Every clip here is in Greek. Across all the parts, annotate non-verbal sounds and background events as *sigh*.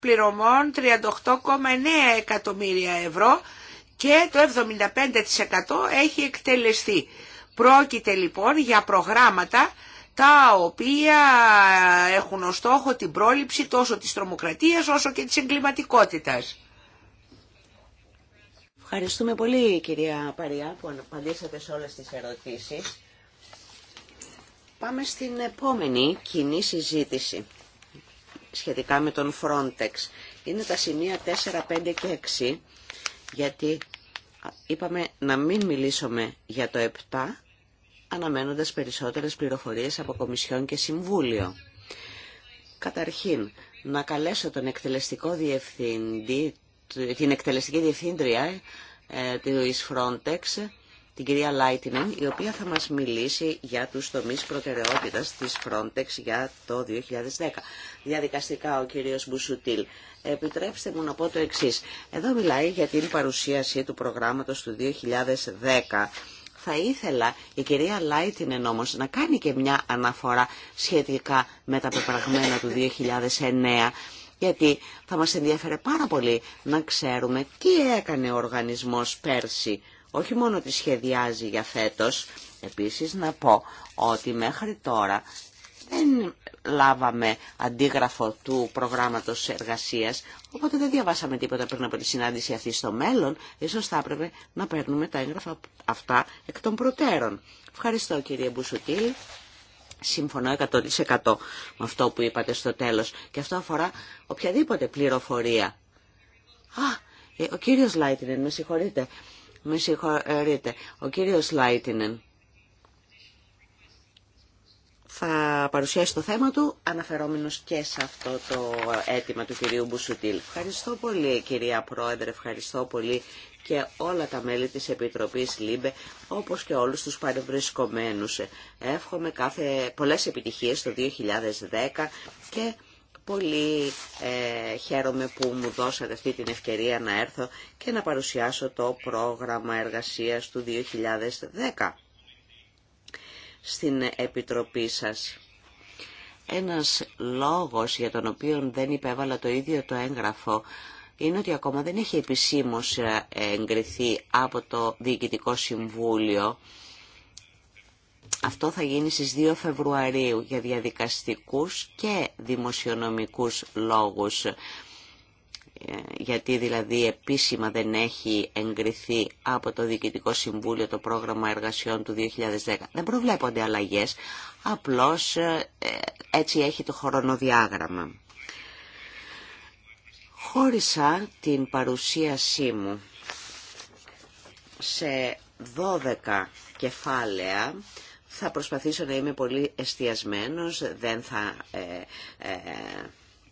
πληρωμών 38,9 εκατομμύρια ευρώ και το 75% έχει εκτελεστεί. Πρόκειται λοιπόν για προγράμματα τα οποία έχουν ως στόχο την πρόληψη τόσο της τρομοκρατίας όσο και της εγκληματικότητας. Ευχαριστούμε πολύ κυρία Παριά που απαντήσατε σε όλες τις ερωτήσεις. Πάμε στην επόμενη κοινή συζήτηση σχετικά με τον Frontex. Είναι τα σημεία 4, 5 και 6, γιατί είπαμε να μην μιλήσουμε για το 7, αναμένοντας περισσότερες πληροφορίες από Κομισιόν και Συμβούλιο. Καταρχήν, να καλέσω τον εκτελεστικό διευθυντή, την εκτελεστική διευθύντρια του ε, της Frontex την κυρία Λάιτινεν, η οποία θα μας μιλήσει για τους τομείς προτεραιότητας της Frontex για το 2010. Διαδικαστικά ο κύριος Μπουσουτήλ. Επιτρέψτε μου να πω το εξής. Εδώ μιλάει για την παρουσίαση του προγράμματος του 2010. Θα ήθελα η κυρία Λάιτινεν όμως να κάνει και μια αναφορά σχετικά με τα πεπραγμένα του 2009 γιατί θα μας ενδιαφέρει πάρα πολύ να ξέρουμε τι έκανε ο οργανισμός πέρσι όχι μόνο τη σχεδιάζει για φέτος, επίσης να πω ότι μέχρι τώρα δεν λάβαμε αντίγραφο του προγράμματος εργασίας, οπότε δεν διαβάσαμε τίποτα πριν από τη συνάντηση αυτή στο μέλλον. Ίσως θα έπρεπε να παίρνουμε τα έγγραφα αυτά εκ των προτέρων. Ευχαριστώ κύριε Μπουσουτήλ. Συμφωνώ 100% με αυτό που είπατε στο τέλος. Και αυτό αφορά οποιαδήποτε πληροφορία. Α, ε, ο κύριος Λάιτινεν, με συγχωρείτε. Με συγχωρείτε. Ο κύριος Λάιτινεν θα παρουσιάσει το θέμα του, αναφερόμενος και σε αυτό το αίτημα του κυρίου Μπουσουτήλ. Ευχαριστώ πολύ κυρία Πρόεδρε, ευχαριστώ πολύ και όλα τα μέλη της Επιτροπής ΛΥΜΠΕ, όπως και όλους τους παρευρισκομένους. Εύχομαι κάθε, πολλές επιτυχίες το 2010 και Πολύ ε, χαίρομαι που μου δώσατε αυτή την ευκαιρία να έρθω και να παρουσιάσω το πρόγραμμα εργασίας του 2010 στην Επιτροπή σας. Ένας λόγος για τον οποίο δεν υπέβαλα το ίδιο το έγγραφο είναι ότι ακόμα δεν έχει επισήμως ε, εγκριθεί από το Διοικητικό Συμβούλιο αυτό θα γίνει στις 2 Φεβρουαρίου για διαδικαστικούς και δημοσιονομικούς λόγους ε, γιατί δηλαδή επίσημα δεν έχει εγκριθεί από το Διοικητικό Συμβούλιο το πρόγραμμα εργασιών του 2010. Δεν προβλέπονται αλλαγές, απλώς ε, έτσι έχει το χρονοδιάγραμμα. Χώρισα την παρουσίασή μου σε 12 κεφάλαια θα προσπαθήσω να είμαι πολύ εστιασμένος, δεν θα ε, ε,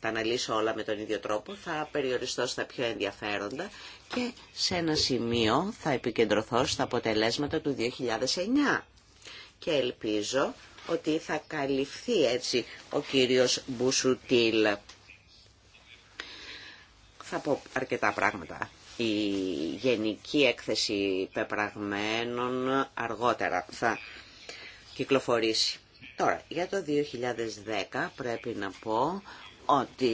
τα αναλύσω όλα με τον ίδιο τρόπο, θα περιοριστώ στα πιο ενδιαφέροντα και σε ένα σημείο θα επικεντρωθώ στα αποτελέσματα του 2009. Και ελπίζω ότι θα καλυφθεί έτσι ο κύριος Μπουσουτήλ. Θα πω αρκετά πράγματα. Η γενική έκθεση πεπραγμένων αργότερα θα κυκλοφορήσει. Τώρα, για το 2010 πρέπει να πω ότι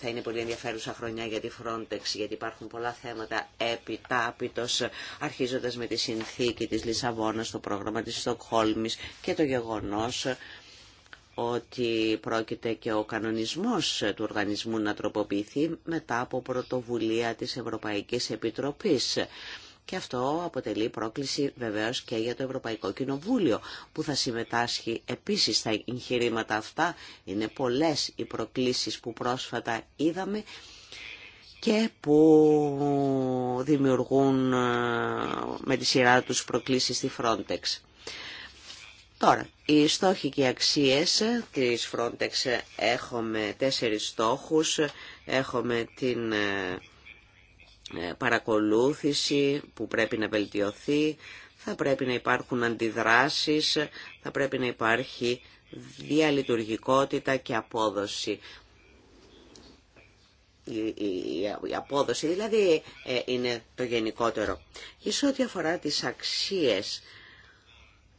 θα είναι πολύ ενδιαφέρουσα χρονιά για τη Frontex, γιατί υπάρχουν πολλά θέματα επιτάπητος, αρχίζοντας με τη συνθήκη της Λισαβόνα το πρόγραμμα της Στοκχόλμης και το γεγονός ότι πρόκειται και ο κανονισμός του οργανισμού να τροποποιηθεί μετά από πρωτοβουλία της Ευρωπαϊκής Επιτροπής. Και αυτό αποτελεί πρόκληση βεβαίως και για το Ευρωπαϊκό Κοινοβούλιο που θα συμμετάσχει επίσης στα εγχειρήματα αυτά. Είναι πολλές οι προκλήσεις που πρόσφατα είδαμε και που δημιουργούν ε, με τη σειρά τους προκλήσεις στη Frontex. Τώρα, οι στόχοι και οι αξίες της Frontex έχουμε τέσσερις στόχους. Έχουμε την ε, ε, παρακολούθηση που πρέπει να βελτιωθεί, θα πρέπει να υπάρχουν αντιδράσεις, θα πρέπει να υπάρχει διαλειτουργικότητα και απόδοση. Η απόδοση δηλαδή ε, είναι το γενικότερο. Και σε ό,τι αφορά τις αξίες,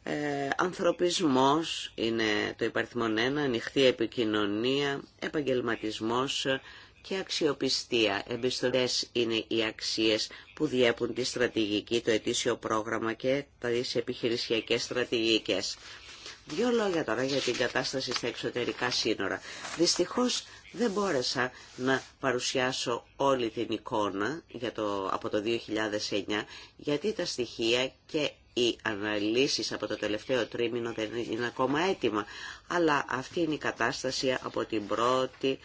ε, ανθρωπισμός είναι το υπαριθμόν ένα, ανοιχτή επικοινωνία, επαγγελματισμός, και αξιοπιστία. Εμπιστολές είναι οι αξίες που διέπουν τη στρατηγική, το ετήσιο πρόγραμμα και τις επιχειρησιακές στρατηγικές. Δύο λόγια τώρα για την κατάσταση στα εξωτερικά σύνορα. Δυστυχώς δεν μπόρεσα να παρουσιάσω όλη την εικόνα για το, από το 2009, γιατί τα στοιχεία και οι αναλύσεις από το τελευταίο τρίμηνο δεν είναι ακόμα έτοιμα. Αλλά αυτή είναι η κατάσταση από την πρώτη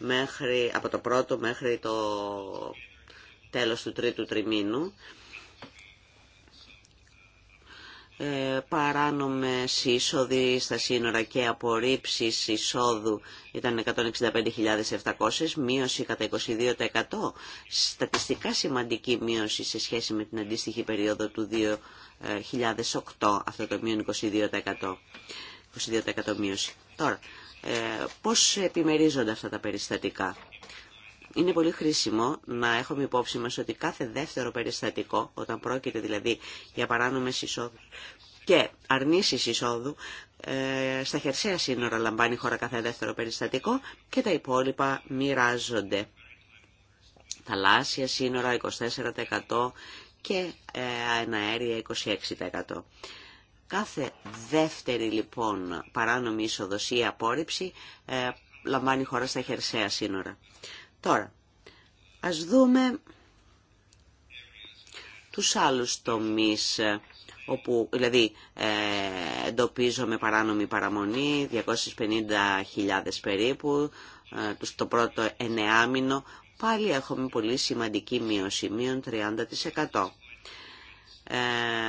μέχρι, από το πρώτο μέχρι το τέλος του τρίτου τριμήνου. Ε, παράνομες είσοδοι στα σύνορα και απορρίψει εισόδου ήταν 165.700, μείωση κατά 22%. Στατιστικά σημαντική μείωση σε σχέση με την αντίστοιχη περίοδο του 2008, αυτό το μείον 22%. 22% μείωση. Τώρα, ε, πώς επιμερίζονται αυτά τα περιστατικά. Είναι πολύ χρήσιμο να έχουμε υπόψη μας ότι κάθε δεύτερο περιστατικό, όταν πρόκειται δηλαδή για παράνομες εισόδου και αρνήσεις εισόδου, ε, στα χερσαία σύνορα λαμβάνει η χώρα κάθε δεύτερο περιστατικό και τα υπόλοιπα μοιράζονται. Θαλάσσια σύνορα 24% και ε, αερία 26%. Κάθε δεύτερη λοιπόν παράνομη είσοδος ή απόρριψη ε, λαμβάνει η χώρα στα χερσαία σύνορα. Τώρα, ας δούμε τους άλλους τομείς, ε, όπου, δηλαδή ε, λαμβανει χωρα στα χερσαια συνορα παράνομη παραμονή, 250.000 περίπου, ε, το πρώτο εννεάμινο, πάλι έχουμε πολύ σημαντική μείωση, μείον 30%. Ε,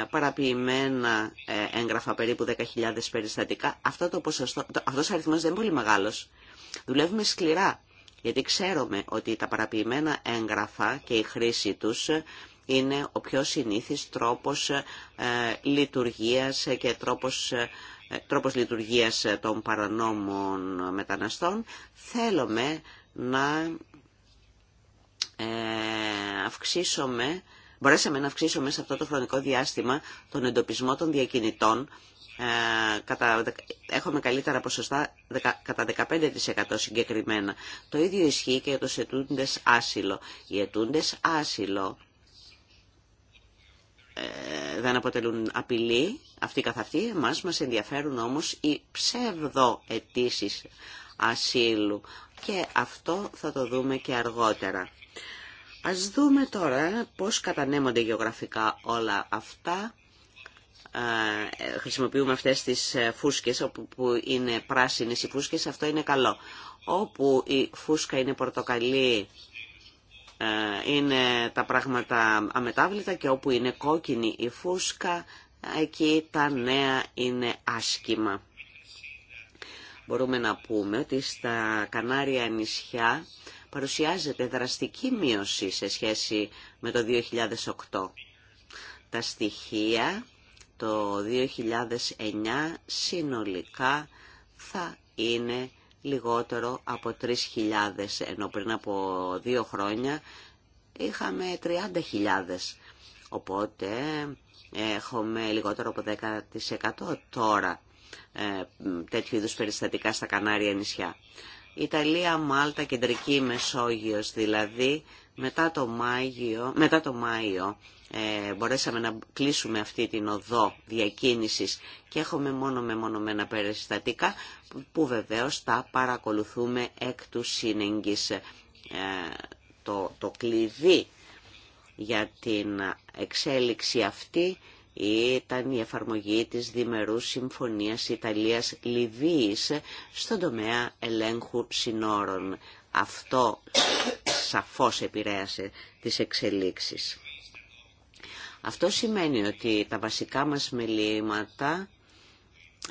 παραποιημένα ε, έγγραφα, περίπου 10.000 περιστατικά. Αυτό το ποσοστό, αυτός ο αριθμός δεν είναι πολύ μεγάλος. Δουλεύουμε σκληρά, γιατί ξέρουμε ότι τα παραποιημένα έγγραφα και η χρήση τους είναι ο πιο συνήθις τρόπος ε, λειτουργίας και τρόπος, τρόπος λειτουργίας των παρανόμων μεταναστών. Θέλουμε να ε, αυξήσουμε μπορέσαμε να αυξήσουμε σε αυτό το χρονικό διάστημα τον εντοπισμό των διακινητών ε, κατά, έχουμε καλύτερα ποσοστά κατά 15% συγκεκριμένα. Το ίδιο ισχύει και για τους ετούντες άσυλο. Οι ετούντες άσυλο ε, δεν αποτελούν απειλή, αυτή καθ' αυτή. εμάς μας ενδιαφέρουν όμως οι ψεύδο αιτήσει ασύλου και αυτό θα το δούμε και αργότερα. Ας δούμε τώρα πώς κατανέμονται γεωγραφικά όλα αυτά. Ε, χρησιμοποιούμε αυτές τις ε, φούσκες όπου είναι πράσινες οι φούσκες, αυτό είναι καλό. Όπου η φούσκα είναι πορτοκαλί ε, είναι τα πράγματα αμετάβλητα και όπου είναι κόκκινη η φούσκα εκεί τα νέα είναι άσχημα. Μπορούμε να πούμε ότι στα Κανάρια νησιά παρουσιάζεται δραστική μείωση σε σχέση με το 2008. Τα στοιχεία το 2009 συνολικά θα είναι λιγότερο από 3.000, ενώ πριν από δύο χρόνια είχαμε 30.000. Οπότε έχουμε λιγότερο από 10% τώρα ε, τέτοιου είδους περιστατικά στα Κανάρια νησιά. Ιταλία, Μάλτα, Κεντρική Μεσόγειος δηλαδή, μετά το Μάιο, μετά το Μάιο ε, μπορέσαμε να κλείσουμε αυτή την οδό διακίνησης και έχουμε μόνο μεμονωμένα περιστατικά που βεβαίως τα παρακολουθούμε εκ του σύνεγγης. Ε, το, το κλειδί για την εξέλιξη αυτή ήταν η εφαρμογή της διμερούς συμφωνίας Ιταλίας-Λιβύης στον τομέα ελέγχου συνόρων. Αυτό σαφώς επηρέασε τις εξελίξεις. Αυτό σημαίνει ότι τα βασικά μας μελήματα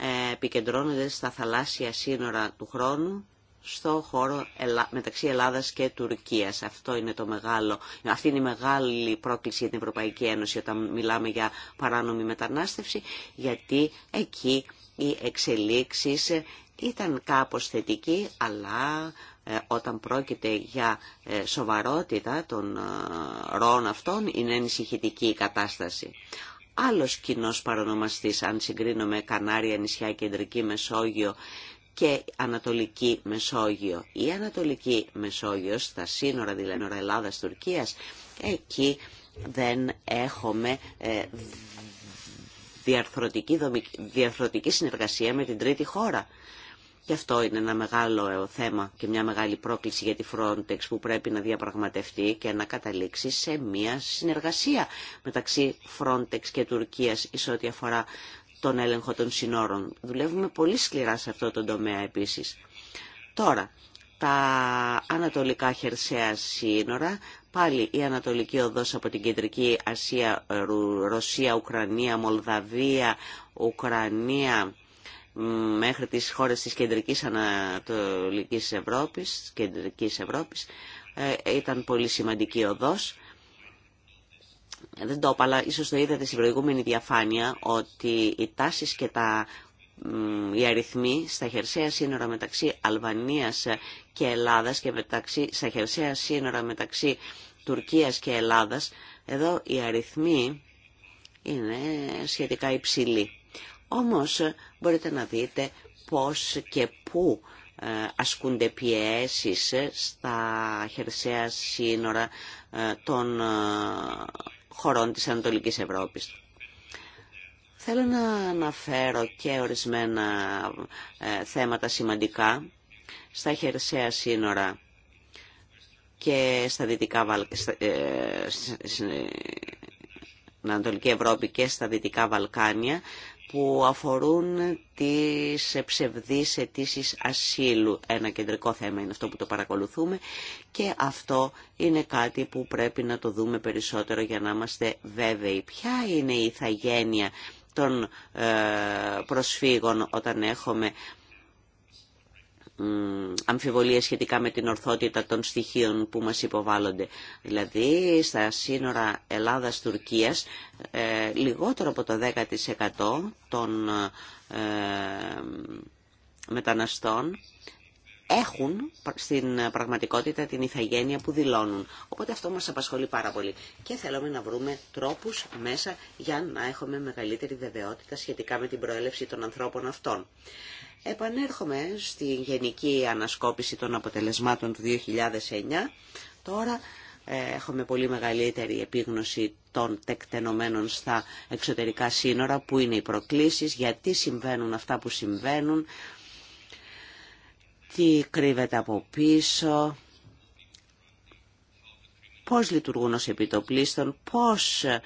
ε, επικεντρώνονται στα θαλάσσια σύνορα του χρόνου στο χώρο μεταξύ Ελλάδας και Τουρκίας. Αυτό είναι το μεγάλο, αυτή είναι η μεγάλη πρόκληση για την Ευρωπαϊκή Ένωση όταν μιλάμε για παράνομη μετανάστευση, γιατί εκεί οι εξελίξεις ήταν κάπως θετικοί αλλά ε, όταν πρόκειται για ε, σοβαρότητα των ε, ροών αυτών είναι ενισχυτική η κατάσταση. Άλλος κοινός παρονομαστής, αν συγκρίνουμε Κανάρια, νησιά, Κεντρική Μεσόγειο και Ανατολική Μεσόγειο. Η Ανατολική Μεσόγειο στα σύνορα δηλαδή Ελλάδας-Τουρκίας, εκεί δεν έχουμε ε, διαρθρωτική, διαρθρωτική συνεργασία με την τρίτη χώρα. Και αυτό είναι ένα μεγάλο ε, θέμα και μια μεγάλη πρόκληση για τη Frontex που πρέπει να διαπραγματευτεί και να καταλήξει σε μια συνεργασία μεταξύ Frontex και Τουρκίας εις ό,τι αφορά τον έλεγχο των συνόρων. Δουλεύουμε πολύ σκληρά σε αυτό το τομέα επίσης. Τώρα, τα ανατολικά χερσαία σύνορα, πάλι η ανατολική οδός από την κεντρική Ασία, Ρωσία, Ουκρανία, Μολδαβία, Ουκρανία, μέχρι τις χώρες της κεντρικής ανατολικής Ευρώπης, κεντρικής Ευρώπης, ε, ήταν πολύ σημαντική οδός δεν το είπα, αλλά ίσως το είδατε στην προηγούμενη διαφάνεια, ότι οι τάσεις και τα, οι αριθμοί στα χερσαία σύνορα μεταξύ Αλβανίας και Ελλάδας και μεταξύ, στα χερσαία σύνορα μεταξύ Τουρκίας και Ελλάδας, εδώ οι αριθμοί είναι σχετικά υψηλοί. Όμως μπορείτε να δείτε πώς και πού ε, ασκούνται πιέσεις ε, στα χερσαία σύνορα ε, των χωρών της Ανατολικής Ευρώπης. Θέλω να αναφέρω και ορισμένα ε, θέματα σημαντικά στα χερσαία σύνορα και στα δυτικά ε, ε, στην Ανατολική Ευρώπη και στα Δυτικά Βαλκάνια που αφορούν τις ψευδείς αιτήσει ασύλου. Ένα κεντρικό θέμα είναι αυτό που το παρακολουθούμε και αυτό είναι κάτι που πρέπει να το δούμε περισσότερο για να είμαστε βέβαιοι. Ποια είναι η ηθαγένεια των ε, προσφύγων όταν έχουμε αμφιβολίες σχετικά με την ορθότητα των στοιχείων που μας υποβάλλονται. Δηλαδή στα σύνορα Ελλάδας-Τουρκίας ε, λιγότερο από το 10% των ε, μεταναστών έχουν στην πραγματικότητα την ηθαγένεια που δηλώνουν. Οπότε αυτό μας απασχολεί πάρα πολύ. Και θέλουμε να βρούμε τρόπους μέσα για να έχουμε μεγαλύτερη βεβαιότητα σχετικά με την προέλευση των ανθρώπων αυτών. Επανέρχομαι στη γενική ανασκόπηση των αποτελεσμάτων του 2009. Τώρα ε, έχουμε πολύ μεγαλύτερη επίγνωση των τεκτενομένων στα εξωτερικά σύνορα, που είναι οι προκλήσεις, γιατί συμβαίνουν αυτά που συμβαίνουν, τι κρύβεται από πίσω, πώς λειτουργούν ως επιτοπλίστων, πώς ε,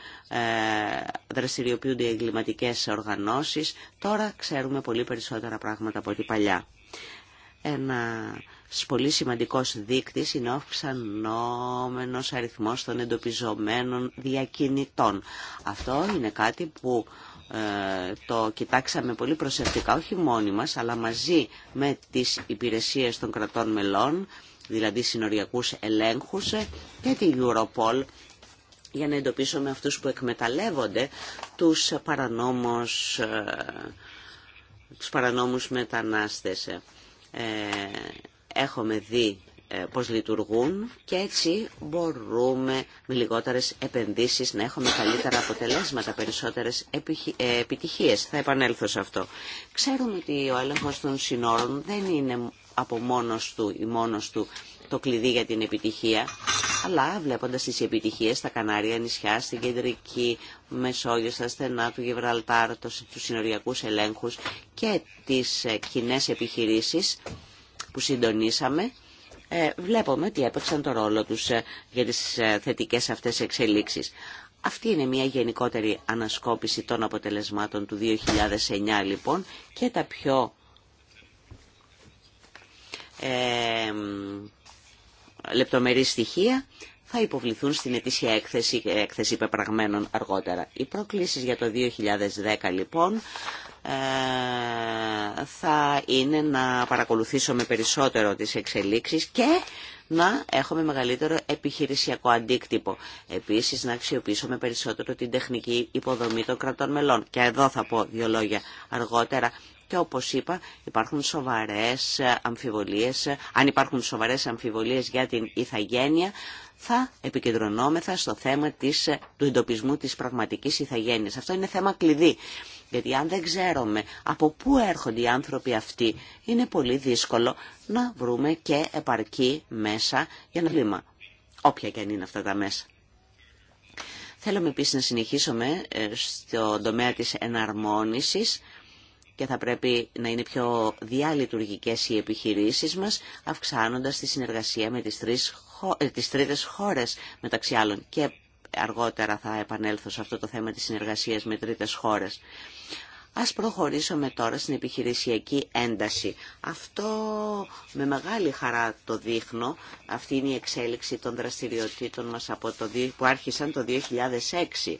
δραστηριοποιούνται οι εγκληματικές οργανώσεις. Τώρα ξέρουμε πολύ περισσότερα πράγματα από ό,τι παλιά. Ένα πολύ σημαντικός δείκτης είναι ο αυξανόμενος αριθμός των εντοπιζομένων διακινητών. Αυτό είναι κάτι που ε, το κοιτάξαμε πολύ προσεκτικά, όχι μόνοι μας, αλλά μαζί με τις υπηρεσίες των κρατών μελών, δηλαδή συνοριακούς ελέγχους και την Europol για να εντοπίσουμε αυτούς που εκμεταλλεύονται τους παρανόμους, ε, τους παρανόμους μετανάστες. Ε, έχουμε δει ε, πώς λειτουργούν και έτσι μπορούμε με λιγότερες επενδύσεις να έχουμε καλύτερα αποτελέσματα, περισσότερες επιτυχίες. Θα επανέλθω σε αυτό. Ξέρουμε ότι ο έλεγχος των συνόρων δεν είναι από μόνος του ή μόνος του το κλειδί για την επιτυχία, αλλά βλέποντας τις επιτυχίες στα Κανάρια νησιά, στην Κεντρική Μεσόγειο, στα στενά του Γεβραλτάρ του συνοριακούς ελέγχους και τις ε, κοινέ επιχειρήσεις που συντονίσαμε, ε, βλέπουμε ότι έπαιξαν το ρόλο τους ε, για τις θετικές αυτές εξελίξεις. Αυτή είναι μια γενικότερη ανασκόπηση των αποτελεσμάτων του 2009 λοιπόν και τα πιο λεπτομερή στοιχεία θα υποβληθούν στην ετήσια έκθεση, έκθεση πεπραγμένων αργότερα. Οι προκλήσεις για το 2010 λοιπόν ε, θα είναι να παρακολουθήσουμε περισσότερο τις εξελίξεις και να έχουμε μεγαλύτερο επιχειρησιακό αντίκτυπο. Επίσης να αξιοποιήσουμε περισσότερο την τεχνική υποδομή των κρατών μελών. Και εδώ θα πω δύο λόγια αργότερα και όπως είπα υπάρχουν σοβαρές αμφιβολίες, αν υπάρχουν σοβαρές αμφιβολίες για την ηθαγένεια θα επικεντρωνόμεθα στο θέμα της, του εντοπισμού της πραγματικής ηθαγένειας. Αυτό είναι θέμα κλειδί. Γιατί αν δεν ξέρουμε από πού έρχονται οι άνθρωποι αυτοί, είναι πολύ δύσκολο να βρούμε και επαρκή μέσα για να λύμα. Όποια και αν είναι αυτά τα μέσα. Θέλουμε επίσης να συνεχίσουμε ε, στο τομέα της εναρμόνισης και θα πρέπει να είναι πιο διαλειτουργικές οι επιχειρήσεις μας, αυξάνοντας τη συνεργασία με τις, τρίτε τις τρίτες χώρες μεταξύ άλλων. Και αργότερα θα επανέλθω σε αυτό το θέμα της συνεργασίας με τρίτες χώρες. Ας προχωρήσουμε τώρα στην επιχειρησιακή ένταση. Αυτό με μεγάλη χαρά το δείχνω. Αυτή είναι η εξέλιξη των δραστηριοτήτων μας από το, που άρχισαν το 2006.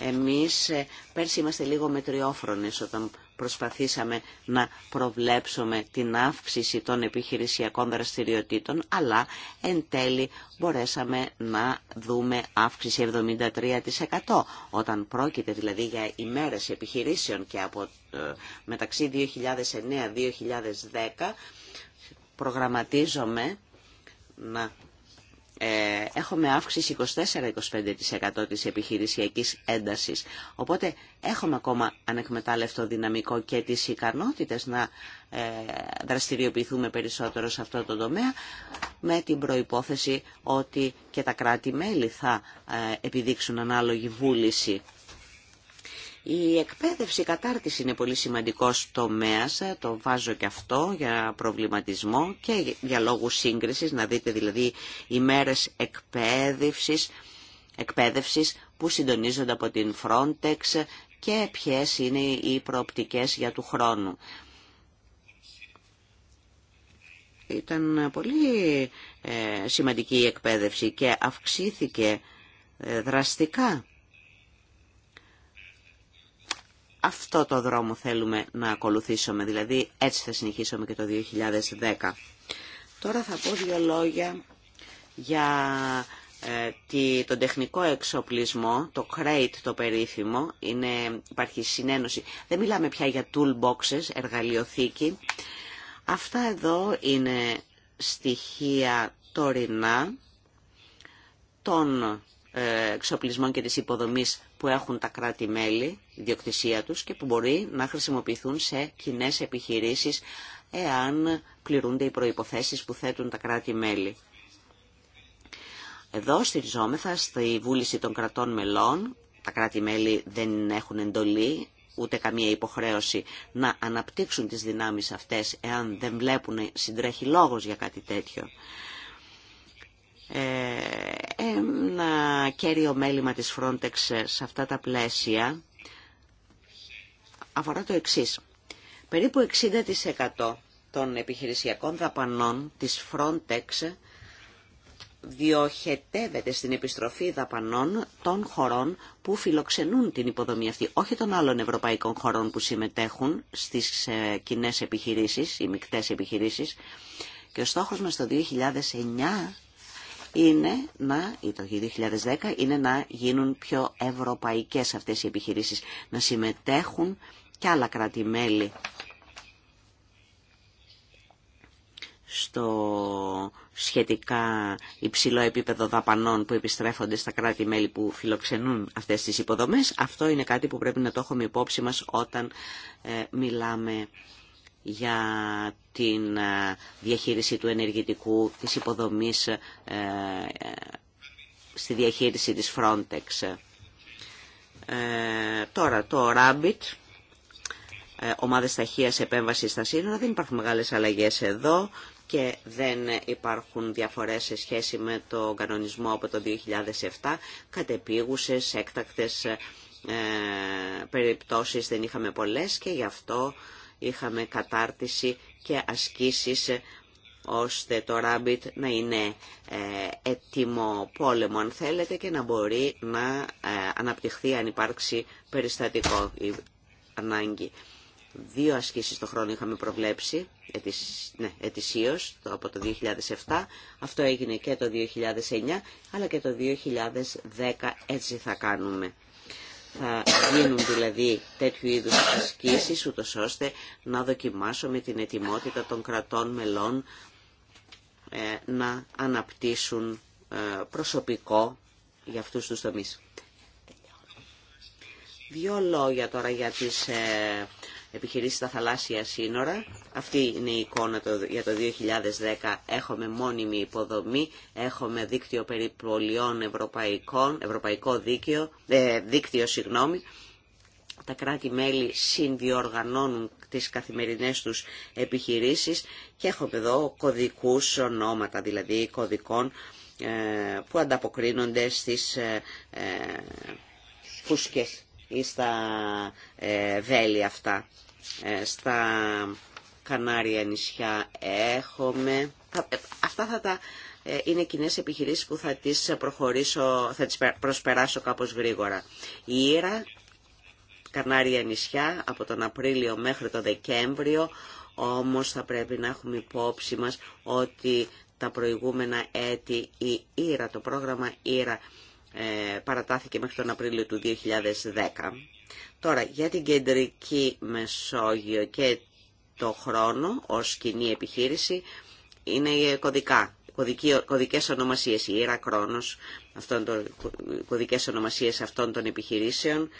Εμείς ε, πέρσι είμαστε λίγο μετριόφρονες όταν προσπαθήσαμε να προβλέψουμε την αύξηση των επιχειρησιακών δραστηριοτήτων, αλλά εν τέλει μπορέσαμε να δούμε αύξηση 73% όταν πρόκειται δηλαδή για ημέρες επιχειρήσεων και από ε, μεταξύ 2009-2010 προγραμματίζομαι να ε, έχουμε αύξηση 24-25% της επιχειρησιακής έντασης. Οπότε έχουμε ακόμα ανεκμετάλλευτο δυναμικό και τις ικανότητες να ε, δραστηριοποιηθούμε περισσότερο σε αυτό το τομέα με την προϋπόθεση ότι και τα κράτη-μέλη θα ε, επιδείξουν ανάλογη βούληση. Η εκπαίδευση, κατάρτιση είναι πολύ σημαντικός τομέας, ε, το βάζω και αυτό για προβληματισμό και για λόγους σύγκρισης, να δείτε δηλαδή οι μέρες εκπαίδευσης, εκπαίδευσης που συντονίζονται από την Frontex και ποιες είναι οι προοπτικές για του χρόνου. Ήταν πολύ ε, σημαντική η εκπαίδευση και αυξήθηκε ε, δραστικά αυτό το δρόμο θέλουμε να ακολουθήσουμε, δηλαδή έτσι θα συνεχίσουμε και το 2010. Τώρα θα πω δύο λόγια για ε, τον τεχνικό εξοπλισμό, το crate το περίφημο, είναι, υπάρχει συνένωση. Δεν μιλάμε πια για toolboxes, εργαλειοθήκη. Αυτά εδώ είναι στοιχεία τωρινά των ε, εξοπλισμών και της υποδομής που έχουν τα κράτη-μέλη ιδιοκτησία τους και που μπορεί να χρησιμοποιηθούν σε κοινέ επιχειρήσεις εάν πληρούνται οι προϋποθέσεις που θέτουν τα κράτη-μέλη. Εδώ στηριζόμεθα στη βούληση των κρατών μελών, τα κράτη-μέλη δεν έχουν εντολή ούτε καμία υποχρέωση να αναπτύξουν τις δυνάμεις αυτές εάν δεν βλέπουν συντρέχει λόγος για κάτι τέτοιο. Ε, ένα κέριο μέλημα της Frontex σε αυτά τα πλαίσια αφορά το εξή. Περίπου 60% των επιχειρησιακών δαπανών της Frontex διοχετεύεται στην επιστροφή δαπανών των χωρών που φιλοξενούν την υποδομή αυτή, όχι των άλλων ευρωπαϊκών χωρών που συμμετέχουν στις ε, κοινέ επιχειρήσεις, οι μικτές επιχειρήσεις. Και ο στόχος μας το 2009 είναι να, ή το 2010 είναι να γίνουν πιο ευρωπαϊκές αυτές οι επιχειρήσεις, να συμμετέχουν και άλλα κράτη-μέλη στο σχετικά υψηλό επίπεδο δαπανών που επιστρέφονται στα κράτη-μέλη που φιλοξενούν αυτές τις υποδομές. Αυτό είναι κάτι που πρέπει να το έχουμε υπόψη μας όταν ε, μιλάμε για την ε, διαχείριση του ενεργητικού, της υποδομής ε, στη διαχείριση της Frontex. Τώρα το Rabbit ε, ομάδες ταχείας επέμβασης στα σύνορα. Δεν υπάρχουν μεγάλες αλλαγές εδώ και δεν υπάρχουν διαφορές σε σχέση με το κανονισμό από το 2007. Κατεπίγουσες, έκτακτες ε, περιπτώσεις δεν είχαμε πολλές και γι' αυτό είχαμε κατάρτιση και ασκήσεις ε, ώστε το Rabbit να είναι ε, έτοιμο πόλεμο αν θέλετε και να μπορεί να αναπτυχθεί αν υπάρξει περιστατικό ανάγκη. Δύο ασκήσεις το χρόνο είχαμε προβλέψει, ναι, Ετησίω, το, από το 2007. Αυτό έγινε και το 2009, αλλά και το 2010 έτσι θα κάνουμε. Θα γίνουν δηλαδή τέτοιου είδους ασκήσεις, ούτως ώστε να δοκιμάσουμε την ετοιμότητα των κρατών μελών ε, να αναπτύσσουν ε, προσωπικό για αυτούς τους τομείς. Δύο λόγια τώρα για τις... Ε, επιχειρήσεις στα θαλάσσια σύνορα. Αυτή είναι η εικόνα για το 2010. Έχουμε μόνιμη υποδομή, έχουμε δίκτυο περιπολιών ευρωπαϊκών, ευρωπαϊκό δίκαιο, ε, δίκτυο συγγνώμη. Τα κράτη-μέλη συνδιοργανώνουν τις καθημερινές τους επιχειρήσεις και έχουμε εδώ κωδικούς ονόματα, δηλαδή κωδικών ε, που ανταποκρίνονται στις ε, φούσκες ή στα ε, βέλη αυτά. Ε, στα Κανάρια νησιά έχουμε. Ε, αυτά θα τα είναι κοινέ επιχειρήσεις που θα τις, προχωρήσω, θα τις προσπεράσω κάπως γρήγορα. Η Ήρα, Κανάρια νησιά, από τον Απρίλιο μέχρι τον Δεκέμβριο, όμως θα πρέπει να έχουμε υπόψη μας ότι τα προηγούμενα έτη η Ήρα, το πρόγραμμα Ήρα ε, παρατάθηκε μέχρι τον Απρίλιο του 2010. Τώρα, για την κεντρική Μεσόγειο και το χρόνο ως κοινή επιχείρηση είναι κωδικά, κωδικές ονομασίες, η Ήρα Κρόνος, αυτών των, κωδικές ονομασίες αυτών των επιχειρήσεων.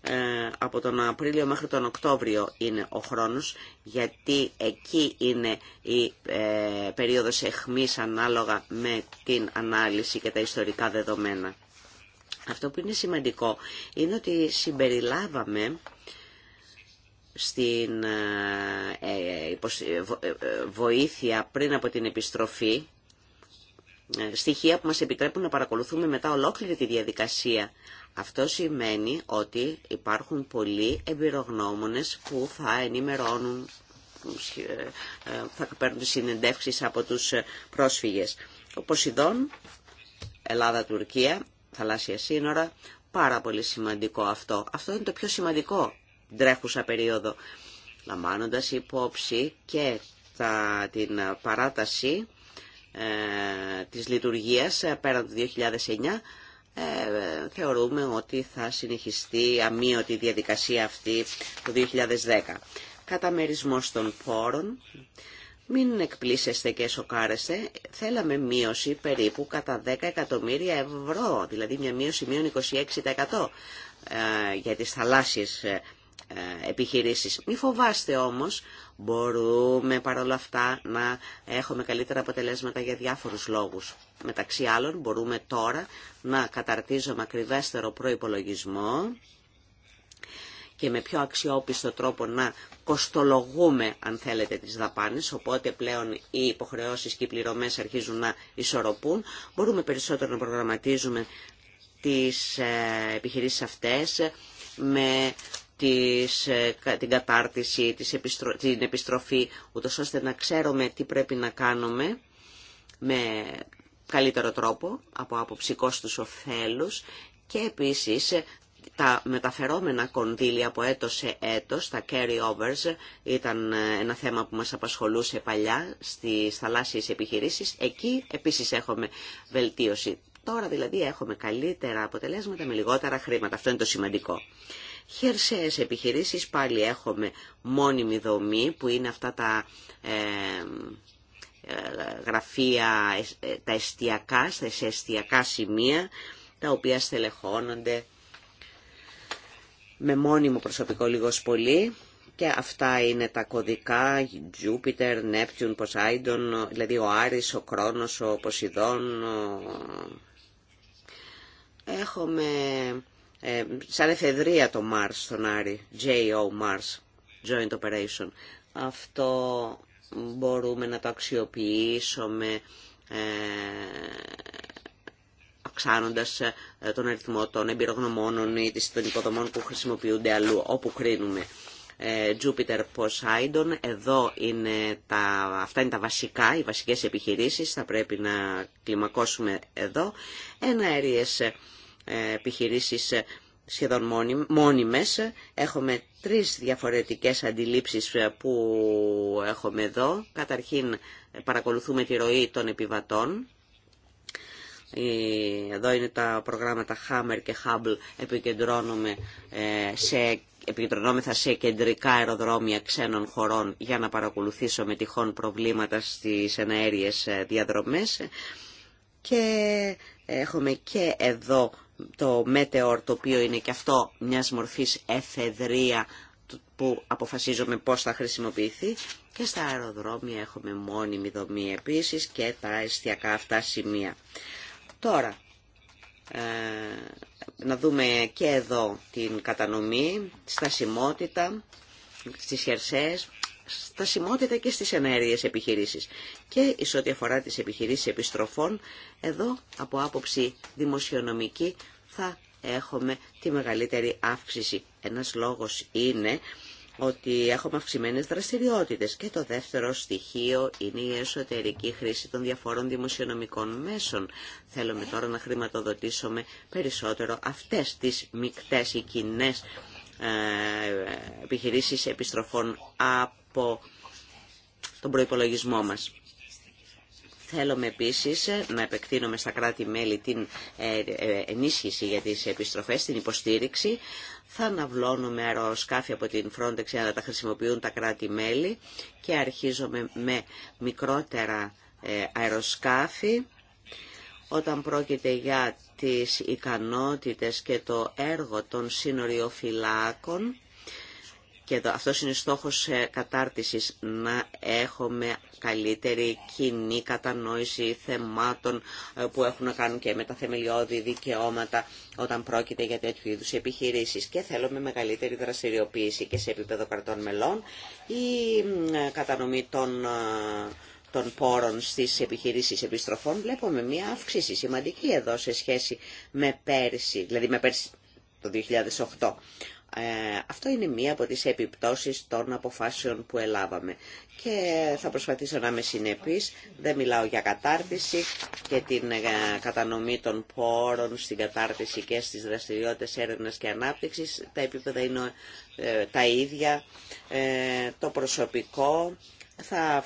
Ε, από τον Απρίλιο μέχρι τον Οκτώβριο είναι ο χρόνος, γιατί εκεί είναι η ε, περίοδος εχμής ανάλογα με την ανάλυση και τα ιστορικά δεδομένα. Αυτό που είναι σημαντικό είναι ότι συμπεριλάβαμε στην ε, ε, ε, βοήθεια πριν από την επιστροφή στοιχεία που μας επιτρέπουν να παρακολουθούμε μετά ολόκληρη τη διαδικασία. Αυτό σημαίνει ότι υπάρχουν πολλοί εμπειρογνώμονες που θα ενημερώνουν, θα παίρνουν συνεντεύξεις από τους πρόσφυγες. Ο Ποσειδών, Ελλάδα-Τουρκία, θαλάσσια σύνορα. Πάρα πολύ σημαντικό αυτό. Αυτό είναι το πιο σημαντικό τρέχουσα περίοδο. Λαμβάνοντας υπόψη και τα, την παράταση ε, της λειτουργίας ε, πέραν του 2009, ε, θεωρούμε ότι θα συνεχιστεί αμύωτη διαδικασία αυτή το 2010. Καταμερισμός των πόρων, μην εκπλήσεστε και σοκάρεστε, θέλαμε μείωση περίπου κατά 10 εκατομμύρια ευρώ, δηλαδή μια μείωση μείων 26% ε, για τις θαλάσσιες ε, ε, επιχειρήσεις. Μη φοβάστε όμως, μπορούμε παρόλα αυτά να έχουμε καλύτερα αποτελέσματα για διάφορους λόγους. Μεταξύ άλλων μπορούμε τώρα να καταρτίζουμε ακριβέστερο προϋπολογισμό και με πιο αξιόπιστο τρόπο να κοστολογούμε αν θέλετε τις δαπάνες, οπότε πλέον οι υποχρεώσεις και οι πληρωμές αρχίζουν να ισορροπούν. Μπορούμε περισσότερο να προγραμματίζουμε τις ε, επιχειρήσεις αυτές με τις ε, την κατάρτιση, την επιστροφή, ούτως ώστε να ξέρουμε τι πρέπει να κάνουμε με καλύτερο τρόπο από άποψη κόστους ωφέλους και επίσης τα μεταφερόμενα κονδύλια από έτος σε έτος, τα carry-overs, ήταν ε, ένα θέμα που μας απασχολούσε παλιά στις θαλάσσιες επιχειρήσεις. Εκεί επίσης έχουμε βελτίωση. Τώρα δηλαδή έχουμε καλύτερα αποτελέσματα με λιγότερα χρήματα. Αυτό είναι το σημαντικό. Χερσαίες επιχειρήσεις πάλι έχουμε μόνιμη δομή που είναι αυτά τα ε, ε γραφεία, ε, τα εστιακά, σε εστιακά σημεία τα οποία στελεχώνονται με μόνιμο προσωπικό λίγο πολύ και αυτά είναι τα κωδικά Jupiter, Neptune, Poseidon, δηλαδή ο Άρης, ο Κρόνος, ο Ποσειδόν Έχουμε ε, σαν εφεδρεία το Mars τον Άρη, JO Mars, Joint Operation. Αυτό μπορούμε να το αξιοποιήσουμε ε, αυξάνοντα ε, ε, τον αριθμό των εμπειρογνωμόνων ή των υποδομών που χρησιμοποιούνται αλλού, όπου κρίνουμε. Ε, Jupiter Poseidon, εδώ είναι τα, αυτά είναι τα βασικά, οι βασικές επιχειρήσεις, θα πρέπει να κλιμακώσουμε εδώ. Ένα αερίες επιχειρήσεις σχεδόν μόνιμες. Έχουμε τρεις διαφορετικές αντιλήψεις που έχουμε εδώ. Καταρχήν παρακολουθούμε τη ροή των επιβατών εδώ είναι τα προγράμματα Hammer και Hubble, επικεντρώνουμε σε επικεντρωνόμεθα σε κεντρικά αεροδρόμια ξένων χωρών για να παρακολουθήσω παρακολουθήσουμε τυχόν προβλήματα στις εναέριες ε, διαδρομές και έχουμε και εδώ το Meteor το οποίο είναι και αυτό μιας μορφής εφεδρεία που αποφασίζουμε πώς θα χρησιμοποιηθεί και στα αεροδρόμια έχουμε μόνιμη δομή επίσης και τα αισθιακά αυτά σημεία. Τώρα, ε, να δούμε και εδώ την κατανομή, στασιμότητα, στις χερσαίες, στασιμότητα και στις ενέργειες επιχειρήσεις. Και εις ό,τι αφορά τις επιχειρήσεις επιστροφών, εδώ από άποψη δημοσιονομική θα έχουμε τη μεγαλύτερη αύξηση. Ένας λόγος είναι ότι έχουμε αυξημένες δραστηριότητες και το δεύτερο στοιχείο είναι η εσωτερική χρήση των διαφόρων δημοσιονομικών μέσων. Θέλουμε τώρα να χρηματοδοτήσουμε περισσότερο αυτές τις μικτές ή κοινέ ε, επιχειρήσεις επιστροφών από τον προϋπολογισμό μας. Θέλουμε επίσης να επεκτείνουμε στα κράτη-μέλη την ε, ε, ενίσχυση για τις επιστροφές, την υποστήριξη. Θα αναβλώνουμε αεροσκάφη από την Frontex για να τα χρησιμοποιούν τα κράτη-μέλη και αρχίζουμε με μικρότερα ε, αεροσκάφη όταν πρόκειται για τις ικανότητες και το έργο των σύνοριοφυλάκων και εδώ, αυτός είναι στόχος ε, κατάρτισης, να έχουμε καλύτερη κοινή κατανόηση θεμάτων ε, που έχουν να κάνουν και με τα θεμελιώδη δικαιώματα όταν πρόκειται για τέτοιου είδους επιχειρήσεις και θέλουμε μεγαλύτερη δραστηριοποίηση και σε επίπεδο κρατών μελών ή ε, κατανομή των των πόρων στις επιχειρήσεις επιστροφών βλέπουμε μία αύξηση σημαντική εδώ σε σχέση με πέρσι, δηλαδή με πέρσι το 2008. Ε, αυτό είναι μία από τις επιπτώσεις των αποφάσεων που ελάβαμε. Και θα προσπαθήσω να είμαι συνεπής. Δεν μιλάω για κατάρτιση και την ε, κατανομή των πόρων στην κατάρτιση και στις δραστηριότητες έρευνας και ανάπτυξης. Τα επίπεδα είναι ε, τα ίδια. το προσωπικό θα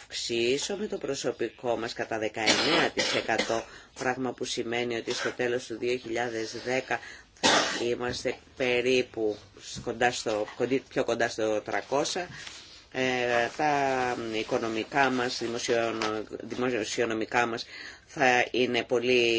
με το προσωπικό μας κατά 19%, πράγμα που σημαίνει ότι στο τέλος του 2010 Είμαστε περίπου κοντά στο, πιο κοντά στο 300. Ε, τα οικονομικά μας, δημοσιονομικά μας θα, είναι πολύ,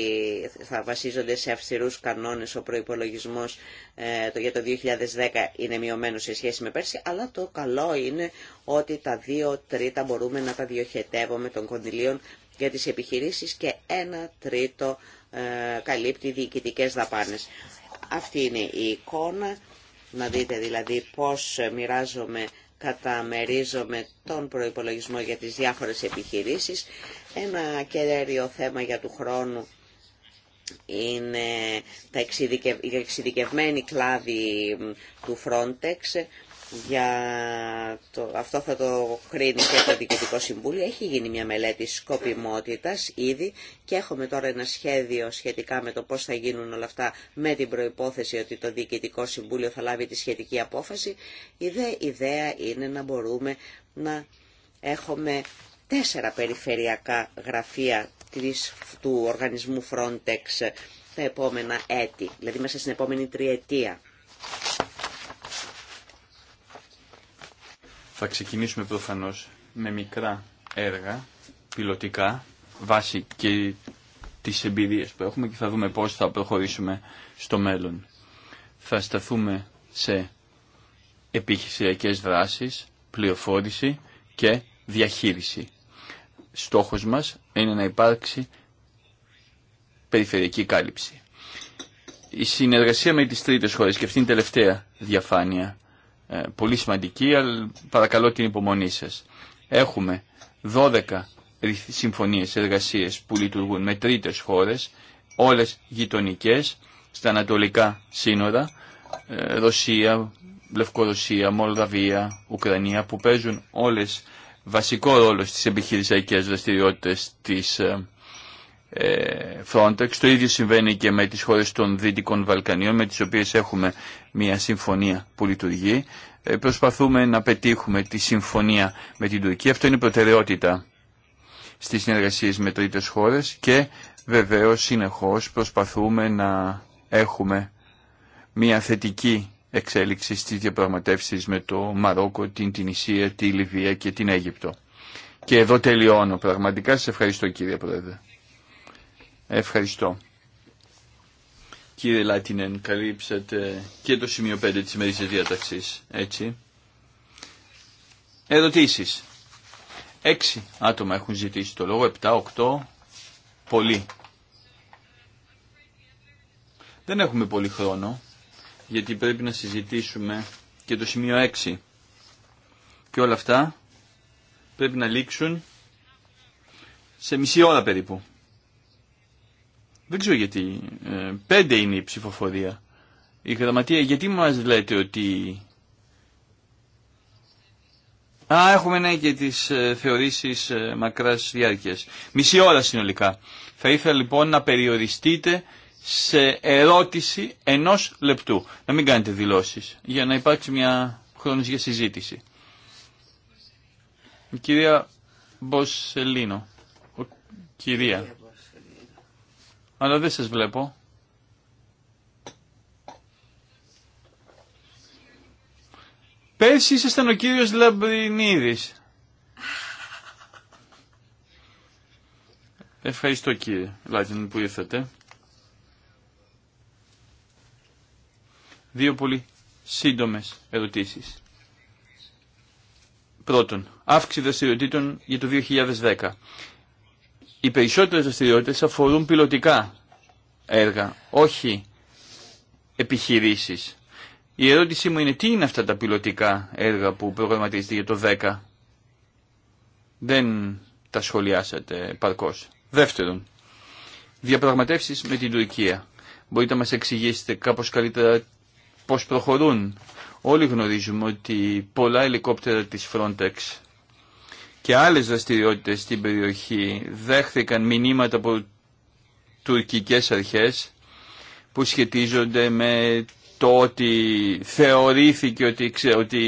θα βασίζονται σε αυστηρούς κανόνες. Ο προϋπολογισμός ε, για το 2010 είναι μειωμένο σε σχέση με πέρσι, αλλά το καλό είναι ότι τα δύο τρίτα μπορούμε να τα διοχετεύουμε των κονδυλίων για τις επιχειρήσεις και ένα τρίτο ε, καλύπτει διοικητικές δαπάνες. Αυτή είναι η εικόνα, να δείτε δηλαδή πώς μοιράζομαι, καταμερίζομαι τον προϋπολογισμό για τις διάφορες επιχειρήσεις. Ένα κεραίριο θέμα για του χρόνου είναι τα εξειδικευ... εξειδικευμένη κλάδη του Frontex για το, αυτό θα το κρίνει και το Διοικητικό Συμβούλιο. Έχει γίνει μια μελέτη σκοπιμότητας ήδη και έχουμε τώρα ένα σχέδιο σχετικά με το πώς θα γίνουν όλα αυτά με την προϋπόθεση ότι το Διοικητικό Συμβούλιο θα λάβει τη σχετική απόφαση. Η δε ιδέα είναι να μπορούμε να έχουμε τέσσερα περιφερειακά γραφεία του οργανισμού Frontex τα επόμενα έτη, δηλαδή μέσα στην επόμενη τριετία. Θα ξεκινήσουμε προφανώς με μικρά έργα, πιλωτικά, βάσει και τις εμπειρίες που έχουμε και θα δούμε πώς θα προχωρήσουμε στο μέλλον. Θα σταθούμε σε επιχειρησιακές δράσεις, πληροφόρηση και διαχείριση. Στόχος μας είναι να υπάρξει περιφερειακή κάλυψη. Η συνεργασία με τις τρίτες χώρες και αυτήν την τελευταία διαφάνεια ε, πολύ σημαντική, αλλά παρακαλώ την υπομονή σας. Έχουμε 12 συμφωνίες εργασίες που λειτουργούν με τρίτες χώρες, όλες γειτονικές, στα ανατολικά σύνορα, ε, Ρωσία, Λευκορωσία, Μολδαβία, Ουκρανία, που παίζουν όλες βασικό ρόλο στις επιχειρησιακές δραστηριότητες της ε, ε, Frontex. Το ίδιο συμβαίνει και με τις χώρες των Δυτικών Βαλκανίων με τις οποίες έχουμε μια συμφωνία που λειτουργεί. Ε, προσπαθούμε να πετύχουμε τη συμφωνία με την Τουρκία. Αυτό είναι προτεραιότητα στις συνεργασίες με τρίτες χώρες και βεβαίως συνεχώς προσπαθούμε να έχουμε μια θετική εξέλιξη στις διαπραγματεύσεις με το Μαρόκο, την Τινησία, τη Λιβύα και την Αίγυπτο. Και εδώ τελειώνω πραγματικά. Σας ευχαριστώ κύριε Πρόεδρε. Ευχαριστώ. Κύριε Λάτινεν, καλύψατε και το σημείο 5 της ημερής διάταξης, έτσι. Ερωτήσεις. Έξι άτομα έχουν ζητήσει το λόγο, επτά, οκτώ, πολύ. Δεν έχουμε πολύ χρόνο, γιατί πρέπει να συζητήσουμε και το σημείο 6. Και όλα αυτά πρέπει να λήξουν σε μισή ώρα περίπου. Δεν ξέρω γιατί. Ε, πέντε είναι η ψηφοφορία. Η γραμματεία γιατί μας λέτε ότι... Α, έχουμε ναι και τις ε, θεωρήσεις ε, μακράς διάρκειας. Μισή ώρα συνολικά. Θα ήθελα λοιπόν να περιοριστείτε σε ερώτηση ενός λεπτού. Να μην κάνετε δηλώσεις για να υπάρξει μια χρόνος για συζήτηση. Η κυρία Μποσελίνο. κυρία αλλά δεν σας βλέπω. Πέρσι ήσασταν ο κύριος Λαμπρινίδης. Ευχαριστώ κύριε Λάτιν που ήρθατε. Δύο πολύ σύντομες ερωτήσεις. Πρώτον, αύξηση δραστηριοτήτων για το 2010 οι περισσότερες δραστηριότητε αφορούν πιλωτικά έργα, όχι επιχειρήσεις. Η ερώτησή μου είναι τι είναι αυτά τα πιλωτικά έργα που προγραμματίζεται για το 10. Δεν τα σχολιάσατε παρκώς. Δεύτερον, διαπραγματεύσεις με την Τουρκία. Μπορείτε να μας εξηγήσετε κάπως καλύτερα πώς προχωρούν. Όλοι γνωρίζουμε ότι πολλά ελικόπτερα της Frontex και άλλες δραστηριότητες στην περιοχή δέχθηκαν μηνύματα από τουρκικές αρχές που σχετίζονται με το ότι θεωρήθηκε ότι, ότι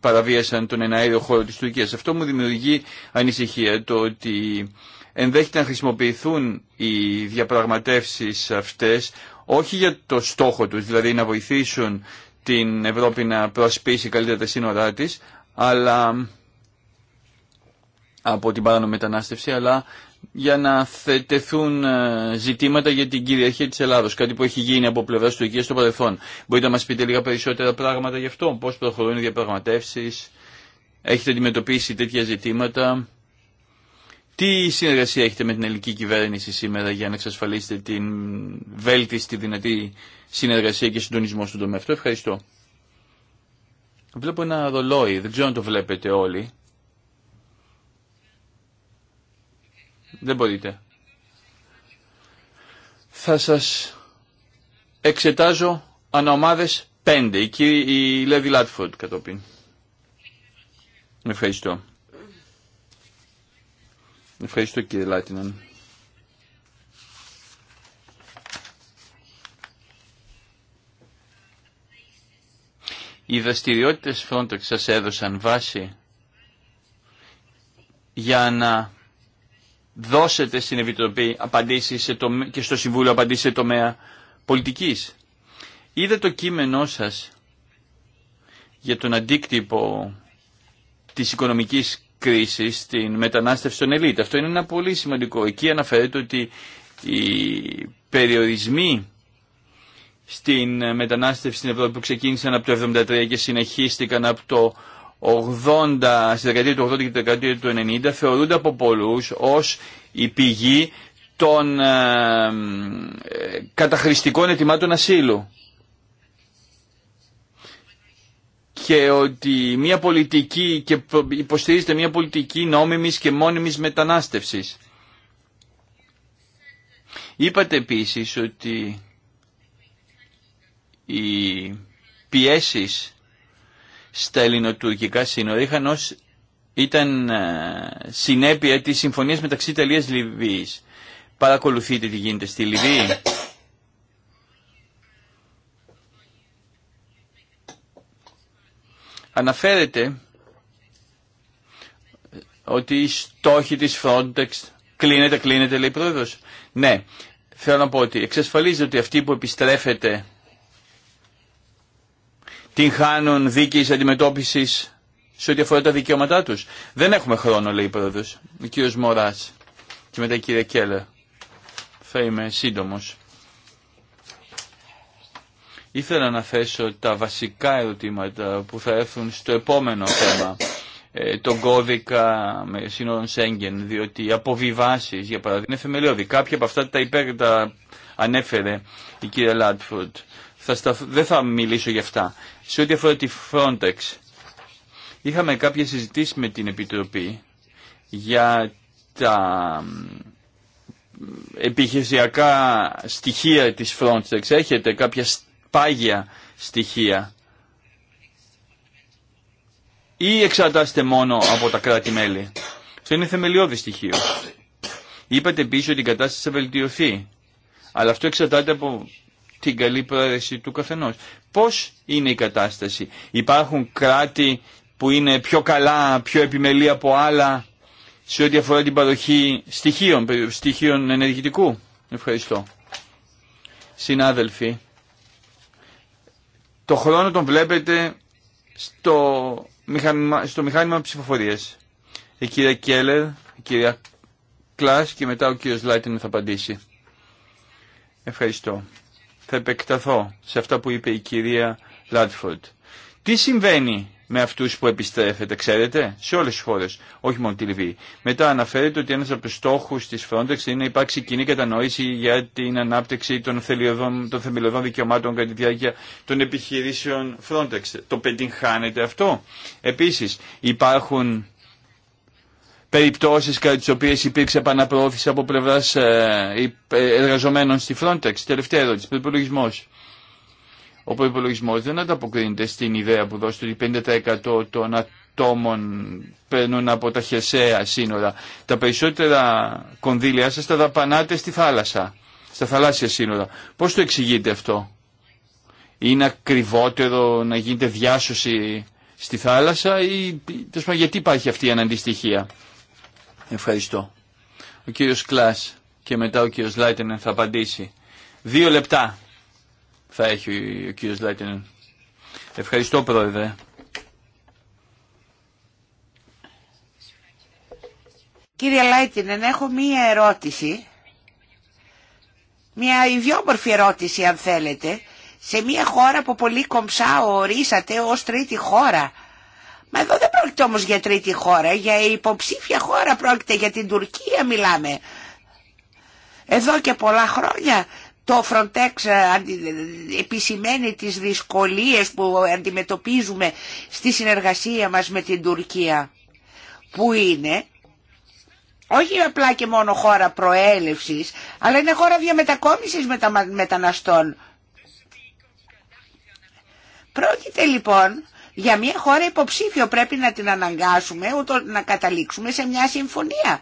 παραβίασαν τον εναέριο χώρο της Τουρκίας. Αυτό μου δημιουργεί ανησυχία το ότι ενδέχεται να χρησιμοποιηθούν οι διαπραγματεύσεις αυτές όχι για το στόχο τους, δηλαδή να βοηθήσουν την Ευρώπη να προσπίσει καλύτερα τα σύνορά της, αλλά από την παράνομη μετανάστευση, αλλά για να θετεθούν ε, ζητήματα για την κυριαρχία της Ελλάδος, κάτι που έχει γίνει από πλευρά του Τουρκία στο παρελθόν. Μπορείτε να μας πείτε λίγα περισσότερα πράγματα γι' αυτό, πώς προχωρούν οι διαπραγματεύσεις, έχετε αντιμετωπίσει τέτοια ζητήματα, τι συνεργασία έχετε με την ελληνική κυβέρνηση σήμερα για να εξασφαλίσετε την βέλτιστη δυνατή συνεργασία και συντονισμό στον τομέα αυτό. Ευχαριστώ. Βλέπω ένα ρολόι, δεν ξέρω αν το βλέπετε όλοι. Δεν μπορείτε. Θα σας εξετάζω αναομάδες 5. Η, κύριε Λάτφορντ κατόπιν. Ευχαριστώ. Ευχαριστώ κύριε Λάτιναν. Οι δραστηριότητε Frontex σας έδωσαν βάση για να δώσετε στην Επιτροπή σε και στο Συμβούλιο απαντήσεις σε τομέα πολιτικής. Είδα το κείμενό σας για τον αντίκτυπο της οικονομικής κρίσης στην μετανάστευση των ελίτ. Αυτό είναι ένα πολύ σημαντικό. Εκεί αναφέρεται ότι οι περιορισμοί στην μετανάστευση στην Ευρώπη που ξεκίνησαν από το 1973 και συνεχίστηκαν από το 80, στη δεκαετία του 80 και τη δεκαετία του 90 θεωρούνται από πολλούς ως η πηγή των ε, ε, καταχρηστικών ετοιμάτων ασύλου. Και ότι μια πολιτική και υποστηρίζεται μια πολιτική νόμιμης και μόνιμης μετανάστευσης. Είπατε επίσης ότι οι πιέσεις στα ελληνοτουρκικά σύνορα είχαν ήταν ε, συνέπεια της συμφωνίας μεταξύ Ιταλίας Λιβύης. Παρακολουθείτε τι γίνεται στη Λιβύη. Αναφέρεται ότι η στόχη της Frontex κλείνεται, κλείνεται λέει πρόεδρος. Ναι, θέλω να πω ότι εξασφαλίζεται ότι αυτοί που επιστρέφεται την χάνουν δίκαιης αντιμετώπισης σε ό,τι αφορά τα δικαιώματά τους. Δεν έχουμε χρόνο, λέει η πρόεδρος, ο κύριο Μωράς και μετά η κυρία Κέλλερ. Θα είμαι σύντομος. Ήθελα να θέσω τα βασικά ερωτήματα που θα έρθουν στο επόμενο θέμα, ε, τον κώδικα με σύνορων Σέγγεν, διότι οι αποβιβάσεις, για παράδειγμα, είναι θεμελιώδη. Κάποια από αυτά τα υπέρ ανέφερε η κυρία Λάτφορντ. Θα Δεν θα μιλήσω γι' αυτά. Σε ό,τι αφορά τη Frontex, είχαμε κάποιες συζητήσεις με την Επιτροπή για τα επιχειρησιακά στοιχεία της Frontex. Έχετε κάποια πάγια στοιχεία ή εξαρτάστε μόνο από τα κράτη-μέλη. Αυτό είναι θεμελιώδη στοιχείο. Είπατε επίση ότι η κατάσταση θα βελτιωθεί. Αλλά αυτό εξαρτάται από την καλή πρόεδρεση του καθενός. Πώς είναι η κατάσταση. Υπάρχουν κράτη που είναι πιο καλά, πιο επιμελή από άλλα σε ό,τι αφορά την παροχή στοιχείων, στοιχείων ενεργητικού. Ευχαριστώ. Συνάδελφοι, το χρόνο τον βλέπετε στο μηχάνημα, στο μηχάνημα ψηφοφορίας. Η κυρία Κέλλερ, η κυρία Κλάς και μετά ο κύριος Λάιτεν θα απαντήσει. Ευχαριστώ θα επεκταθώ σε αυτά που είπε η κυρία Λάτφορντ. Τι συμβαίνει με αυτού που επιστρέφεται, ξέρετε, σε όλε τι χώρε, όχι μόνο τη Λιβύη. Μετά αναφέρεται ότι ένα από του στόχου τη Frontex είναι να υπάρξει κοινή κατανόηση για την ανάπτυξη των, των θεμελιωδών δικαιωμάτων κατά τη διάρκεια των επιχειρήσεων Frontex. Το πετυγχάνεται αυτό. Επίση, υπάρχουν περιπτώσεις κατά τις οποίες υπήρξε επαναπροώθηση από πλευράς ε, ε, εργαζομένων στη Frontex. Τελευταία ερώτηση, προπολογισμό. Ο προπολογισμό δεν ανταποκρίνεται στην ιδέα που δώσετε ότι 50% των ατόμων παίρνουν από τα χερσαία σύνορα. Τα περισσότερα κονδύλια σας τα δαπανάτε στη θάλασσα, στα θαλάσσια σύνορα. Πώς το εξηγείτε αυτό. Είναι ακριβότερο να γίνεται διάσωση στη θάλασσα ή γιατί υπάρχει αυτή η αναντιστοιχία. Ευχαριστώ. Ο κύριος Κλάς και μετά ο κύριος Λάιτενεν θα απαντήσει. Δύο λεπτά θα έχει ο κύριος Λάιτενεν. Ευχαριστώ πρόεδρε. Κύριε Λάιτινεν, έχω μία ερώτηση, μία ιδιόμορφη ερώτηση αν θέλετε, σε μία χώρα που πολύ κομψά ορίσατε ως τρίτη χώρα. Μα εδώ δεν πρόκειται όμως για τρίτη χώρα, για υποψήφια χώρα πρόκειται, για την Τουρκία μιλάμε. Εδώ και πολλά χρόνια το Frontex ε, ε, επισημαίνει τις δυσκολίες που αντιμετωπίζουμε στη συνεργασία μας με την Τουρκία, που είναι όχι απλά και μόνο χώρα προέλευσης, αλλά είναι χώρα διαμετακόμισης μεταναστών. Πρόκειται λοιπόν για μια χώρα υποψήφιο πρέπει να την αναγκάσουμε ούτω να καταλήξουμε σε μια συμφωνία.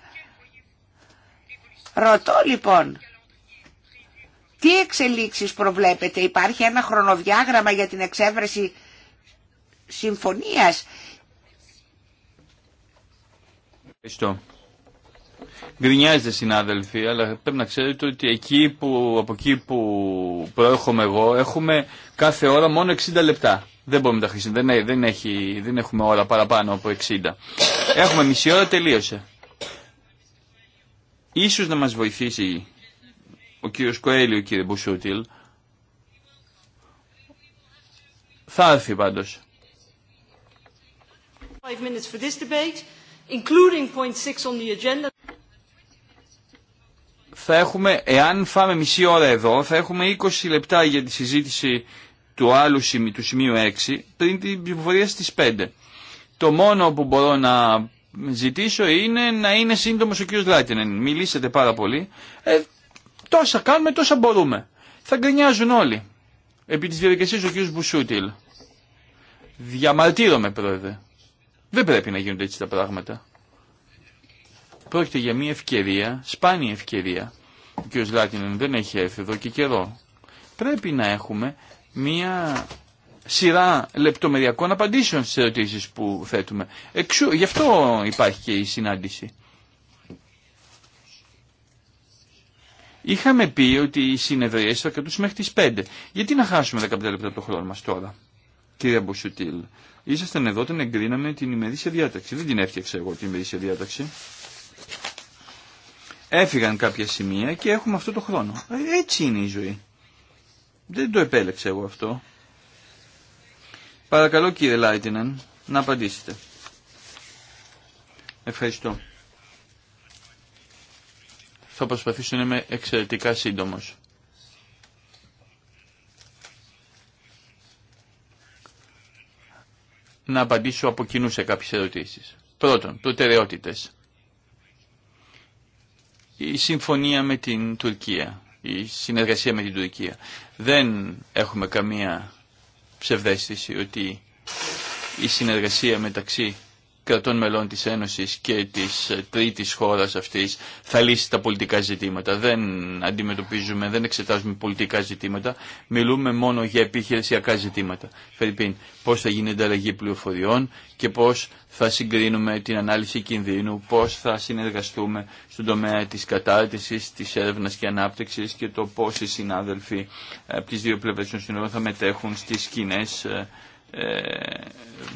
Ρωτώ λοιπόν, τι εξελίξεις προβλέπετε, υπάρχει ένα χρονοδιάγραμμα για την εξέβρεση συμφωνίας. Ευχαριστώ. Γκρινιάζετε συνάδελφοι, αλλά πρέπει να ξέρετε ότι εκεί που, από εκεί που προέρχομαι εγώ έχουμε κάθε ώρα μόνο 60 λεπτά. Δεν μπορούμε να τα χρησιμοποιήσουμε. Δεν, δεν έχουμε ώρα παραπάνω από 60. Έχουμε μισή ώρα, τελείωσε. Ίσως να μας βοηθήσει ο κύριος Κοέλιο, κύριε Μπουσούτιλ. Θα έρθει πάντως. Θα έχουμε, εάν φάμε μισή ώρα εδώ, θα έχουμε 20 λεπτά για τη συζήτηση του άλλου του σημείου 6 πριν την πληροφορία στις 5. Το μόνο που μπορώ να ζητήσω είναι να είναι σύντομος ο κύριος Λάτινεν. Μιλήσετε πάρα πολύ. Ε, τόσα κάνουμε, τόσα μπορούμε. Θα γκρινιάζουν όλοι. Επί της διαδικασίας ο κύριος Μπουσούτιλ. Διαμαρτύρομαι πρόεδρε. Δεν πρέπει να γίνονται έτσι τα πράγματα. Πρόκειται για μια ευκαιρία, σπάνια ευκαιρία. Ο κ. Λάτινεν δεν έχει έρθει εδώ και καιρό. Πρέπει να έχουμε μία σειρά λεπτομεριακών απαντήσεων στις ερωτήσεις που θέτουμε. Εξού, γι' αυτό υπάρχει και η συνάντηση. Είχαμε πει ότι οι συνεδρίες θα κρατούσε μέχρι τις 5. Γιατί να χάσουμε 15 λεπτά από το χρόνο μας τώρα, κύριε Μπουσουτήλ. Ήσασταν εδώ όταν εγκρίναμε την ημερήσια διάταξη. Δεν την έφτιαξα εγώ την ημερήσια διάταξη. Έφυγαν κάποια σημεία και έχουμε αυτό το χρόνο. Ε, έτσι είναι η ζωή. Δεν το επέλεξα εγώ αυτό. Παρακαλώ κύριε Λάιτινεν να απαντήσετε. Ευχαριστώ. Θα προσπαθήσω να είμαι εξαιρετικά σύντομος. Να απαντήσω από κοινού σε κάποιες ερωτήσεις. Πρώτον, προτεραιότητες. Η συμφωνία με την Τουρκία η συνεργασία με την Τουρκία. Δεν έχουμε καμία ψευδέστηση ότι η συνεργασία μεταξύ κρατών μελών της Ένωσης και της ε, τρίτης χώρας αυτής θα λύσει τα πολιτικά ζητήματα. Δεν αντιμετωπίζουμε, δεν εξετάζουμε πολιτικά ζητήματα, μιλούμε μόνο για επιχειρησιακά ζητήματα. Φερρυπίν, πώς θα γίνει ανταλλαγή πληροφοριών και πώς θα συγκρίνουμε την ανάλυση κινδύνου, πώς θα συνεργαστούμε στον τομέα της κατάρτισης, της έρευνας και ανάπτυξης και το πώς οι συνάδελφοι ε, από τις δύο πλευρές των συνόρων θα μετέχουν στις κοινέ ε, ε,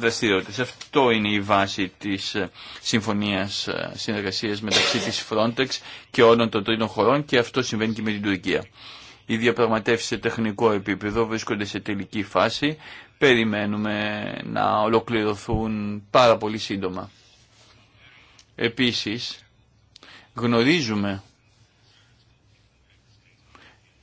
δραστηριότητες. Αυτό είναι η βάση της ε, συμφωνίας ε, συνεργασίας μεταξύ της Frontex και όλων των τρίτων χωρών και αυτό συμβαίνει και με την Τουρκία. Οι διαπραγματεύσεις σε τεχνικό επίπεδο βρίσκονται σε τελική φάση. Περιμένουμε να ολοκληρωθούν πάρα πολύ σύντομα. Επίσης, γνωρίζουμε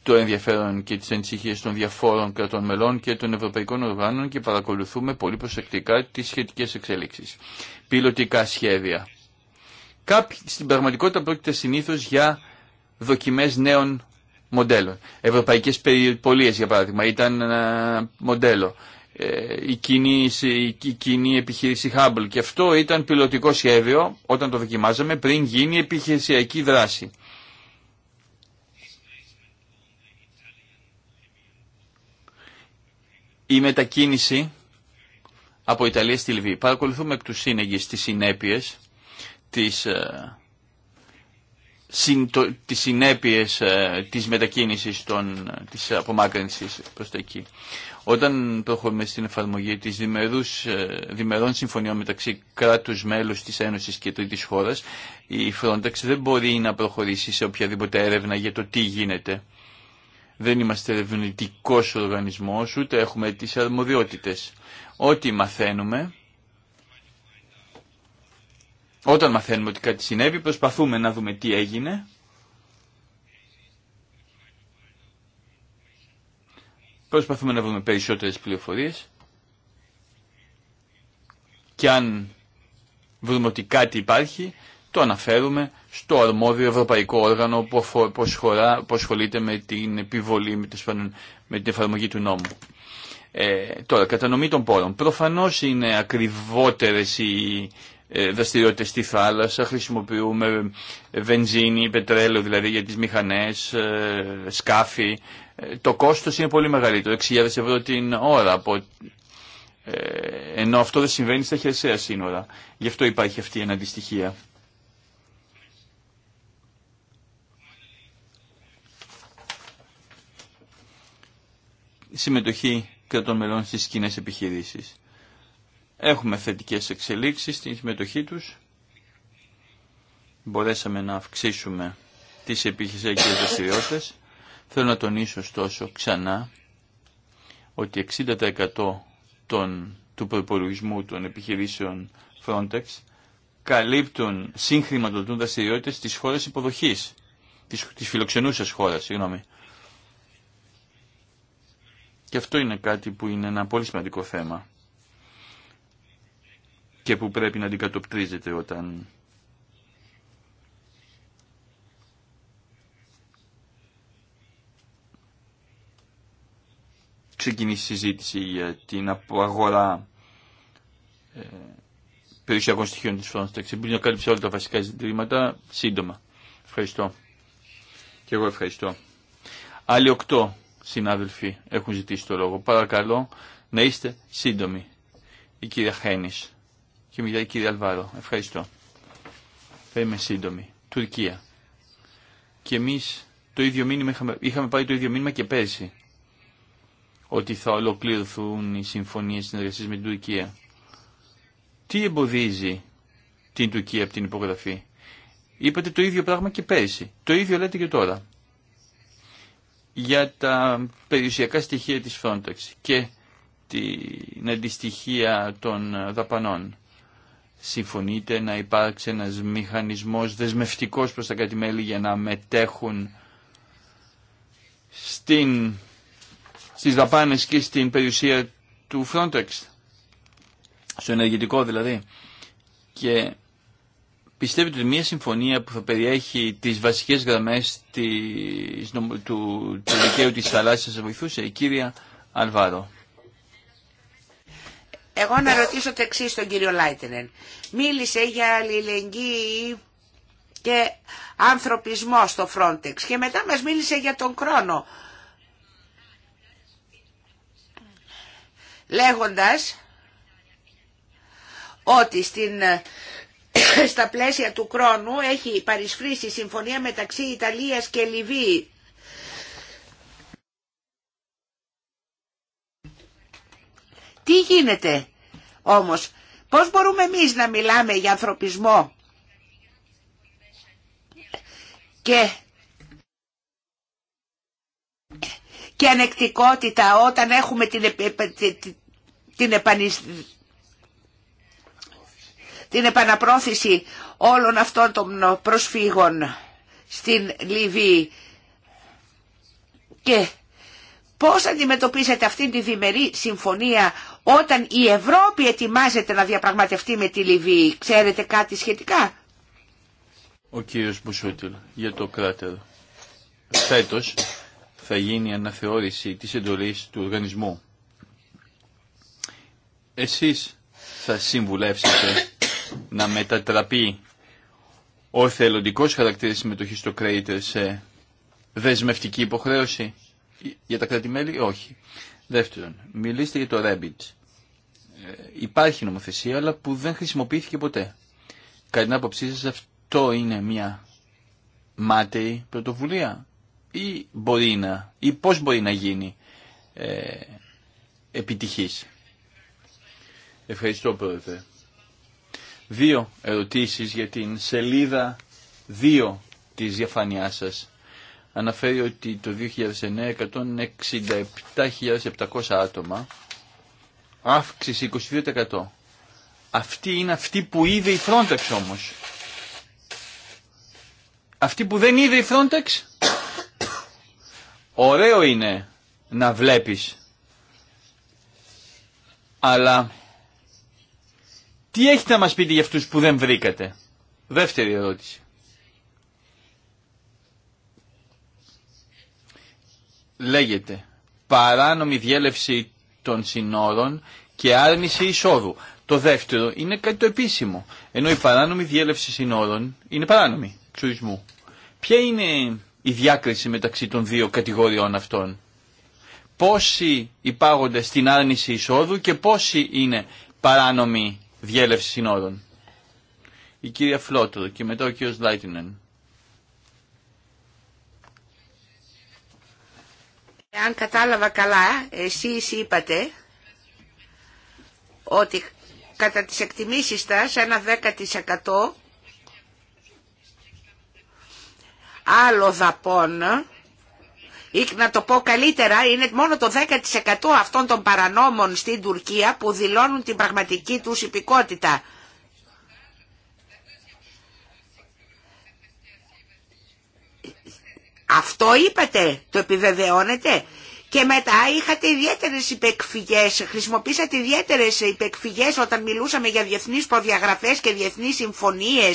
το ενδιαφέρον και τις ανησυχίες των διαφόρων κρατών μελών και των ευρωπαϊκών οργάνων και παρακολουθούμε πολύ προσεκτικά τις σχετικές εξέλιξεις. Πιλωτικά σχέδια. Κάποιοι, στην πραγματικότητα πρόκειται συνήθως για δοκιμές νέων μοντέλων. Ευρωπαϊκές περιπολίες για παράδειγμα ήταν ένα μοντέλο. Ε, η κοινή, η κοινή επιχείρηση Hubble και αυτό ήταν πιλωτικό σχέδιο όταν το δοκιμάζαμε πριν γίνει επιχειρησιακή δράση. η μετακίνηση από Ιταλία στη Λιβύη. Παρακολουθούμε εκ του σύνεγγυς τις συνέπειες της ε, τις συνέπειες ε, της μετακίνησης των, της απομάκρυνσης προς τα εκεί. Όταν προχωρούμε στην εφαρμογή της διμερούς, ε, διμερών συμφωνιών μεταξύ κράτους μέλους της Ένωσης και τρίτης χώρας, η Frontex δεν μπορεί να προχωρήσει σε οποιαδήποτε έρευνα για το τι γίνεται δεν είμαστε ερευνητικό οργανισμό ούτε έχουμε τι αρμοδιότητε. Ό,τι μαθαίνουμε, όταν μαθαίνουμε ότι κάτι συνέβη, προσπαθούμε να δούμε τι έγινε, προσπαθούμε να βρούμε περισσότερες πληροφορίες και αν βρούμε ότι κάτι υπάρχει, το αναφέρουμε στο αρμόδιο ευρωπαϊκό όργανο που ασχολείται με την επιβολή, με, με την εφαρμογή του νόμου. Ε, τώρα, κατανομή των πόρων. Προφανώς είναι ακριβότερες οι ε, δραστηριότητε στη θάλασσα, χρησιμοποιούμε βενζίνη, πετρέλαιο δηλαδή για τις μηχανές, ε, σκάφη. Ε, το κόστος είναι πολύ μεγαλύτερο, 6.000 ευρώ την ώρα, από, ενώ αυτό δεν συμβαίνει στα χερσαία σύνορα. Γι' αυτό υπάρχει αυτή η αναντιστοιχία. συμμετοχή κρατών μελών στις κοινέ επιχειρήσεις. Έχουμε θετικές εξελίξεις στην συμμετοχή τους. Μπορέσαμε να αυξήσουμε τις επιχειρησιακές δραστηριότητε. Θέλω να τονίσω ωστόσο ξανά ότι 60% των, του προπολογισμού των επιχειρήσεων Frontex καλύπτουν σύγχρηματοδοτούν δραστηριότητε της χώρας υποδοχής, της, της φιλοξενούσας χώρας, συγγνώμη. Και αυτό είναι κάτι που είναι ένα πολύ σημαντικό θέμα και που πρέπει να αντικατοπτρίζεται όταν ξεκινήσει η συζήτηση για την αγορά ε, περιουσιακών στοιχείων της Frontex. Επειδή να κάλυψε όλα τα βασικά ζητήματα, σύντομα. Ευχαριστώ. Και εγώ ευχαριστώ. Άλλοι οκτώ συνάδελφοι έχουν ζητήσει το λόγο. Παρακαλώ να είστε σύντομοι. Η κυρία Χένη και η κυρία Αλβάρο. Ευχαριστώ. Θα είμαι σύντομη. Τουρκία. Και εμεί το ίδιο μήνυμα είχαμε, είχαμε πάρει το ίδιο μήνυμα και πέρσι. Ότι θα ολοκληρωθούν οι συμφωνίε συνεργασία με την Τουρκία. Τι εμποδίζει την Τουρκία από την υπογραφή. Είπατε το ίδιο πράγμα και πέρσι. Το ίδιο λέτε και τώρα για τα περιουσιακά στοιχεία της Frontex και την αντιστοιχεία των δαπανών. Συμφωνείτε να υπάρξει ένας μηχανισμός δεσμευτικός προς τα κατημέλη για να μετέχουν στην, στις δαπάνες και στην περιουσία του Frontex, στο ενεργητικό δηλαδή. Και πιστεύετε ότι μια συμφωνία που θα περιέχει τις βασικές γραμμές του, του δικαίου της θαλάσσια θα βοηθούσε, η κύρια Αλβάρο. Εγώ να ρωτήσω το εξή στον κύριο Λάιτενεν. Μίλησε για αλληλεγγύη και ανθρωπισμό στο Frontex και μετά μας μίλησε για τον χρόνο. Λέγοντας ότι στην στα πλαίσια του χρόνου έχει παρισφρήσει συμφωνία μεταξύ Ιταλίας και Λιβύη. Τι γίνεται όμως, πώς μπορούμε εμείς να μιλάμε για ανθρωπισμό και, και ανεκτικότητα όταν έχουμε την, την, την επαναπρόθεση όλων αυτών των προσφύγων στην Λιβύη και πώς αντιμετωπίζετε αυτή τη διμερή συμφωνία όταν η Ευρώπη ετοιμάζεται να διαπραγματευτεί με τη Λιβύη. Ξέρετε κάτι σχετικά. Ο κύριος Μπουσούτιλ για το κράτερο. Φέτος θα γίνει αναθεώρηση της εντολής του οργανισμού. Εσείς θα συμβουλεύσετε να μετατραπεί ο θελοντικός χαρακτήρας συμμετοχής στο κρέιτερ σε δεσμευτική υποχρέωση για τα κρατημέλη, όχι. Δεύτερον, μιλήστε για το Rabbit. Ε, υπάρχει νομοθεσία, αλλά που δεν χρησιμοποιήθηκε ποτέ. Κατά την άποψή σας, αυτό είναι μια μάταιη πρωτοβουλία ή μπορεί ή πώς μπορεί να γίνει ε, επιτυχής. Ευχαριστώ πρόεδρε δύο ερωτήσεις για την σελίδα 2 της διαφάνειάς σας. Αναφέρει ότι το 2009 167.700 άτομα, αύξηση 22%. Αυτή είναι αυτή που είδε η Frontex όμως. Αυτή που δεν είδε η Frontex, ωραίο είναι να βλέπεις. Αλλά τι έχετε να μας πείτε για αυτούς που δεν βρήκατε. Δεύτερη ερώτηση. Λέγεται παράνομη διέλευση των συνόρων και άρνηση εισόδου. Το δεύτερο είναι κάτι το επίσημο. Ενώ η παράνομη διέλευση συνόρων είναι παράνομη εξορισμού. Ποια είναι η διάκριση μεταξύ των δύο κατηγοριών αυτών. Πόσοι υπάγονται στην άρνηση εισόδου και πόσοι είναι παράνομοι διέλευση συνόρων. Η κυρία Φλότρο και μετά ο κύριο Λάιτινεν. Αν κατάλαβα καλά, εσείς είπατε ότι κατά τις εκτιμήσεις σας ένα 10% άλλο δαπών ή να το πω καλύτερα είναι μόνο το 10% αυτών των παρανόμων στην Τουρκία που δηλώνουν την πραγματική τους υπηκότητα. Αυτό είπατε, το επιβεβαιώνετε. Και μετά είχατε ιδιαίτερε υπεκφυγέ, χρησιμοποίησατε ιδιαίτερε υπεκφυγέ όταν μιλούσαμε για διεθνεί προδιαγραφέ και διεθνεί συμφωνίε,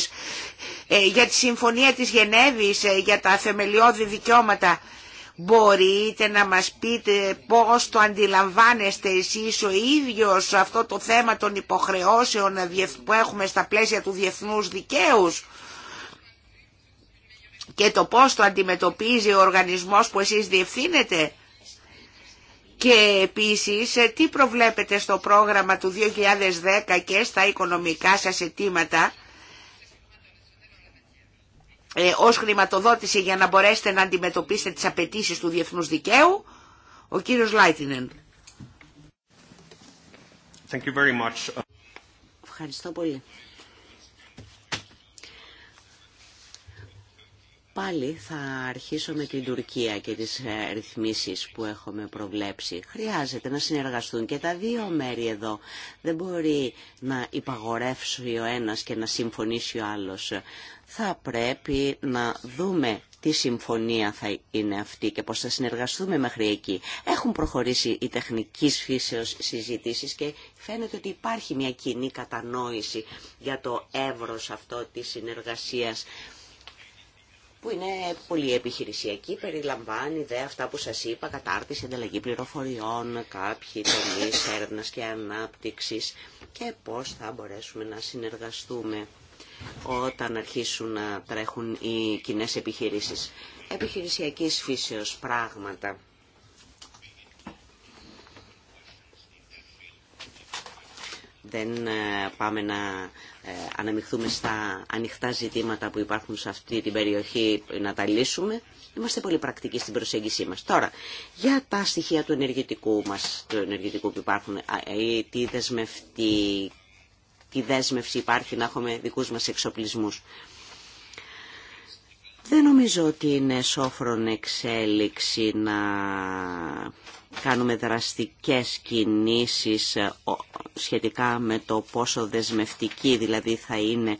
ε, για τη συμφωνία τη Γενέβη, ε, για τα θεμελιώδη δικαιώματα. Μπορείτε να μας πείτε πώς το αντιλαμβάνεστε εσείς ο ίδιος αυτό το θέμα των υποχρεώσεων που έχουμε στα πλαίσια του διεθνούς δικαίου και το πώς το αντιμετωπίζει ο οργανισμός που εσείς διευθύνετε. Και επίσης ε, τι προβλέπετε στο πρόγραμμα του 2010 και στα οικονομικά σας αιτήματα ε, ως χρηματοδότηση για να μπορέσετε να αντιμετωπίσετε τις απαιτήσει του διεθνούς δικαίου, ο κύριος Λάιτινεν. Thank you very much. Ευχαριστώ πολύ. Πάλι θα αρχίσω με την Τουρκία και τις ε, ρυθμίσεις που έχουμε προβλέψει. Χρειάζεται να συνεργαστούν και τα δύο μέρη εδώ. Δεν μπορεί να υπαγορεύσει ο ένας και να συμφωνήσει ο άλλος θα πρέπει να δούμε τι συμφωνία θα είναι αυτή και πώς θα συνεργαστούμε μέχρι εκεί. Έχουν προχωρήσει οι τεχνικής φύσεως συζητήσεις και φαίνεται ότι υπάρχει μια κοινή κατανόηση για το εύρος αυτό της συνεργασίας που είναι πολύ επιχειρησιακή, περιλαμβάνει δε αυτά που σας είπα, κατάρτιση, ανταλλαγή πληροφοριών, κάποιοι τομείς έρευνας και ανάπτυξης και πώς θα μπορέσουμε να συνεργαστούμε όταν αρχίσουν να τρέχουν οι κοινέ επιχειρήσεις. Επιχειρησιακής φύσεως πράγματα. Δεν ε, πάμε να ε, αναμειχθούμε στα ανοιχτά ζητήματα που υπάρχουν σε αυτή την περιοχή να τα λύσουμε. Είμαστε πολύ πρακτικοί στην προσέγγιση μας. Τώρα, για τα στοιχεία του ενεργητικού μας, του ενεργητικού που υπάρχουν, ε, τι δεσμευτεί τι δέσμευση υπάρχει να έχουμε δικούς μας εξοπλισμούς. Δεν νομίζω ότι είναι σόφρον εξέλιξη να κάνουμε δραστικές κινήσεις ε, σχετικά με το πόσο δεσμευτική δηλαδή θα είναι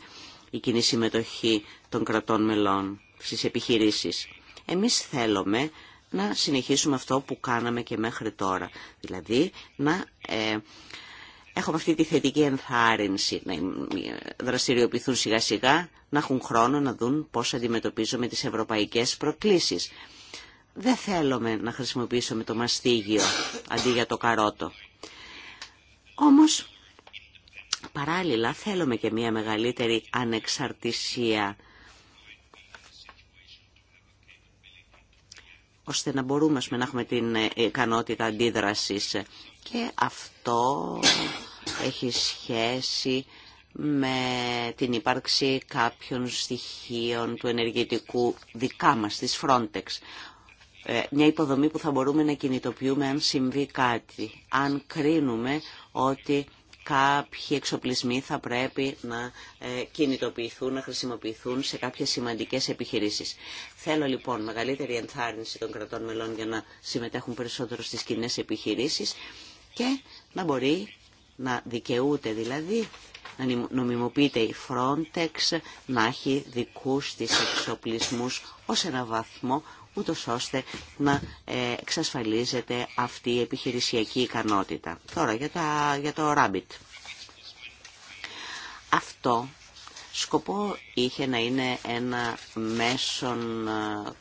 η κοινή συμμετοχή των κρατών μελών στις επιχειρήσεις. Εμείς θέλουμε να συνεχίσουμε αυτό που κάναμε και μέχρι τώρα, δηλαδή να ε, Έχουμε αυτή τη θετική ενθάρρυνση να δραστηριοποιηθούν σιγά σιγά, να έχουν χρόνο να δουν πώς αντιμετωπίζουμε τις ευρωπαϊκές προκλήσεις. Δεν θέλουμε να χρησιμοποιήσουμε το μαστίγιο αντί για το καρότο. Όμως, παράλληλα θέλουμε και μια μεγαλύτερη ανεξαρτησία ώστε να μπορούμε να έχουμε την ε, ικανότητα αντίδρασης ε, και αυτό έχει σχέση με την ύπαρξη κάποιων στοιχείων του ενεργητικού δικά μας, της Frontex. Ε, μια υποδομή που θα μπορούμε να κινητοποιούμε αν συμβεί κάτι, αν κρίνουμε ότι κάποιοι εξοπλισμοί θα πρέπει να ε, κινητοποιηθούν, να χρησιμοποιηθούν σε κάποιες σημαντικές επιχειρήσεις. Θέλω λοιπόν μεγαλύτερη ενθάρρυνση των κρατών μελών για να συμμετέχουν περισσότερο στις κοινέ επιχειρήσεις και να μπορεί να δικαιούται δηλαδή, να νομιμοποιείται η Frontex, να έχει δικούς της εξοπλισμούς ως ένα βαθμό, ούτω ώστε να ε, εξασφαλίζεται αυτή η επιχειρησιακή ικανότητα. Τώρα για, για το Rabbit. Αυτό σκοπό είχε να είναι ένα μέσον ε,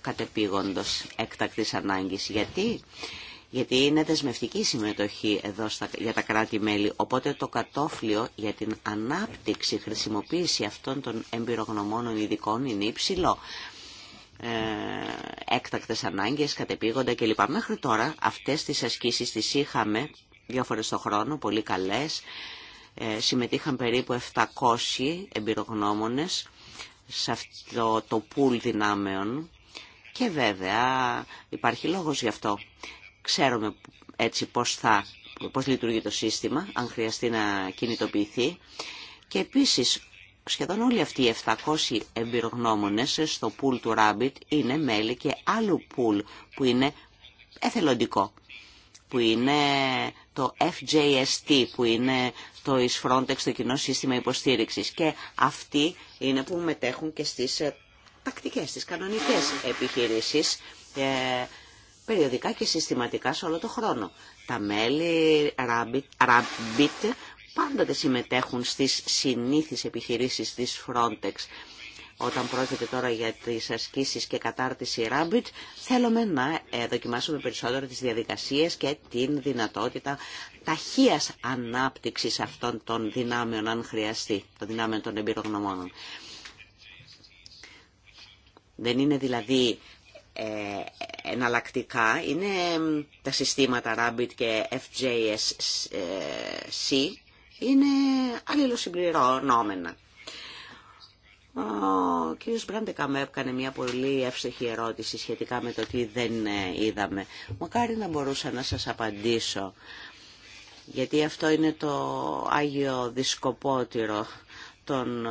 κατεπήγοντος έκτακτης ανάγκης. Γιατί? γιατί είναι δεσμευτική συμμετοχή εδώ στα, για τα κράτη-μέλη, οπότε το κατόφλιο για την ανάπτυξη, χρησιμοποίηση αυτών των εμπειρογνωμόνων ειδικών είναι υψηλό. Ε, έκτακτες ανάγκες, κατεπήγοντα κλπ. Μέχρι τώρα αυτές τις ασκήσεις τις είχαμε δύο φορές το χρόνο, πολύ καλές. Ε, συμμετείχαν περίπου 700 εμπειρογνώμονες σε αυτό το πουλ δυνάμεων και βέβαια υπάρχει λόγος γι' αυτό. Ξέρουμε έτσι πώς, θα, πώς λειτουργεί το σύστημα, αν χρειαστεί να κινητοποιηθεί. Και επίσης, σχεδόν όλοι αυτοί οι 700 εμπειρογνώμονες στο πουλ του Rabbit είναι μέλη και άλλου pool που είναι εθελοντικό, που είναι το FJST, που είναι το Frontex, το Κοινό Σύστημα Υποστήριξης. Και αυτοί είναι που μετέχουν και στις ε, τακτικές, στις κανονικές επιχειρήσεις, ε, περιοδικά και συστηματικά σε όλο το χρόνο. Τα μέλη Rabbit πάντοτε συμμετέχουν στις συνήθεις επιχειρήσεις της Frontex. Όταν πρόκειται τώρα για τις ασκήσεις και κατάρτιση Rabbit, θέλουμε να δοκιμάσουμε περισσότερο τις διαδικασίες και την δυνατότητα ταχείας ανάπτυξης αυτών των δυνάμεων, αν χρειαστεί, των δυνάμεων των εμπειρογνωμόνων. Δεν είναι δηλαδή ε, εναλλακτικά είναι τα συστήματα Rabbit και FJSC ε, είναι αλληλοσυμπληρωνόμενα. Ο κ. Μπραντεκα με έκανε μια πολύ εύστοχη ερώτηση σχετικά με το τι δεν ε, είδαμε. Μακάρι να μπορούσα να σας απαντήσω, γιατί αυτό είναι το Άγιο Δισκοπότηρο των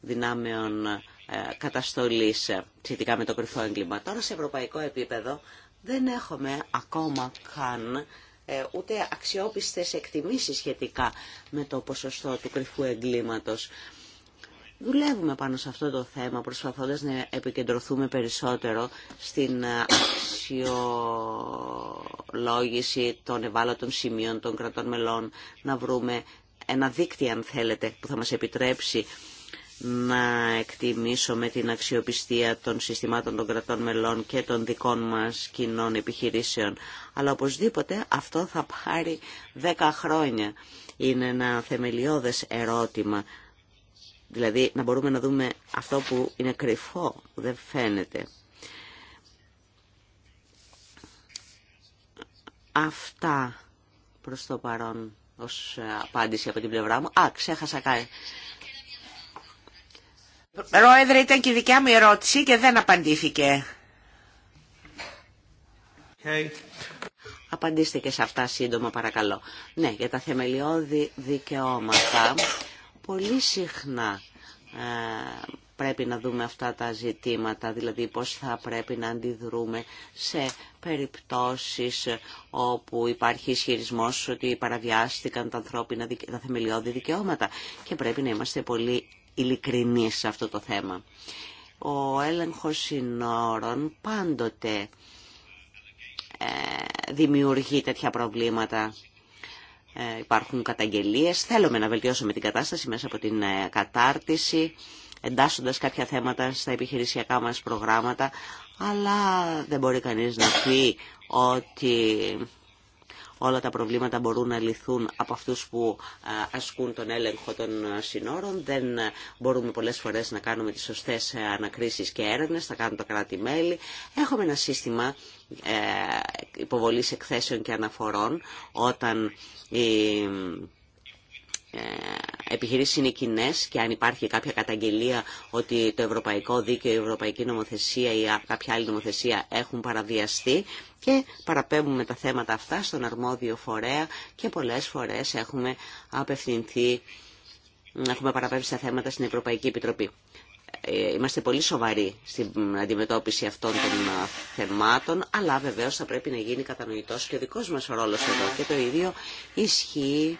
δυνάμεων ε, καταστολής ε, σχετικά με το κρυφό έγκλημα. Τώρα σε ευρωπαϊκό επίπεδο δεν έχουμε ακόμα καν ε, ούτε αξιόπιστες εκτιμήσεις σχετικά με το ποσοστό του κρυφού εγκλήματος. Δουλεύουμε πάνω σε αυτό το θέμα, προσπαθώντας να επικεντρωθούμε περισσότερο στην αξιολόγηση των ευάλωτων σημείων των κρατών μελών, να βρούμε ένα δίκτυο, αν θέλετε, που θα μας επιτρέψει να με την αξιοπιστία των συστημάτων των κρατών μελών και των δικών μας κοινών επιχειρήσεων. Αλλά οπωσδήποτε αυτό θα πάρει δέκα χρόνια. Είναι ένα θεμελιώδες ερώτημα. Δηλαδή να μπορούμε να δούμε αυτό που είναι κρυφό, που δεν φαίνεται. Αυτά προς το παρόν ως απάντηση από την πλευρά μου. Α, ξέχασα κάτι Πρόεδρε, ήταν και η δικιά μου ερώτηση και δεν απαντήθηκε. Απαντήστε και σε αυτά σύντομα παρακαλώ. Ναι, για τα θεμελιώδη δικαιώματα. Πολύ συχνά ε, πρέπει να δούμε αυτά τα ζητήματα, δηλαδή πώς θα πρέπει να αντιδρούμε σε περιπτώσεις όπου υπάρχει ισχυρισμό ότι παραβιάστηκαν τα, ανθρώπινα, τα θεμελιώδη δικαιώματα και πρέπει να είμαστε πολύ ειλικρινής σε αυτό το θέμα. Ο έλεγχος συνόρων πάντοτε ε, δημιουργεί τέτοια προβλήματα. Ε, υπάρχουν καταγγελίες. Θέλουμε να βελτιώσουμε την κατάσταση μέσα από την ε, κατάρτιση, εντάσσοντας κάποια θέματα στα επιχειρησιακά μας προγράμματα, αλλά δεν μπορεί κανείς να πει ότι όλα τα προβλήματα μπορούν να λυθούν από αυτούς που ε, ασκούν τον έλεγχο των ε, συνόρων. Δεν ε, μπορούμε πολλές φορές να κάνουμε τις σωστές ανακρίσεις και έρευνες, θα κάνουν τα κράτη-μέλη. Έχουμε ένα σύστημα υποβολής εκθέσεων και αναφορών όταν... Ε, Επιχειρήσει είναι κοινέ και αν υπάρχει κάποια καταγγελία ότι το ευρωπαϊκό δίκαιο, η ευρωπαϊκή νομοθεσία ή κάποια άλλη νομοθεσία έχουν παραβιαστεί και παραπέμπουμε τα θέματα αυτά στον αρμόδιο φορέα και πολλές φορές έχουμε απευθυνθεί, έχουμε παραπέμψει τα θέματα στην Ευρωπαϊκή Επιτροπή. Ε, είμαστε πολύ σοβαροί στην αντιμετώπιση αυτών των ε, θεμάτων, αλλά βεβαίως θα πρέπει να γίνει κατανοητός και ο δικός μας ρόλος εδώ. Και το ίδιο ισχύει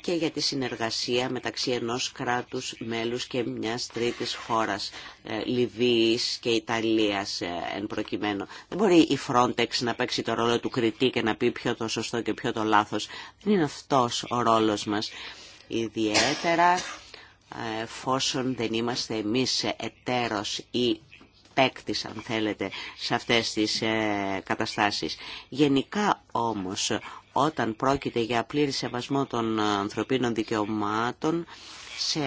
και για τη συνεργασία μεταξύ ενός κράτους μέλους και μιας τρίτης χώρας, ε, Λιβύης και Ιταλίας ε, εν προκειμένου. Δεν μπορεί η Frontex να παίξει το ρόλο του κριτή και να πει ποιο το σωστό και ποιο το λάθος. Δεν είναι αυτός ο ρόλος μας. Ιδιαίτερα ε, εφόσον δεν είμαστε εμείς εταίρος ή παίκτη, αν θέλετε, σε αυτές τις ε, καταστάσεις. Γενικά όμως, όταν πρόκειται για πλήρη σεβασμό των ανθρωπίνων δικαιωμάτων, σε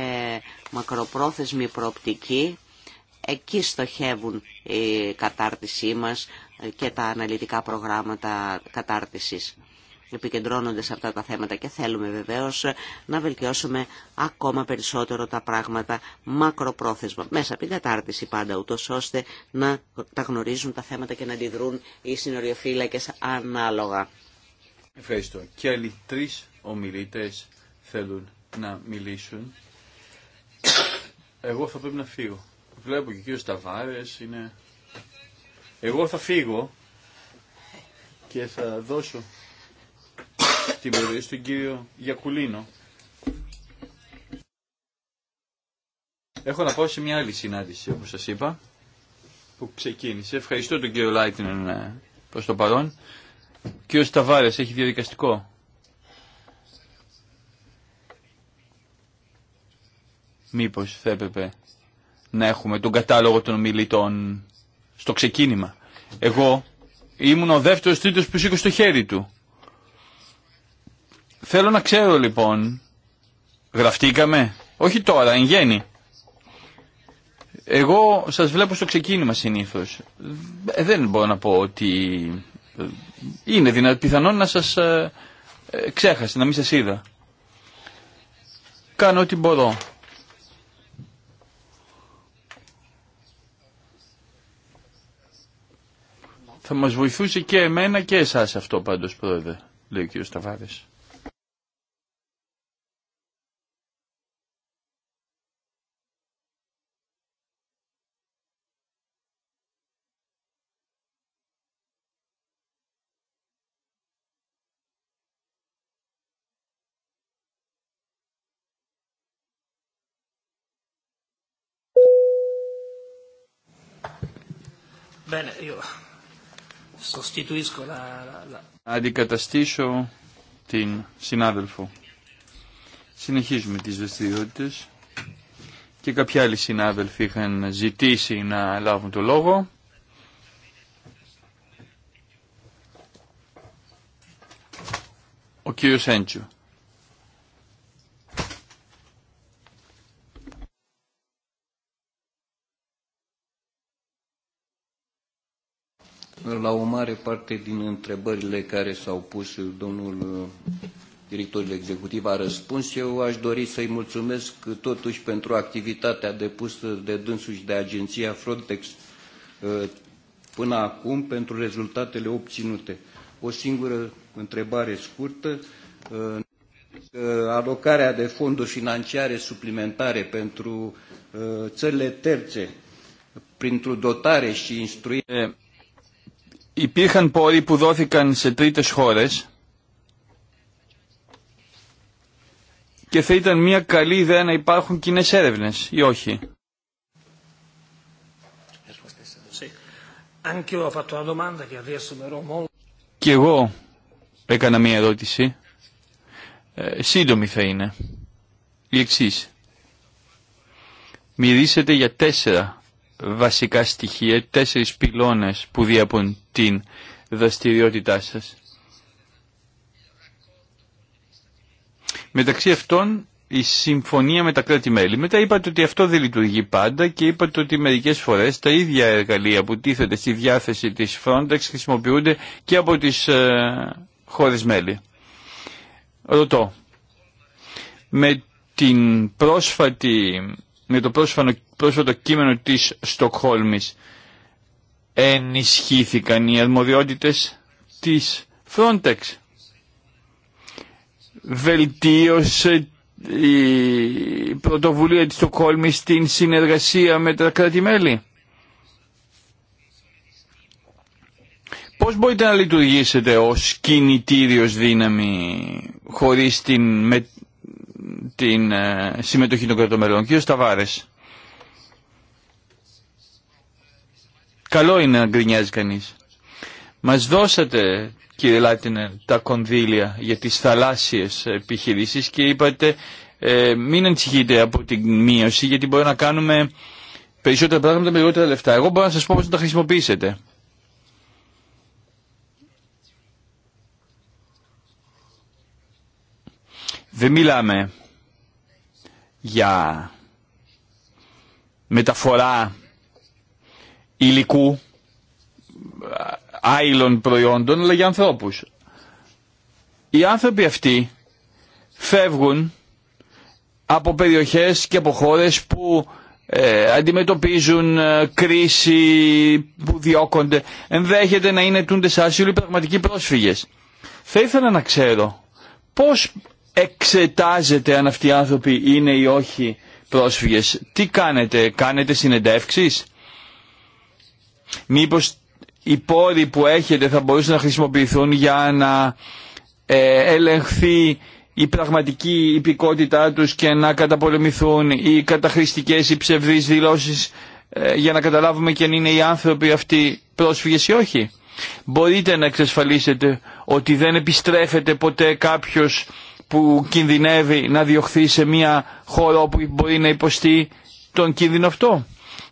μακροπρόθεσμη προοπτική, εκεί στοχεύουν η κατάρτισή μας και τα αναλυτικά προγράμματα κατάρτισης επικεντρώνονται σε αυτά τα θέματα και θέλουμε βεβαίως να βελτιώσουμε ακόμα περισσότερο τα πράγματα μακροπρόθεσμα, μέσα από την κατάρτιση πάντα, ούτως ώστε να τα γνωρίζουν τα θέματα και να αντιδρούν οι συνοριοφύλακες ανάλογα. Ευχαριστώ. Και άλλοι τρει ομιλητές θέλουν να μιλήσουν. Εγώ θα πρέπει να φύγω. Βλέπω και ο κύριο είναι... Εγώ θα φύγω και θα δώσω αυτή βέβαια στον κύριο Γιακουλίνο. Έχω να πάω σε μια άλλη συνάντηση όπως σας είπα που ξεκίνησε. Ευχαριστώ τον κύριο Λάιτνεν ε, προς το παρόν. Ο κύριος Σταβάρες έχει διαδικαστικό. Μήπως θα έπρεπε να έχουμε τον κατάλογο των μιλητών στο ξεκίνημα. Εγώ ήμουν ο δεύτερος τρίτος που σήκωσε το χέρι του. Θέλω να ξέρω λοιπόν, γραφτήκαμε, όχι τώρα, εν γέννη. Εγώ σας βλέπω στο ξεκίνημα συνήθως. Ε, δεν μπορώ να πω ότι ε, είναι δυνατό, πιθανόν να σας ε, ε να μην σας είδα. Κάνω ό,τι μπορώ. Θα μας βοηθούσε και εμένα και εσάς αυτό πάντως πρόεδρε, λέει ο κύριος Σταβάρης. Αντικαταστήσω την συνάδελφο. Συνεχίζουμε τις δραστηριότητε και κάποιοι άλλοι συνάδελφοι είχαν ζητήσει να λάβουν το λόγο. Ο κύριος Έντσου. la o mare parte din întrebările care s-au pus domnul directorul executiv a răspuns. Eu aș dori să-i mulțumesc totuși pentru activitatea depusă de dânsuși de agenția Frontex până acum pentru rezultatele obținute. O singură întrebare scurtă. Alocarea de fonduri financiare suplimentare pentru țările terțe dotare și instruire υπήρχαν πόροι που δόθηκαν σε τρίτες χώρες και θα ήταν μια καλή ιδέα να υπάρχουν κοινέ έρευνε ή όχι. Και εγώ έκανα μια ερώτηση. Ε, σύντομη θα είναι. Η εξή. Μυρίσετε για τέσσερα βασικά στοιχεία, τέσσερις πυλώνες που διαπούν την δραστηριότητά σας. Μεταξύ αυτών η συμφωνία με τα κράτη-μέλη. Μετά είπατε ότι αυτό δεν λειτουργεί πάντα και είπατε ότι μερικές φορές τα ίδια εργαλεία που τίθεται στη διάθεση της Frontex χρησιμοποιούνται και από τις ε, χώρες μέλη. Ρωτώ, με, την πρόσφατη, με το πρόσφατο κείμενο της Στοκχόλμης ενισχύθηκαν οι αρμοδιότητες της Frontex. Βελτίωσε η πρωτοβουλία της Στοκχόλμης στην συνεργασία με τα κράτη-μέλη. Πώς μπορείτε να λειτουργήσετε ως κινητήριος δύναμη χωρίς την, με, την ε, συμμετοχή των κρατομελών. Κύριε Σταβάρες. Καλό είναι να γκρινιάζει κανείς. Μας δώσατε, κύριε Λάτινερ, τα κονδύλια για τις θαλάσσιες επιχειρήσεις και είπατε ε, μην ανησυχείτε από την μείωση γιατί μπορεί να κάνουμε περισσότερα πράγματα με λιγότερα λεφτά. Εγώ μπορώ να σας πω πώς να τα χρησιμοποιήσετε. Δεν μιλάμε για μεταφορά υλικού, ε, άειλων προϊόντων, αλλά για ανθρώπους. Οι άνθρωποι αυτοί φεύγουν από περιοχές και από χώρες που ε, αντιμετωπίζουν ε, κρίση, που διώκονται. Ενδέχεται να είναι τούντες άσυλοι οι πραγματικοί πρόσφυγες. Θα ήθελα να ξέρω πώς εξετάζεται αν αυτοί οι άνθρωποι είναι ή όχι πρόσφυγες. Τι κάνετε, κάνετε συνεντεύξεις Μήπως οι πόροι που έχετε θα μπορούσαν να χρησιμοποιηθούν για να ε, ελεγχθεί η πραγματική υπηκότητά τους και να καταπολεμηθούν οι καταχρηστικές ή ψευδείς δηλώσεις ε, για να καταλάβουμε και αν είναι οι άνθρωποι αυτοί πρόσφυγες ή όχι. Μπορείτε να εξασφαλίσετε ότι δεν επιστρέφεται ποτέ κάποιος που κινδυνεύει να διωχθεί σε μια χώρα όπου μπορεί να υποστεί τον κίνδυνο αυτό.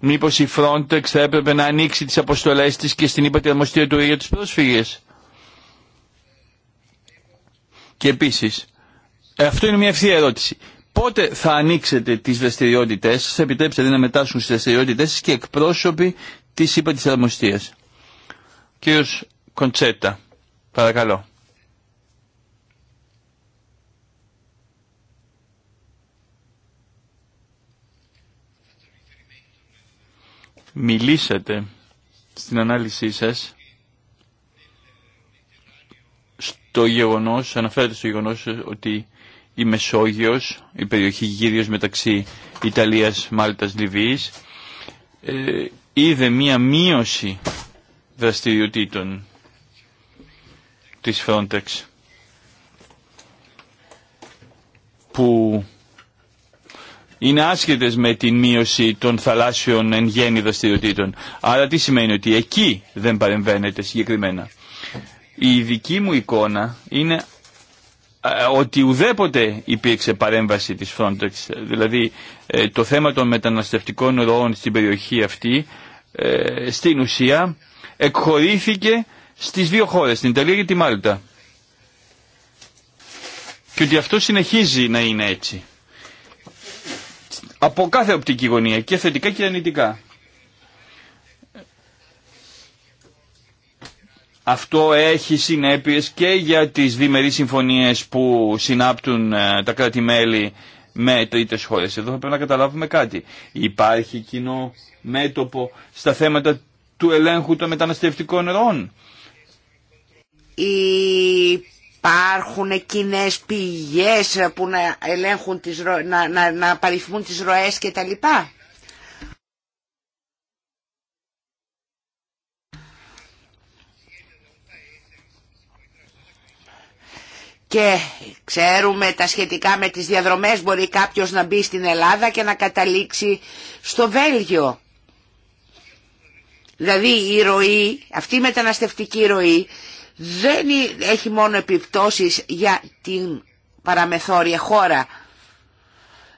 Μήπως η Frontex θα έπρεπε να ανοίξει τις αποστολές της και στην ύπατη αρμοστία του για τους πρόσφυγες. Και επίσης, αυτό είναι μια ευθεία ερώτηση. Πότε θα ανοίξετε τις δραστηριότητε, θα επιτρέψετε δηλαδή να μετάσχουν στις δραστηριότητε και εκπρόσωποι της ύπατης αρμοστίας. Κύριος Κοντσέτα, παρακαλώ. μιλήσατε στην ανάλυση σας στο γεγονός, αναφέρατε στο γεγονός ότι η Μεσόγειος, η περιοχή γύριος μεταξύ Ιταλίας, Μάλτας, Λιβύης, ε, είδε μία μείωση δραστηριοτήτων της Frontex που είναι άσχετες με την μείωση των θαλάσσιων εν γέννη δραστηριοτήτων. Άρα τι σημαίνει ότι εκεί δεν παρεμβαίνεται συγκεκριμένα. Η δική μου εικόνα είναι ε, ότι ουδέποτε υπήρξε παρέμβαση της Frontex. Δηλαδή ε, το θέμα των μεταναστευτικών ροών στην περιοχή αυτή ε, στην ουσία εκχωρήθηκε στις δύο χώρες, την Ιταλία και τη Μάλτα. Και ότι αυτό συνεχίζει να είναι έτσι από κάθε οπτική γωνία και θετικά και αρνητικά. Αυτό έχει συνέπειες και για τις διμερείς συμφωνίες που συνάπτουν ε, τα κράτη-μέλη με τρίτες χώρες. Εδώ θα πρέπει να καταλάβουμε κάτι. Υπάρχει κοινό μέτωπο στα θέματα του ελέγχου των μεταναστευτικών ροών. Η υπάρχουν κοινέ πηγές που να ελέγχουν τις να, να, να παριθμούν τις ροές και τα λοιπά. Και ξέρουμε τα σχετικά με τις διαδρομές μπορεί κάποιος να μπει στην Ελλάδα και να καταλήξει στο Βέλγιο. Δηλαδή η ροή, αυτή η μεταναστευτική ροή δεν έχει μόνο επιπτώσεις για την παραμεθόρια χώρα.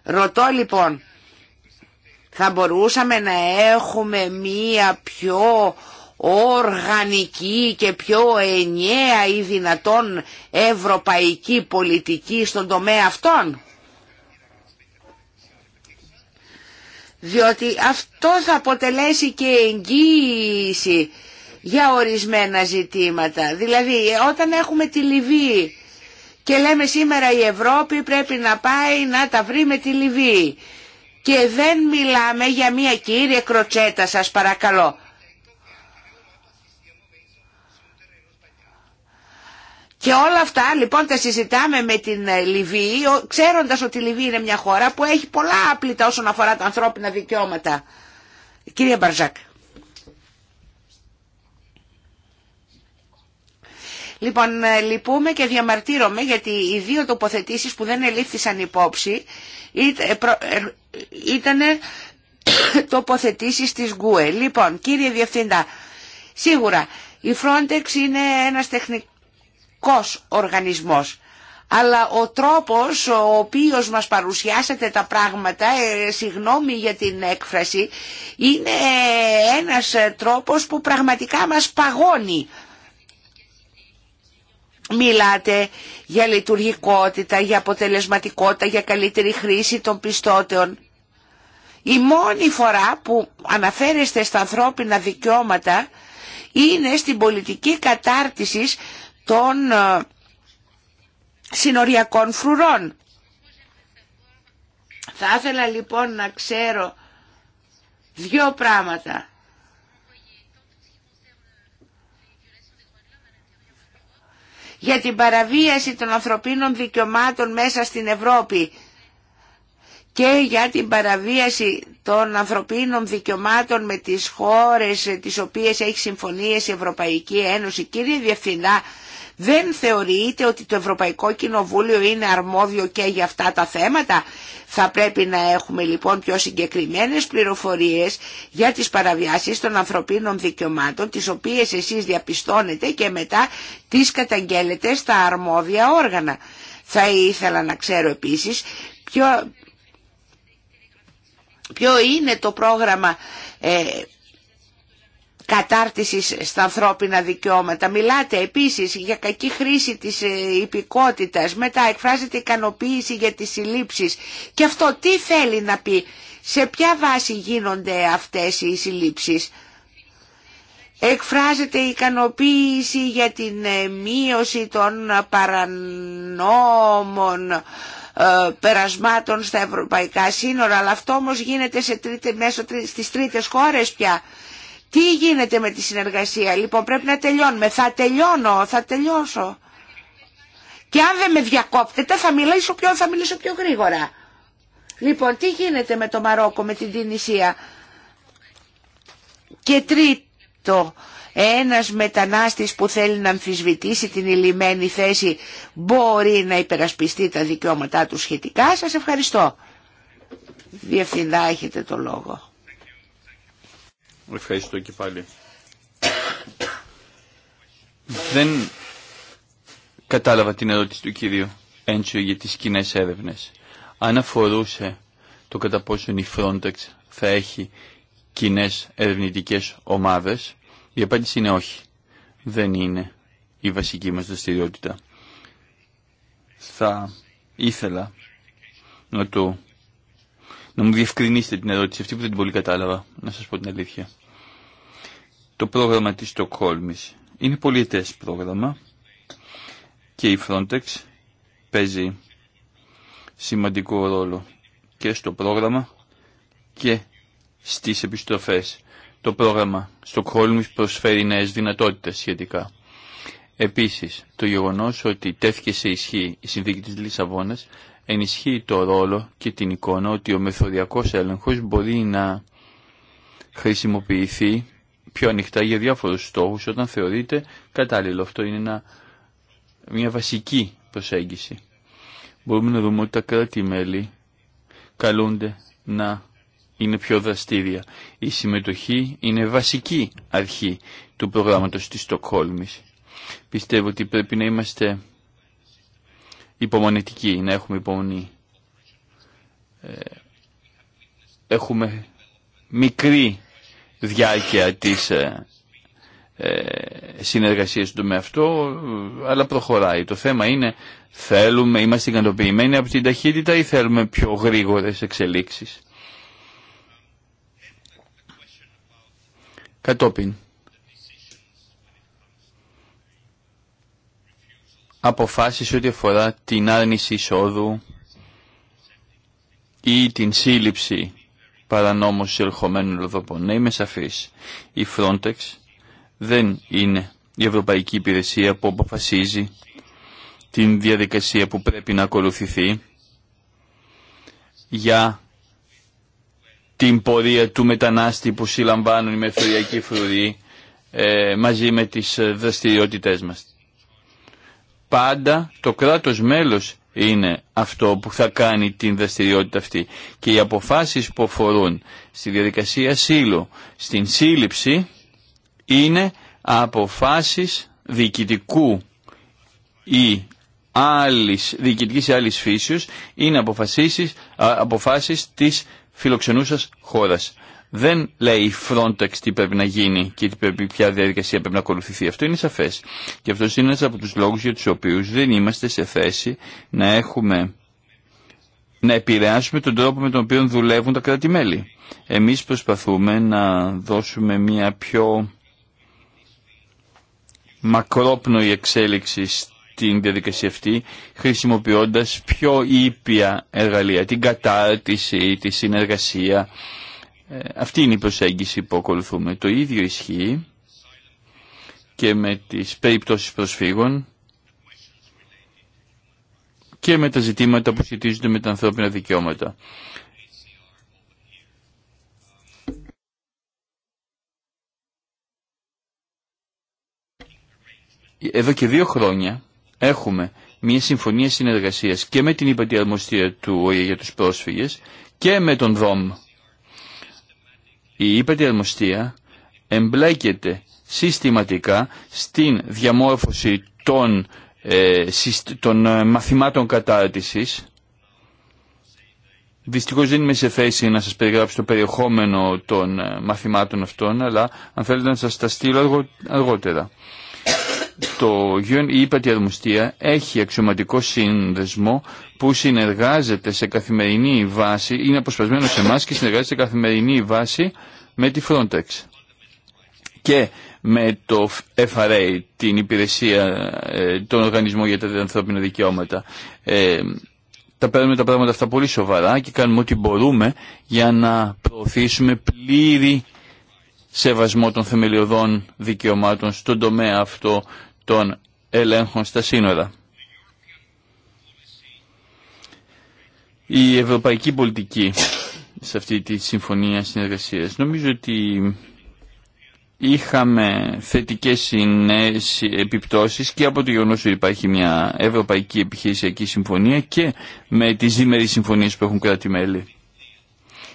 Ρωτώ λοιπόν, θα μπορούσαμε να έχουμε μία πιο οργανική και πιο ενιαία ή δυνατόν ευρωπαϊκή πολιτική στον τομέα αυτών. Διότι αυτό θα αποτελέσει και εγγύηση για ορισμένα ζητήματα. Δηλαδή όταν έχουμε τη Λιβύη και λέμε σήμερα η Ευρώπη πρέπει να πάει να τα βρει με τη Λιβύη και δεν μιλάμε για μια κύριε κροτσέτα σας παρακαλώ. Και όλα αυτά λοιπόν τα συζητάμε με την ε, Λιβύη, ξέροντας ότι η Λιβύη είναι μια χώρα που έχει πολλά άπλητα όσον αφορά τα ανθρώπινα δικαιώματα. κυρία Μπαρζάκ. Λοιπόν, ε, λυπούμε και διαμαρτύρομαι γιατί οι δύο τοποθετήσεις που δεν ελήφθησαν υπόψη ε, ε, ήταν *coughs* τοποθετήσεις της ΓΚΟΕ. Λοιπόν, κύριε Διευθύντα, σίγουρα η Frontex είναι ένας τεχνικός οργανισμός. Αλλά ο τρόπος ο οποίος μας παρουσιάσατε τα πράγματα, ε, συγγνώμη για την έκφραση, είναι ένας τρόπος που πραγματικά μας παγώνει. Μιλάτε για λειτουργικότητα, για αποτελεσματικότητα, για καλύτερη χρήση των πιστώτεων. Η μόνη φορά που αναφέρεστε στα ανθρώπινα δικαιώματα είναι στην πολιτική κατάρτιση των ε, συνοριακών φρουρών. Θα ήθελα λοιπόν να ξέρω δύο πράγματα. για την παραβίαση των ανθρωπίνων δικαιωμάτων μέσα στην Ευρώπη και για την παραβίαση των ανθρωπίνων δικαιωμάτων με τις χώρες τις οποίες έχει συμφωνίες η Ευρωπαϊκή Ένωση. Κύριε Διευθυντά, δεν θεωρείτε ότι το Ευρωπαϊκό Κοινοβούλιο είναι αρμόδιο και για αυτά τα θέματα. Θα πρέπει να έχουμε λοιπόν πιο συγκεκριμένες πληροφορίες για τις παραβιάσεις των ανθρωπίνων δικαιωμάτων, τις οποίες εσείς διαπιστώνετε και μετά τις καταγγέλλετε στα αρμόδια όργανα. Θα ήθελα να ξέρω επίσης ποιο, είναι το πρόγραμμα ε, κατάρτισης στα ανθρώπινα δικαιώματα. Μιλάτε επίσης για κακή χρήση της ε, υπηκότητας, μετά εκφράζεται ικανοποίηση για τις συλλήψεις. Και αυτό τι θέλει να πει, σε ποια βάση γίνονται αυτές οι συλλήψεις. Εκφράζεται ικανοποίηση για την ε, μείωση των παρανόμων ε, περασμάτων στα ευρωπαϊκά σύνορα, αλλά αυτό όμως γίνεται σε τρίτε, μέσω, στις τρίτες χώρες πια. Τι γίνεται με τη συνεργασία, λοιπόν πρέπει να τελειώνουμε. Θα τελειώνω, θα τελειώσω. Και αν δεν με διακόπτετε θα μιλήσω πιο, θα μιλήσω πιο γρήγορα. Λοιπόν, τι γίνεται με το Μαρόκο, με την Τινησία. Και τρίτο, ένας μετανάστης που θέλει να αμφισβητήσει την ηλιμένη θέση μπορεί να υπερασπιστεί τα δικαιώματά του σχετικά. Σας ευχαριστώ. Διευθυντά έχετε το λόγο. Ευχαριστώ και πάλι. Δεν κατάλαβα την ερώτηση του κυρίου Έντσο για τις κοινέ έρευνε. Αν αφορούσε το κατά πόσον η Frontex θα έχει κοινέ ερευνητικέ ομάδε, η απάντηση είναι όχι. Δεν είναι η βασική μας δραστηριότητα. Θα ήθελα να, το, να μου διευκρινίσετε την ερώτηση αυτή που δεν την πολύ κατάλαβα, να σας πω την αλήθεια το πρόγραμμα της Στοκχόλμης. Είναι πολιτές πρόγραμμα και η Frontex παίζει σημαντικό ρόλο και στο πρόγραμμα και στις επιστροφές. Το πρόγραμμα Στοκχόλμης προσφέρει νέες δυνατότητες σχετικά. Επίσης, το γεγονός ότι τέθηκε σε ισχύ η συνθήκη της Λισαβόνας ενισχύει το ρόλο και την εικόνα ότι ο μεθοδιακός έλεγχος μπορεί να χρησιμοποιηθεί πιο ανοιχτά για διάφορους στόχους όταν θεωρείται κατάλληλο. Αυτό είναι μια βασική προσέγγιση. Μπορούμε να δούμε ότι τα κράτη-μέλη καλούνται να είναι πιο δραστήρια. Η συμμετοχή είναι βασική αρχή του προγράμματος της Στοκχόλμης. Πιστεύω ότι πρέπει να είμαστε υπομονετικοί, να έχουμε υπομονή. Ε, έχουμε μικρή διάρκεια της ε, ε, συνεργασίας του με αυτό, αλλά προχωράει. Το θέμα είναι, θέλουμε, είμαστε ικανοποιημένοι από την ταχύτητα ή θέλουμε πιο γρήγορες εξελίξεις. Κατόπιν. Αποφάσεις ό,τι αφορά την άρνηση εισόδου ή την σύλληψη παρανόμως ελχομένων λοδοπών. Να είμαι σαφής. Η Frontex δεν είναι η Ευρωπαϊκή Υπηρεσία που αποφασίζει την διαδικασία που πρέπει να ακολουθηθεί για την πορεία του μετανάστη που συλλαμβάνουν οι μεθοριακοί φρουροί ε, μαζί με τις δραστηριότητές μας. Πάντα το κράτος μέλος είναι αυτό που θα κάνει την δραστηριότητα αυτή. Και οι αποφάσεις που αφορούν στη διαδικασία σύλλου στην σύλληψη, είναι αποφάσεις διοικητικού ή άλλης, διοικητικής ή άλλης φύσεως, είναι αποφάσεις, αποφάσεις της φιλοξενούσας χώρας. Δεν λέει η Frontex τι πρέπει να γίνει και τι πρέπει, ποια διαδικασία πρέπει να ακολουθηθεί. Αυτό είναι σαφές. Και αυτό είναι ένα από τους λόγους για τους οποίους δεν είμαστε σε θέση να έχουμε να επηρεάσουμε τον τρόπο με τον οποίο δουλεύουν τα κράτη-μέλη. Εμείς προσπαθούμε να δώσουμε μια πιο μακρόπνοη εξέλιξη στην διαδικασία αυτή, χρησιμοποιώντας πιο ήπια εργαλεία, την κατάρτιση, τη συνεργασία, ε, αυτή είναι η προσέγγιση που ακολουθούμε. Το ίδιο ισχύει και με τις περιπτώσεις προσφύγων και με τα ζητήματα που σχετίζονται με τα ανθρώπινα δικαιώματα. Εδώ και δύο χρόνια έχουμε μια συμφωνία συνεργασίας και με την υπατιαρμοστία του ΟΗΕ για τους πρόσφυγες και με τον ΔΟΜ η ύπατη αρμοστία εμπλέκεται συστηματικά στην διαμόρφωση των, ε, των ε, μαθημάτων κατάρτισης. Δυστυχώς δεν είμαι σε θέση να σας περιγράψω το περιεχόμενο των ε, μαθημάτων αυτών, αλλά αν θέλετε να σας τα στείλω αργότερα το ΓΙΟΝ η ύπατη αρμοστία έχει αξιωματικό σύνδεσμο που συνεργάζεται σε καθημερινή βάση, είναι αποσπασμένο σε εμά και συνεργάζεται σε καθημερινή βάση με τη Frontex. Και με το FRA, την υπηρεσία, ε, τον Οργανισμό για τα Ανθρώπινα Δικαιώματα. Ε, τα παίρνουμε τα πράγματα αυτά πολύ σοβαρά και κάνουμε ό,τι μπορούμε για να προωθήσουμε πλήρη σεβασμό των θεμελιωδών δικαιωμάτων στον τομέα αυτό των ελέγχων στα σύνορα. Η ευρωπαϊκή πολιτική σε αυτή τη συμφωνία συνεργασίας. Νομίζω ότι είχαμε θετικές επιπτώσεις και από το γεγονός ότι υπάρχει μια ευρωπαϊκή επιχειρησιακή συμφωνία και με τις διμερείς συμφωνίες που έχουν κράτη-μέλη.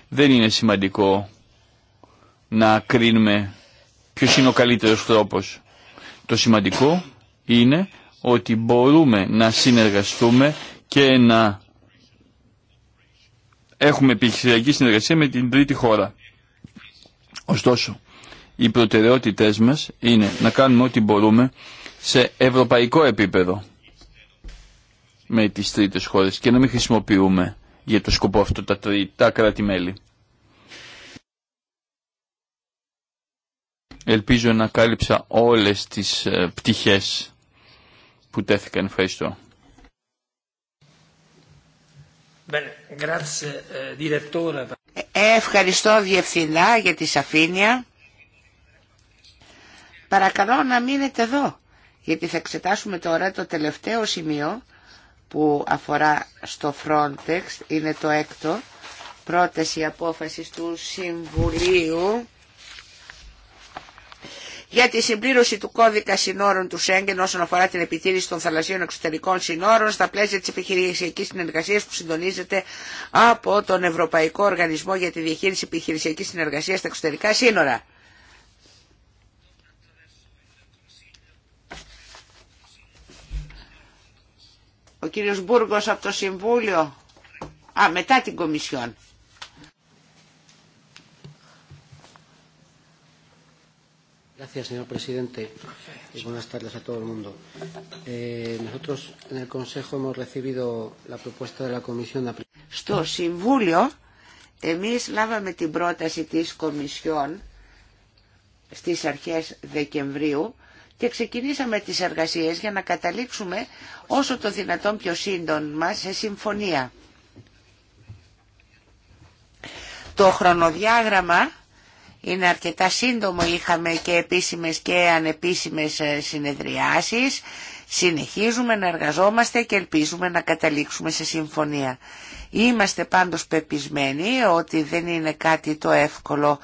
Δεν είναι σημαντικό να κρίνουμε ποιος είναι ο καλύτερος τρόπος. Το σημαντικό είναι ότι μπορούμε να συνεργαστούμε και να έχουμε επιχειρηματική συνεργασία με την τρίτη χώρα. Ωστόσο, οι προτεραιότητές μας είναι να κάνουμε ό,τι μπορούμε σε ευρωπαϊκό επίπεδο με τις τρίτες χώρες και να μην χρησιμοποιούμε για το σκοπό αυτό τα, τριτα κράτη-μέλη. Ελπίζω να κάλυψα όλες τις ε, πτυχές που τέθηκαν. Ευχαριστώ. Eh, Ευχαριστώ Διευθυντά για τη σαφήνεια. Παρακαλώ να μείνετε εδώ, γιατί θα εξετάσουμε τώρα το τελευταίο σημείο που αφορά στο Frontex, είναι το έκτο, πρόταση απόφασης του Συμβουλίου για τη συμπλήρωση του κώδικα συνόρων του Σέγγεν όσον αφορά την επιτήρηση των θαλασσίων εξωτερικών συνόρων στα πλαίσια της επιχειρησιακής συνεργασίας που συντονίζεται από τον Ευρωπαϊκό Οργανισμό για τη Διαχείριση Επιχειρησιακής Συνεργασίας στα εξωτερικά σύνορα. Ο κύριος Μπούργος από το Συμβούλιο. Α, μετά την Κομισιόν. Στο Συμβούλιο, εμείς λάβαμε την πρόταση της Κομισιόν στις αρχές Δεκεμβρίου και ξεκινήσαμε τις εργασίες για να καταλήξουμε όσο το δυνατόν πιο σύντομα σε συμφωνία. Το χρονοδιάγραμμα είναι αρκετά σύντομο, είχαμε και επίσημες και ανεπίσημες ε, συνεδριάσεις. Συνεχίζουμε να εργαζόμαστε και ελπίζουμε να καταλήξουμε σε συμφωνία. Είμαστε πάντως πεπισμένοι ότι δεν είναι κάτι το εύκολο.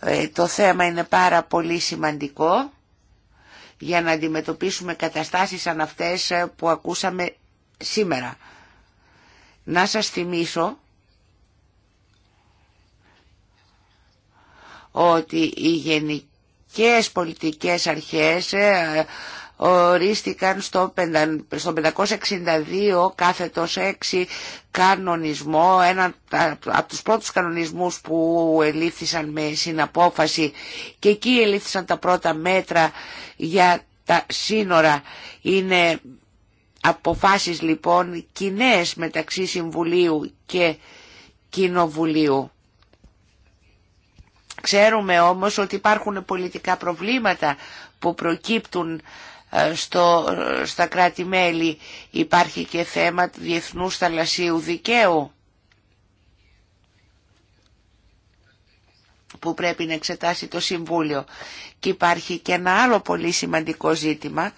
Ε, το θέμα είναι πάρα πολύ σημαντικό για να αντιμετωπίσουμε καταστάσεις σαν αυτές ε, που ακούσαμε σήμερα. Να σας θυμίσω ότι οι γενικές πολιτικές αρχές ε, ορίστηκαν στο 562 κάθετος 6 κανονισμό, ένα από τους πρώτους κανονισμούς που ελήφθησαν με συναπόφαση και εκεί ελήφθησαν τα πρώτα μέτρα για τα σύνορα. Είναι αποφάσεις λοιπόν κοινέ μεταξύ Συμβουλίου και Κοινοβουλίου. Ξέρουμε όμως ότι υπάρχουν πολιτικά προβλήματα που προκύπτουν ε, στο, ε, στα κράτη-μέλη. Υπάρχει και θέμα διεθνούς θαλασσίου δικαίου που πρέπει να εξετάσει το Συμβούλιο. Και υπάρχει και ένα άλλο πολύ σημαντικό ζήτημα,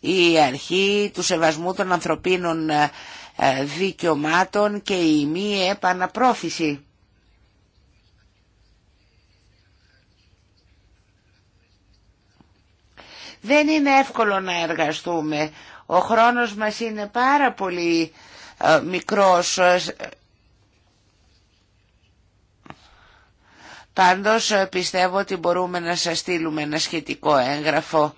η αρχή του σεβασμού των ανθρωπίνων ε, ε, δικαιωμάτων και η μη επαναπρόθεση. Δεν είναι εύκολο να εργαστούμε. Ο χρόνος μας είναι πάρα πολύ ε, μικρός. Πάντως ε, πιστεύω ότι μπορούμε να σας στείλουμε ένα σχετικό έγγραφο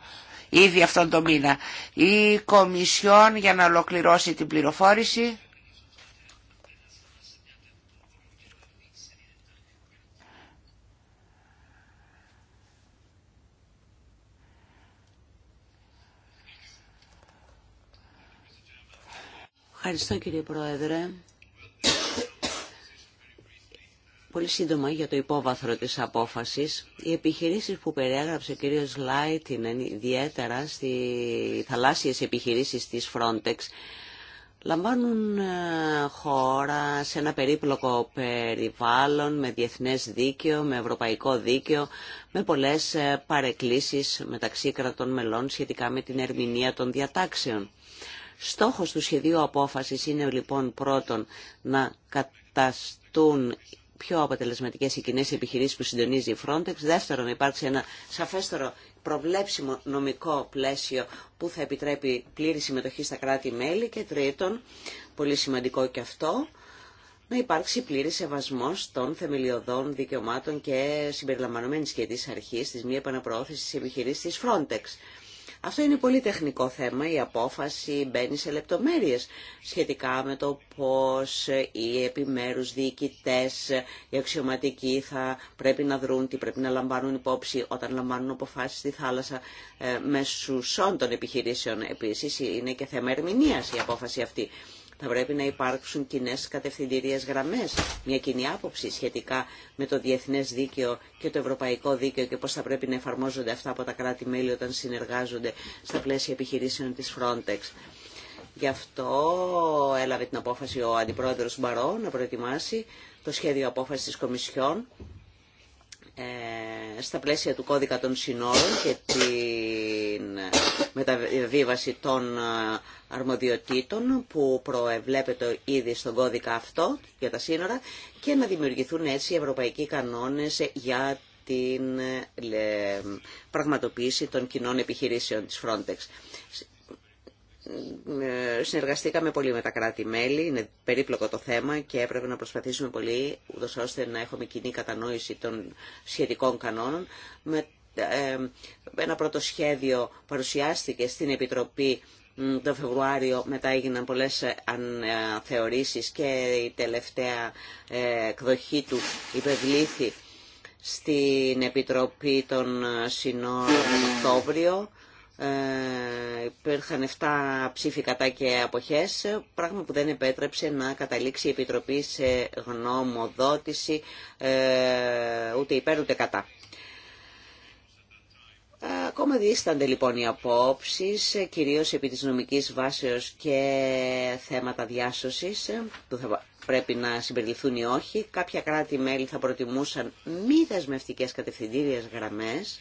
ήδη αυτόν τον μήνα. Η Κομισιόν για να ολοκληρώσει την πληροφόρηση Ευχαριστώ κύριε Πρόεδρε. Πολύ σύντομα για το υπόβαθρο της απόφασης. Οι επιχειρήσεις που περιέγραψε ο κ. Λάιτ είναι ιδιαίτερα στι θαλάσσιες επιχειρήσεις της Frontex. Λαμβάνουν ε, χώρα σε ένα περίπλοκο περιβάλλον με διεθνές δίκαιο, με ευρωπαϊκό δίκαιο, με πολλές ε, παρεκκλήσεις μεταξύ κρατών μελών σχετικά με την ερμηνεία των διατάξεων. Στόχος του σχεδίου απόφασης είναι λοιπόν πρώτον να καταστούν πιο αποτελεσματικέ οι κοινέ επιχειρήσει που συντονίζει η Frontex. Δεύτερον, υπάρξει ένα σαφέστερο προβλέψιμο νομικό πλαίσιο που θα επιτρέπει πλήρη συμμετοχή στα κράτη-μέλη. Και τρίτον, πολύ σημαντικό και αυτό, να υπάρξει πλήρη σεβασμό των θεμελιωδών δικαιωμάτων και συμπεριλαμβανομένη και τη αρχή τη μη επαναπροώθηση τη επιχειρήση τη Frontex. Αυτό είναι πολύ τεχνικό θέμα. Η απόφαση μπαίνει σε λεπτομέρειες σχετικά με το πώς οι επιμέρους διοικητές, οι αξιωματικοί θα πρέπει να δρουν, τι πρέπει να λαμβάνουν υπόψη όταν λαμβάνουν αποφάσεις στη θάλασσα ε, μεσουσών των επιχειρήσεων. Επίσης είναι και θέμα ερμηνείας η απόφαση αυτή. Θα πρέπει να υπάρξουν κοινέ κατευθυντηρίε γραμμέ, μια κοινή άποψη σχετικά με το διεθνέ δίκαιο και το ευρωπαϊκό δίκαιο και πώ θα πρέπει να εφαρμόζονται αυτά από τα κράτη-μέλη όταν συνεργάζονται στα πλαίσια επιχειρήσεων τη Frontex. Γι' αυτό έλαβε την απόφαση ο Αντιπρόεδρος Μπαρό να προετοιμάσει το σχέδιο απόφασης της Κομισιόν ε, στα πλαίσια του κώδικα των συνόρων και την μεταβίβαση των ε, αρμοδιοτήτων που προεβλέπεται ήδη στον κώδικα αυτό για τα σύνορα και να δημιουργηθούν έτσι οι ευρωπαϊκοί κανόνες για την ε, πραγματοποίηση των κοινών επιχειρήσεων της Frontex. Ε, συνεργαστήκαμε πολύ με τα κράτη-μέλη, είναι περίπλοκο το θέμα και έπρεπε να προσπαθήσουμε πολύ, ούτως ώστε να έχουμε κοινή κατανόηση των σχετικών κανόνων. Με, ε, ένα πρώτο σχέδιο παρουσιάστηκε στην Επιτροπή τον Φεβρουάριο μετά έγιναν πολλές ε, θεωρήσεις και η τελευταία εκδοχή του υπευλήθη στην Επιτροπή των Συνόρων Οκτώβριο ε, υπήρχαν 7 ψήφοι κατά και αποχές, πράγμα που δεν επέτρεψε να καταλήξει η Επιτροπή σε γνωμοδότηση ε, ούτε υπέρ ούτε κατά. Ε, ακόμα δίστανται λοιπόν οι απόψεις, κυρίως επί της νομικής βάσεως και θέματα διάσωσης, που θα πρέπει να συμπεριληφθούν ή όχι. Κάποια κράτη-μέλη θα προτιμούσαν μη δεσμευτικέ κατευθυντήριες γραμμές,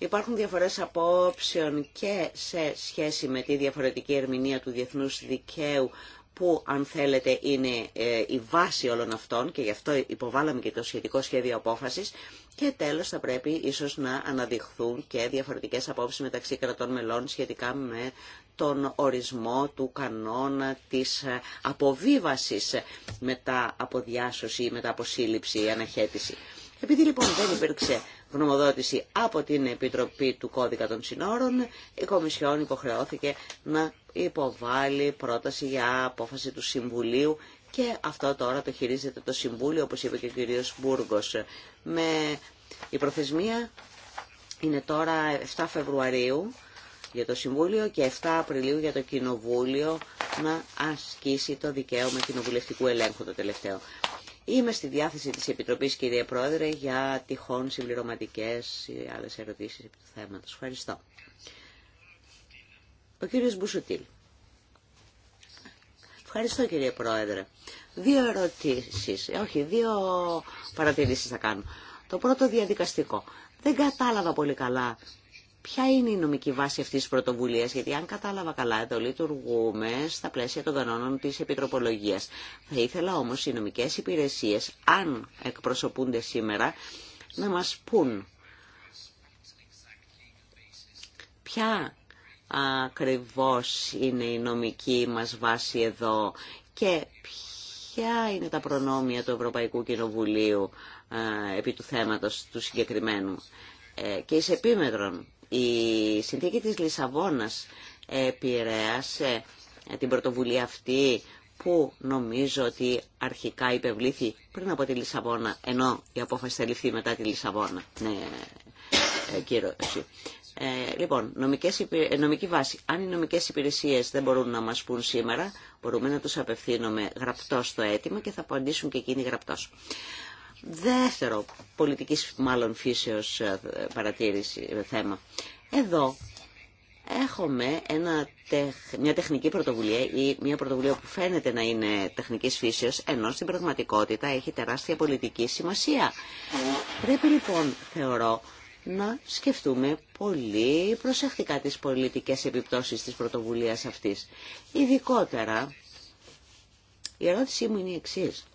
Υπάρχουν διαφορές απόψεων και σε σχέση με τη διαφορετική ερμηνεία του διεθνούς δικαίου που αν θέλετε είναι ε, η βάση όλων αυτών και γι' αυτό υποβάλαμε και το σχετικό σχέδιο απόφασης και τέλος θα πρέπει ίσως να αναδειχθούν και διαφορετικές απόψεις μεταξύ κρατών μελών σχετικά με τον ορισμό του κανόνα της ε, αποβίβασης μετά από διάσωση ή μετά από σύλληψη ή αναχέτηση. Επειδή λοιπόν δεν υπήρξε γνωμοδότηση από την Επιτροπή του Κώδικα των Συνόρων, η Κομισιόν υποχρεώθηκε να υποβάλει πρόταση για απόφαση του Συμβουλίου και αυτό τώρα το χειρίζεται το Συμβούλιο, όπως είπε και ο κύριος Μπούργος. Με... Η προθεσμία είναι τώρα 7 Φεβρουαρίου για το Συμβούλιο και 7 Απριλίου για το Κοινοβούλιο να ασκήσει το δικαίωμα κοινοβουλευτικού ελέγχου το τελευταίο. Είμαι στη διάθεση της Επιτροπής, κύριε Πρόεδρε, για τυχόν συμπληρωματικές ή άλλες ερωτήσεις επί του θέματος. Ευχαριστώ. Ο κύριος Μπουσουτήλ. Ευχαριστώ κύριε Πρόεδρε. Δύο ερωτήσεις, ε, όχι δύο παρατηρήσεις θα κάνω. Το πρώτο διαδικαστικό. Δεν κατάλαβα πολύ καλά Ποια είναι η νομική βάση αυτής της πρωτοβουλίας, γιατί αν κατάλαβα καλά εδώ λειτουργούμε στα πλαίσια των κανόνων της επιτροπολογίας. Θα ήθελα όμως οι νομικές υπηρεσίες, αν εκπροσωπούνται σήμερα, να μας πούν ποια ακριβώς είναι η νομική μας βάση εδώ και ποια είναι τα προνόμια του Ευρωπαϊκού Κοινοβουλίου ε, επί του θέματος του συγκεκριμένου. Ε, και εις επίμετρον, η συνθήκη της Λισαβόνας επηρέασε την πρωτοβουλία αυτή που νομίζω ότι αρχικά υπευλήθη πριν από τη Λισαβόνα, ενώ η απόφαση θα ληφθεί μετά τη Λισαβόνα. Ναι, Ε, ε λοιπόν, νομικές, ε, νομική βάση. Αν οι νομικές υπηρεσίες δεν μπορούν να μας πούν σήμερα, μπορούμε να τους απευθύνουμε γραπτό στο αίτημα και θα απαντήσουν και εκείνοι γραπτός. Δεύτερο πολιτικής μάλλον φύσεως ε, παρατήρηση ε, θέμα. Εδώ έχουμε ένα, μια τεχνική πρωτοβουλία ή μια πρωτοβουλία που φαίνεται να είναι τεχνικής φύσεως ενώ στην πραγματικότητα έχει τεράστια πολιτική σημασία. Πρέπει λοιπόν, θεωρώ, να σκεφτούμε πολύ προσεκτικά τις πολιτικές επιπτώσεις της πρωτοβουλίας αυτής. Ειδικότερα, η ερώτησή μου είναι η εξής.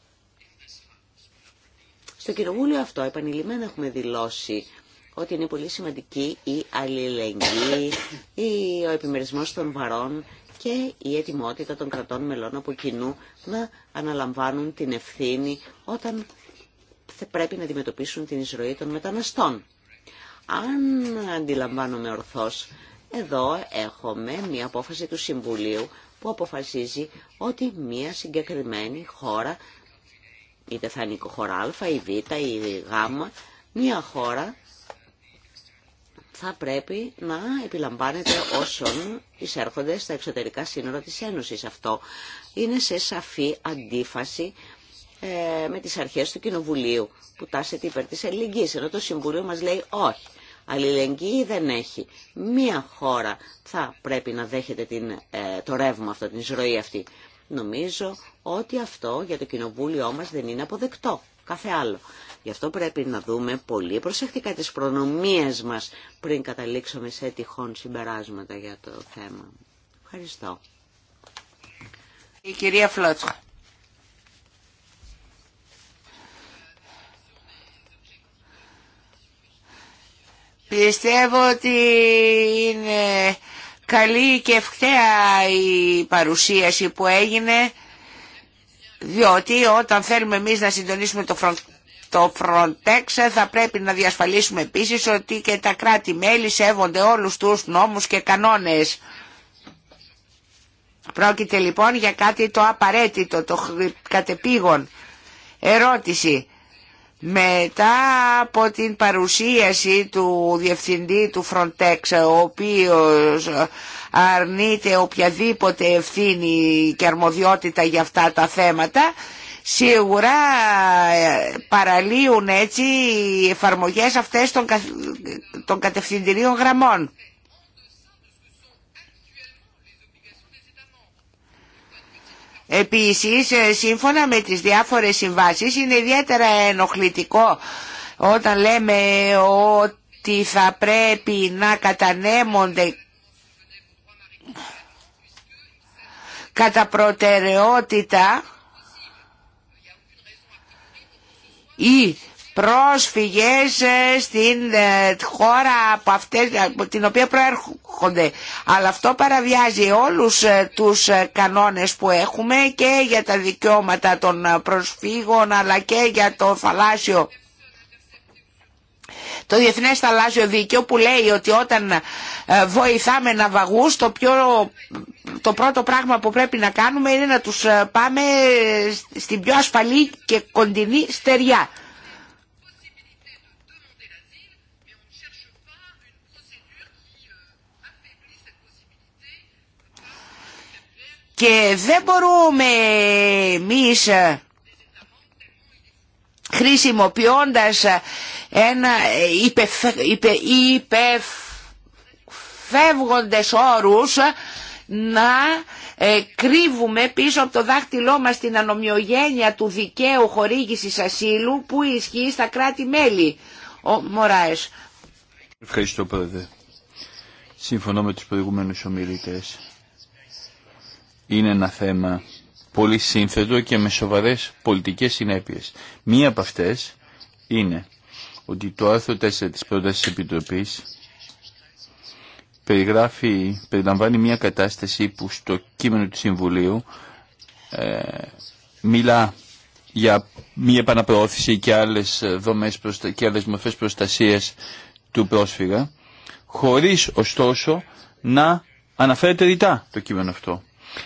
Στο Κοινοβούλιο αυτό επανειλημμένα έχουμε δηλώσει ότι είναι πολύ σημαντική η αλληλεγγύη, ο επιμερισμός των βαρών και η ετοιμότητα των κρατών μελών από κοινού να αναλαμβάνουν την ευθύνη όταν πρέπει να αντιμετωπίσουν την εισρωή των μεταναστών. Αν αντιλαμβάνομαι ορθώς, εδώ έχουμε μια απόφαση του Συμβουλίου που αποφασίζει ότι μια συγκεκριμένη χώρα είτε θα είναι η χώρα Α, η Β, η Γ, μια χώρα θα πρέπει να επιλαμβάνεται όσων εισέρχονται στα εξωτερικά σύνορα της Ένωσης. Αυτό είναι σε σαφή αντίφαση ε, με τις αρχές του Κοινοβουλίου που τάσεται υπέρ της ελληνικής, ενώ το Συμβουλίο μας λέει όχι. Αλληλεγγύη δεν έχει. Μία χώρα θα πρέπει να δέχεται την, ε, το ρεύμα αυτό, την εισρωή αυτή. Νομίζω ότι αυτό για το κοινοβούλιο μας δεν είναι αποδεκτό. Κάθε άλλο. Γι' αυτό πρέπει να δούμε πολύ προσεκτικά τις προνομίες μας πριν καταλήξουμε σε τυχόν συμπεράσματα για το θέμα. Ευχαριστώ. Η κυρία Φλότσχα. Πιστεύω ότι είναι καλή και ευχθέα η παρουσίαση που έγινε διότι όταν θέλουμε εμείς να συντονίσουμε το, το Frontex θα πρέπει να διασφαλίσουμε επίσης ότι και τα κράτη-μέλη σέβονται όλους τους νόμους και κανόνες. Πρόκειται λοιπόν για κάτι το απαραίτητο, το κατεπήγον. Ερώτηση. Μετά από την παρουσίαση του διευθυντή του Frontex, ο οποίος αρνείται οποιαδήποτε ευθύνη και αρμοδιότητα για αυτά τα θέματα, σίγουρα ε, παραλύουν έτσι οι εφαρμογές αυτές των, των κατευθυντηρίων γραμμών. Επίσης, ε, σύμφωνα με τις διάφορες συμβάσεις, είναι ιδιαίτερα ενοχλητικό όταν λέμε ότι θα πρέπει να κατανέμονται κατά προτεραιότητα ή πρόσφυγες ε, στην ε, χώρα ε, από την οποία προέρχονται. Αλλά αυτό παραβιάζει όλους τους κανόνες που έχουμε και για τα δικαιώματα των προσφύγων αλλά και για το θαλάσσιο το Διεθνές Θαλάσσιο Δίκαιο που λέει ότι όταν βοηθάμε ναυαγούς το, πιο, το πρώτο πράγμα που πρέπει να κάνουμε είναι να τους πάμε στην πιο ασφαλή και κοντινή στεριά. και δεν μπορούμε εμείς ε, χρησιμοποιώντας ε, ένα ε, υπεφεύγοντες όρους να κρύβουμε πίσω από το δάχτυλό μας την ανομοιογένεια του δικαίου χορήγησης ασύλου που ισχύει στα κράτη-μέλη. Ο Μωράες. Ευχαριστώ πρόεδρε. Συμφωνώ με τους προηγούμενους ομιλητές είναι ένα θέμα πολύ σύνθετο και με σοβαρές πολιτικές συνέπειες. Μία από αυτές είναι ότι το άρθρο 4 της πρότασης της Επιτροπής περιγράφει, περιλαμβάνει μια κατάσταση που στο κείμενο του Συμβουλίου ε, μιλά για μια επαναπροώθηση και άλλες, δομές προστα... και άλλες μορφές προστασίας του πρόσφυγα, χωρίς ωστόσο να αναφέρεται ρητά το κείμενο αυτό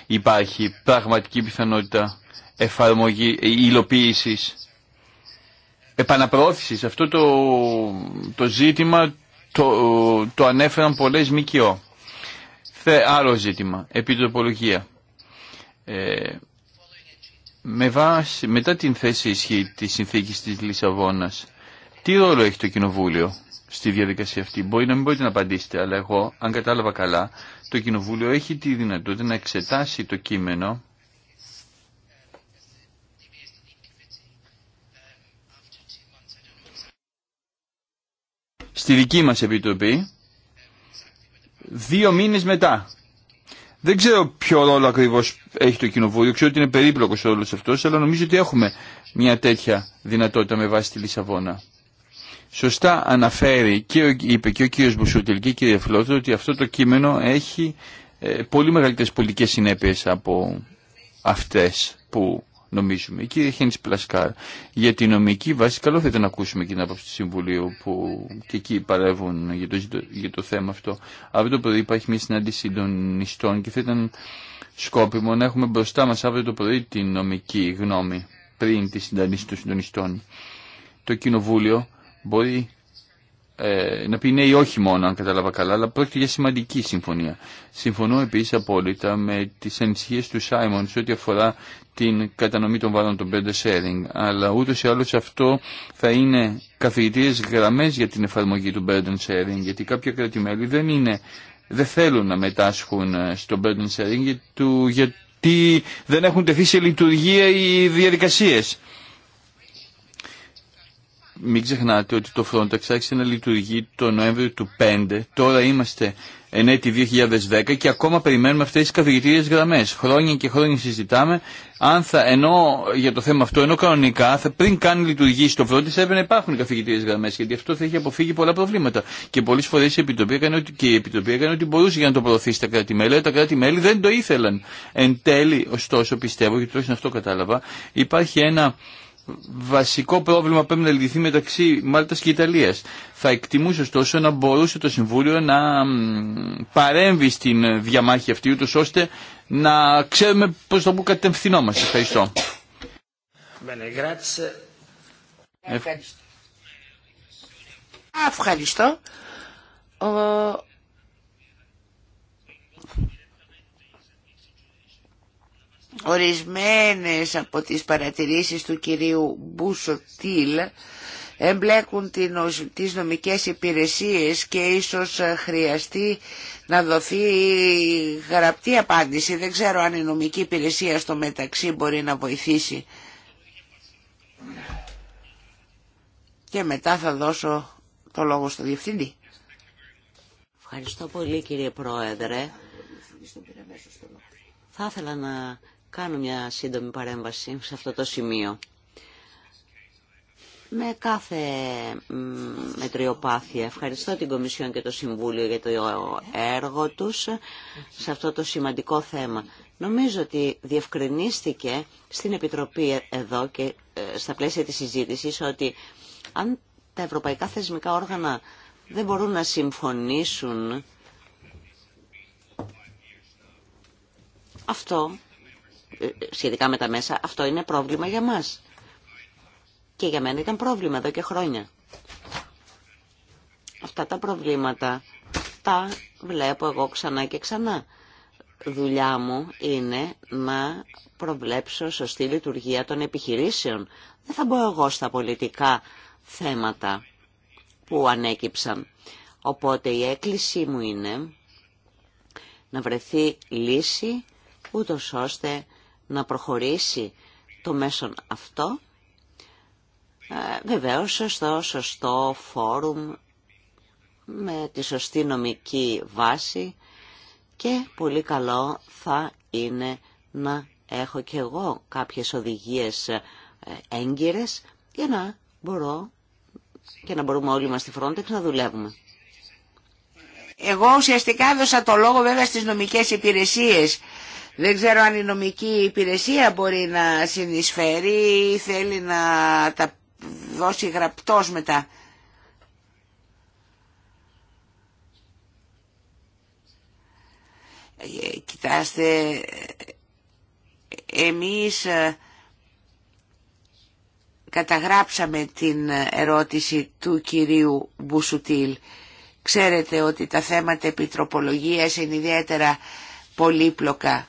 υπάρχει πραγματική πιθανότητα εφαρμογή, ε, υλοποίησης, επαναπροώθησης. Αυτό το, το ζήτημα το, το ανέφεραν πολλές ΜΚΟ. Θε, άλλο ζήτημα, επιτροπολογία. Ε, με βάση, μετά την θέση ισχύ της συνθήκης της Λισαβόνας, τι ρόλο έχει το Κοινοβούλιο στη διαδικασία αυτή. Μπορεί να μην μπορείτε να απαντήσετε, αλλά εγώ, αν κατάλαβα καλά, το Κοινοβούλιο έχει τη δυνατότητα να εξετάσει το κείμενο στη δική μας επιτροπή δύο μήνες μετά. Δεν ξέρω ποιο ρόλο ακριβώς έχει το Κοινοβούλιο, ξέρω ότι είναι περίπλοκο ο ρόλος αυτός, αλλά νομίζω ότι έχουμε μια τέτοια δυνατότητα με βάση τη Λισαβόνα. Σωστά αναφέρει και είπε και ο κύριος Μπουσούτελ και η κυρία Φιλότρο ότι αυτό το κείμενο έχει ε, πολύ μεγαλύτερες πολιτικές συνέπειες από αυτές που νομίζουμε. Η κύριε Χένις Πλασκάρ για τη νομική βάση καλό θα ήταν να ακούσουμε και την άποψη του Συμβουλίου που και εκεί παρεύουν για το, για το θέμα αυτό. Αύριο το πρωί υπάρχει μια συνάντηση των νηστών και θα ήταν σκόπιμο να έχουμε μπροστά μας αύριο το πρωί την νομική γνώμη πριν τη συνάντηση των συντονιστών. Το Κοινοβούλιο μπορεί ε, να πει ναι ή όχι μόνο αν κατάλαβα καλά, αλλά πρόκειται για σημαντική συμφωνία. Συμφωνώ επίσης απόλυτα με τις ανησυχίες του Σάιμον σε ό,τι αφορά την κατανομή των βάρων των πέντε sharing, αλλά ούτως ή άλλως αυτό θα είναι καθηγητήρες γραμμές για την εφαρμογή του burden sharing, γιατί κάποια κρατημέλη δεν είναι δεν θέλουν να μετάσχουν στο burden sharing γιατί δεν έχουν τεθεί σε λειτουργία οι διαδικασίες. Μην ξεχνάτε ότι το Frontex άρχισε να λειτουργεί το Νοέμβριο του 5. Τώρα είμαστε εν έτη 2010 και ακόμα περιμένουμε αυτές τις καθηγητήριες γραμμές. Χρόνια και χρόνια συζητάμε. Αν θα, ενώ για το θέμα αυτό, ενώ κανονικά θα πριν κάνει λειτουργήσει το Frontex έπρεπε να υπάρχουν οι καθηγητήριες γραμμές γιατί αυτό θα έχει αποφύγει πολλά προβλήματα. Και πολλές φορές η Επιτροπή έκανε ότι, και η Επιτροπή έκανε ότι μπορούσε για να το προωθήσει τα κράτη-μέλη, αλλά τα κράτη-μέλη δεν το ήθελαν. Εν τέλει, ωστόσο πιστεύω, γιατί αυτό κατάλαβα, υπάρχει ένα βασικό πρόβλημα πρέπει να λυθεί μεταξύ Μάλτα και Ιταλίας. Θα εκτιμούσε ωστόσο να μπορούσε το Συμβούλιο να παρέμβει στην διαμάχη αυτή ούτω ώστε να ξέρουμε πώς το που κατευθυνόμαστε. Ευχαριστώ. Ευχαριστώ. Ευχαριστώ. Ευχαριστώ. Ορισμένες από τις παρατηρήσεις του κυρίου Μπουσοτήλ εμπλέκουν τις νομικές υπηρεσίες και ίσως ε, χρειαστεί να δοθεί γραπτή απάντηση. Δεν ξέρω αν η νομική υπηρεσία στο μεταξύ μπορεί να βοηθήσει. Και μετά θα δώσω το λόγο στο Διευθυντή. Ευχαριστώ πολύ κύριε Πρόεδρε. Θα ήθελα να κάνω μια σύντομη παρέμβαση σε αυτό το σημείο. Με κάθε μετριοπάθεια ευχαριστώ την Κομισιόν και το Συμβούλιο για το έργο τους σε αυτό το σημαντικό θέμα. Νομίζω ότι διευκρινίστηκε στην Επιτροπή εδώ και ε, στα πλαίσια της συζήτησης ότι αν τα ευρωπαϊκά θεσμικά όργανα δεν μπορούν να συμφωνήσουν αυτό σχετικά με τα μέσα, αυτό είναι πρόβλημα για μας. Και για μένα ήταν πρόβλημα εδώ και χρόνια. Αυτά τα προβλήματα τα βλέπω εγώ ξανά και ξανά. Δουλειά μου είναι να προβλέψω σωστή λειτουργία των επιχειρήσεων. Δεν θα μπω εγώ στα πολιτικά θέματα που ανέκυψαν. Οπότε η έκκλησή μου είναι να βρεθεί λύση ούτως ώστε να προχωρήσει το μέσον αυτό, ε, βεβαίως στο σωστό φόρουμ με τη σωστή νομική βάση και πολύ καλό θα είναι να έχω και εγώ κάποιες οδηγίες ε, έγκυρες για να μπορώ και να μπορούμε όλοι μας στη Frontex να δουλεύουμε. Εγώ ουσιαστικά έδωσα το λόγο βέβαια στις νομικές υπηρεσίες δεν ξέρω αν η νομική υπηρεσία μπορεί να συνεισφέρει ή θέλει να τα δώσει γραπτός μετά. Ε, κοιτάστε, εμείς ε, καταγράψαμε την ερώτηση του κυρίου Μπουσουτήλ. Ξέρετε ότι τα θέματα επιτροπολογίας είναι ιδιαίτερα πολύπλοκα.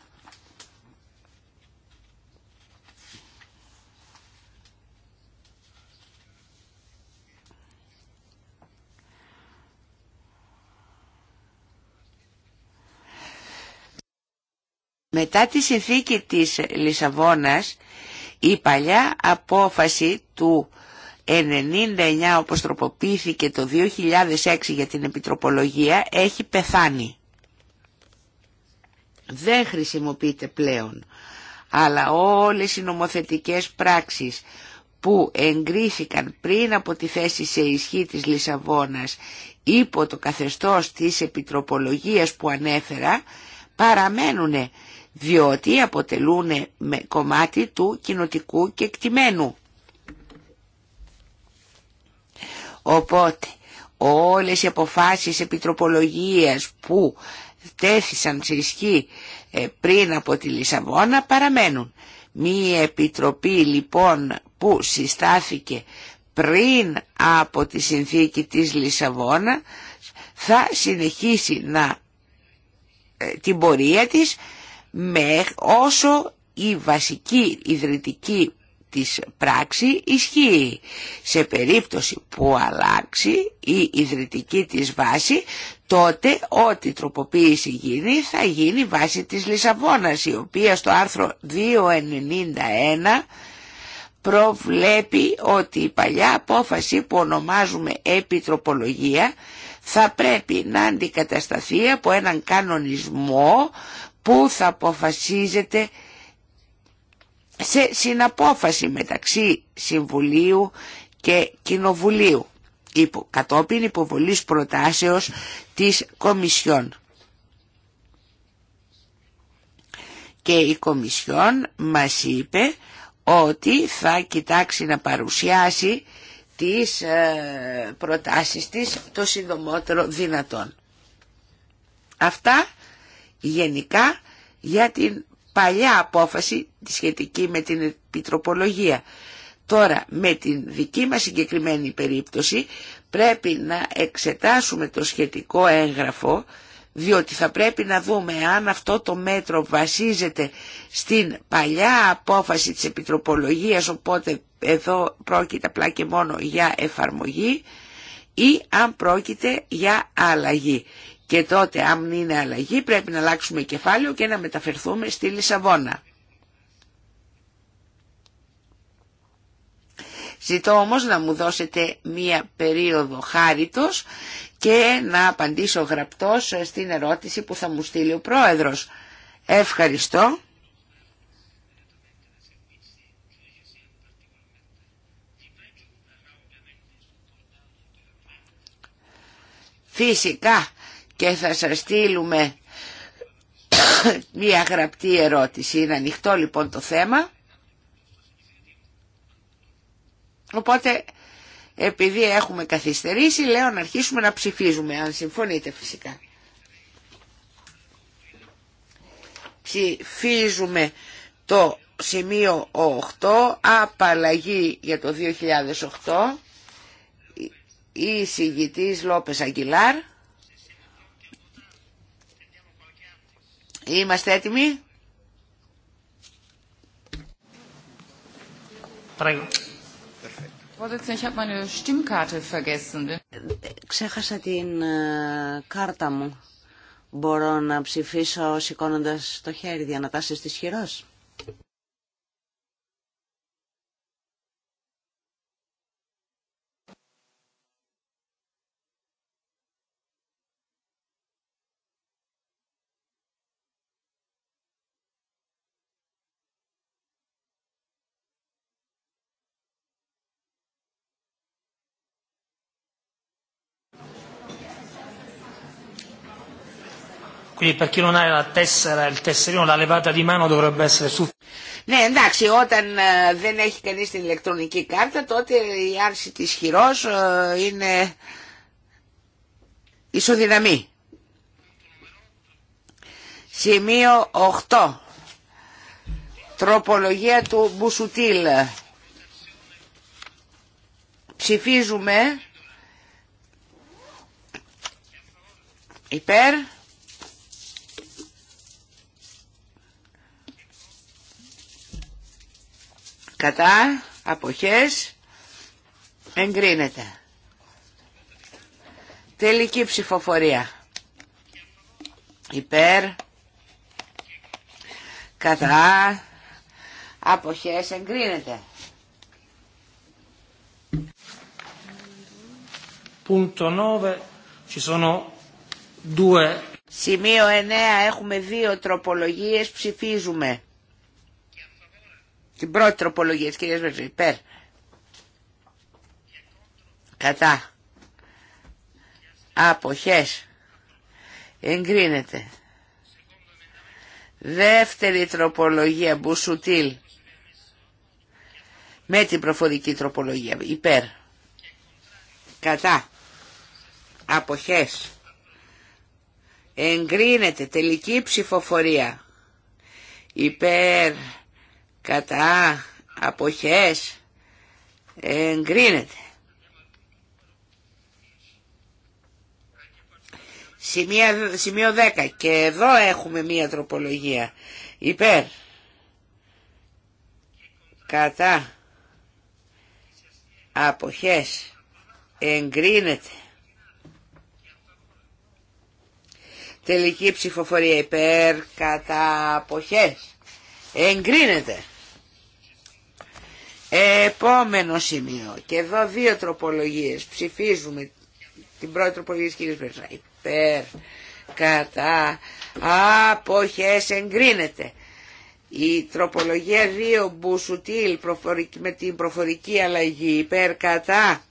Μετά τη συνθήκη της Λισαβόνας, η παλιά απόφαση του 99 όπως τροποποιήθηκε το 2006 για την επιτροπολογία έχει πεθάνει. Δεν χρησιμοποιείται πλέον, αλλά όλες οι νομοθετικές πράξεις που εγκρίθηκαν πριν από τη θέση σε ισχύ της Λισαβόνας υπό το καθεστώς της επιτροπολογίας που ανέφερα παραμένουνε διότι αποτελούν κομμάτι του κοινοτικού κεκτημένου. Οπότε όλες οι αποφάσεις επιτροπολογίας που τέθησαν σε ισχύ ε, πριν από τη Λισαβόνα παραμένουν. Μία επιτροπή λοιπόν που συστάθηκε πριν από τη συνθήκη της Λισαβόνα θα συνεχίσει να, ε, την πορεία της όσο η βασική ιδρυτική της πράξη ισχύει. Σε περίπτωση που αλλάξει η ιδρυτική της βάση, τότε ό,τι τροποποίηση γίνει θα γίνει βάση της Λισαβόνας, η οποία στο άρθρο 291 προβλέπει ότι η παλιά απόφαση που ονομάζουμε επιτροπολογία θα πρέπει να αντικατασταθεί από έναν κανονισμό που θα αποφασίζεται σε συναπόφαση μεταξύ Συμβουλίου και Κοινοβουλίου κατόπιν υποβολής προτάσεως της Κομισιόν. Και η Κομισιόν μας είπε ότι θα κοιτάξει να παρουσιάσει τις ε, προτάσεις της το συντομότερο δυνατόν. Αυτά γενικά για την παλιά απόφαση σχετική με την επιτροπολογία. Τώρα με την δική μας συγκεκριμένη περίπτωση πρέπει να εξετάσουμε το σχετικό έγγραφο διότι θα πρέπει να δούμε αν αυτό το μέτρο βασίζεται στην παλιά απόφαση της επιτροπολογίας οπότε εδώ πρόκειται απλά και μόνο για εφαρμογή ή αν πρόκειται για αλλαγή. Και τότε αν είναι αλλαγή πρέπει να αλλάξουμε κεφάλαιο και να μεταφερθούμε στη Λισαβόνα. Ζητώ όμως να μου δώσετε μία περίοδο χάριτος και να απαντήσω γραπτός στην ερώτηση που θα μου στείλει ο Πρόεδρος. Ευχαριστώ. Φυσικά και θα σας στείλουμε μία γραπτή ερώτηση. Είναι ανοιχτό λοιπόν το θέμα. Οπότε επειδή έχουμε καθυστερήσει λέω να αρχίσουμε να ψηφίζουμε αν συμφωνείτε φυσικά. Ψηφίζουμε το σημείο 8 απαλλαγή για το 2008 η συγητής Λόπες Αγγιλάρ Είμαστε έτοιμοι. Ξέχασα την ε, κάρτα μου. Μπορώ να ψηφίσω σηκώνοντας το χέρι, διανατάσεις της χειρός. Quindi per chi non ha la tessera, il tesserino, la levata di mano dovrebbe essere Ναι, εντάξει, όταν ε, δεν έχει κανείς την ηλεκτρονική κάρτα, τότε η άρση της χειρός ε, είναι ισοδυναμή. Σημείο 8. Τροπολογία του Μπουσουτήλ. Ψηφίζουμε υπέρ κατά αποχές εγκρίνεται. Τελική ψηφοφορία. Υπέρ, κατά, αποχές εγκρίνεται. Σημείο 9 έχουμε δύο τροπολογίες, ψηφίζουμε. Την πρώτη τροπολογία της κυρίας Βερζή, υπέρ. Κατά. Αποχές. Εγκρίνεται. Δεύτερη τροπολογία, Μπουσουτήλ. Με την προφορική τροπολογία, υπέρ. Κατά. Αποχές. Εγκρίνεται τελική ψηφοφορία. Υπέρ κατά αποχές εγκρίνεται. Σημείο, σημείο 10 και εδώ έχουμε μία τροπολογία υπέρ κατά αποχές εγκρίνεται τελική ψηφοφορία υπέρ κατά αποχές εγκρίνεται Επόμενο σημείο. Και εδώ δύο τροπολογίες. Ψηφίζουμε την πρώτη τροπολογία της κυρίας Μπερσά. Υπέρ, κατά, αποχές εγκρίνεται. Η τροπολογία 2 Μπουσουτήλ με την προφορική αλλαγή υπέρ κατά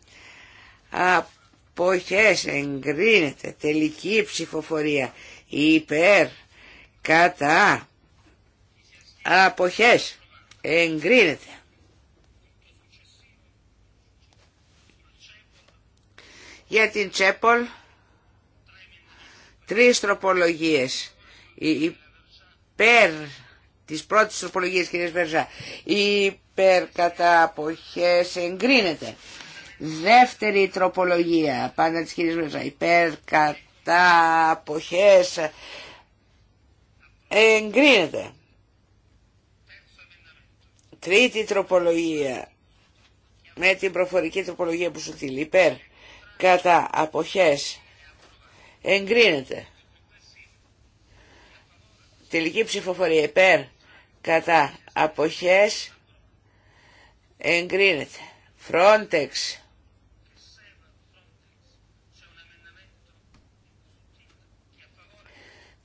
αποχές εγκρίνεται τελική ψηφοφορία υπέρ κατά αποχές εγκρίνεται. Για την Τσέπολ τρεις τροπολογίες. περ της πρώτης τροπολογίας κυρίες Βερζά. Υπέρ κατά αποχές εγκρίνεται. Δεύτερη τροπολογία πάντα της κυρίες Βερζά. Υπέρ κατά αποχές εγκρίνεται. Τρίτη τροπολογία με την προφορική τροπολογία που σου θέλει, Υπέρ κατά αποχές εγκρίνεται. Τελική ψηφοφορία υπέρ κατά αποχές εγκρίνεται. Frontex.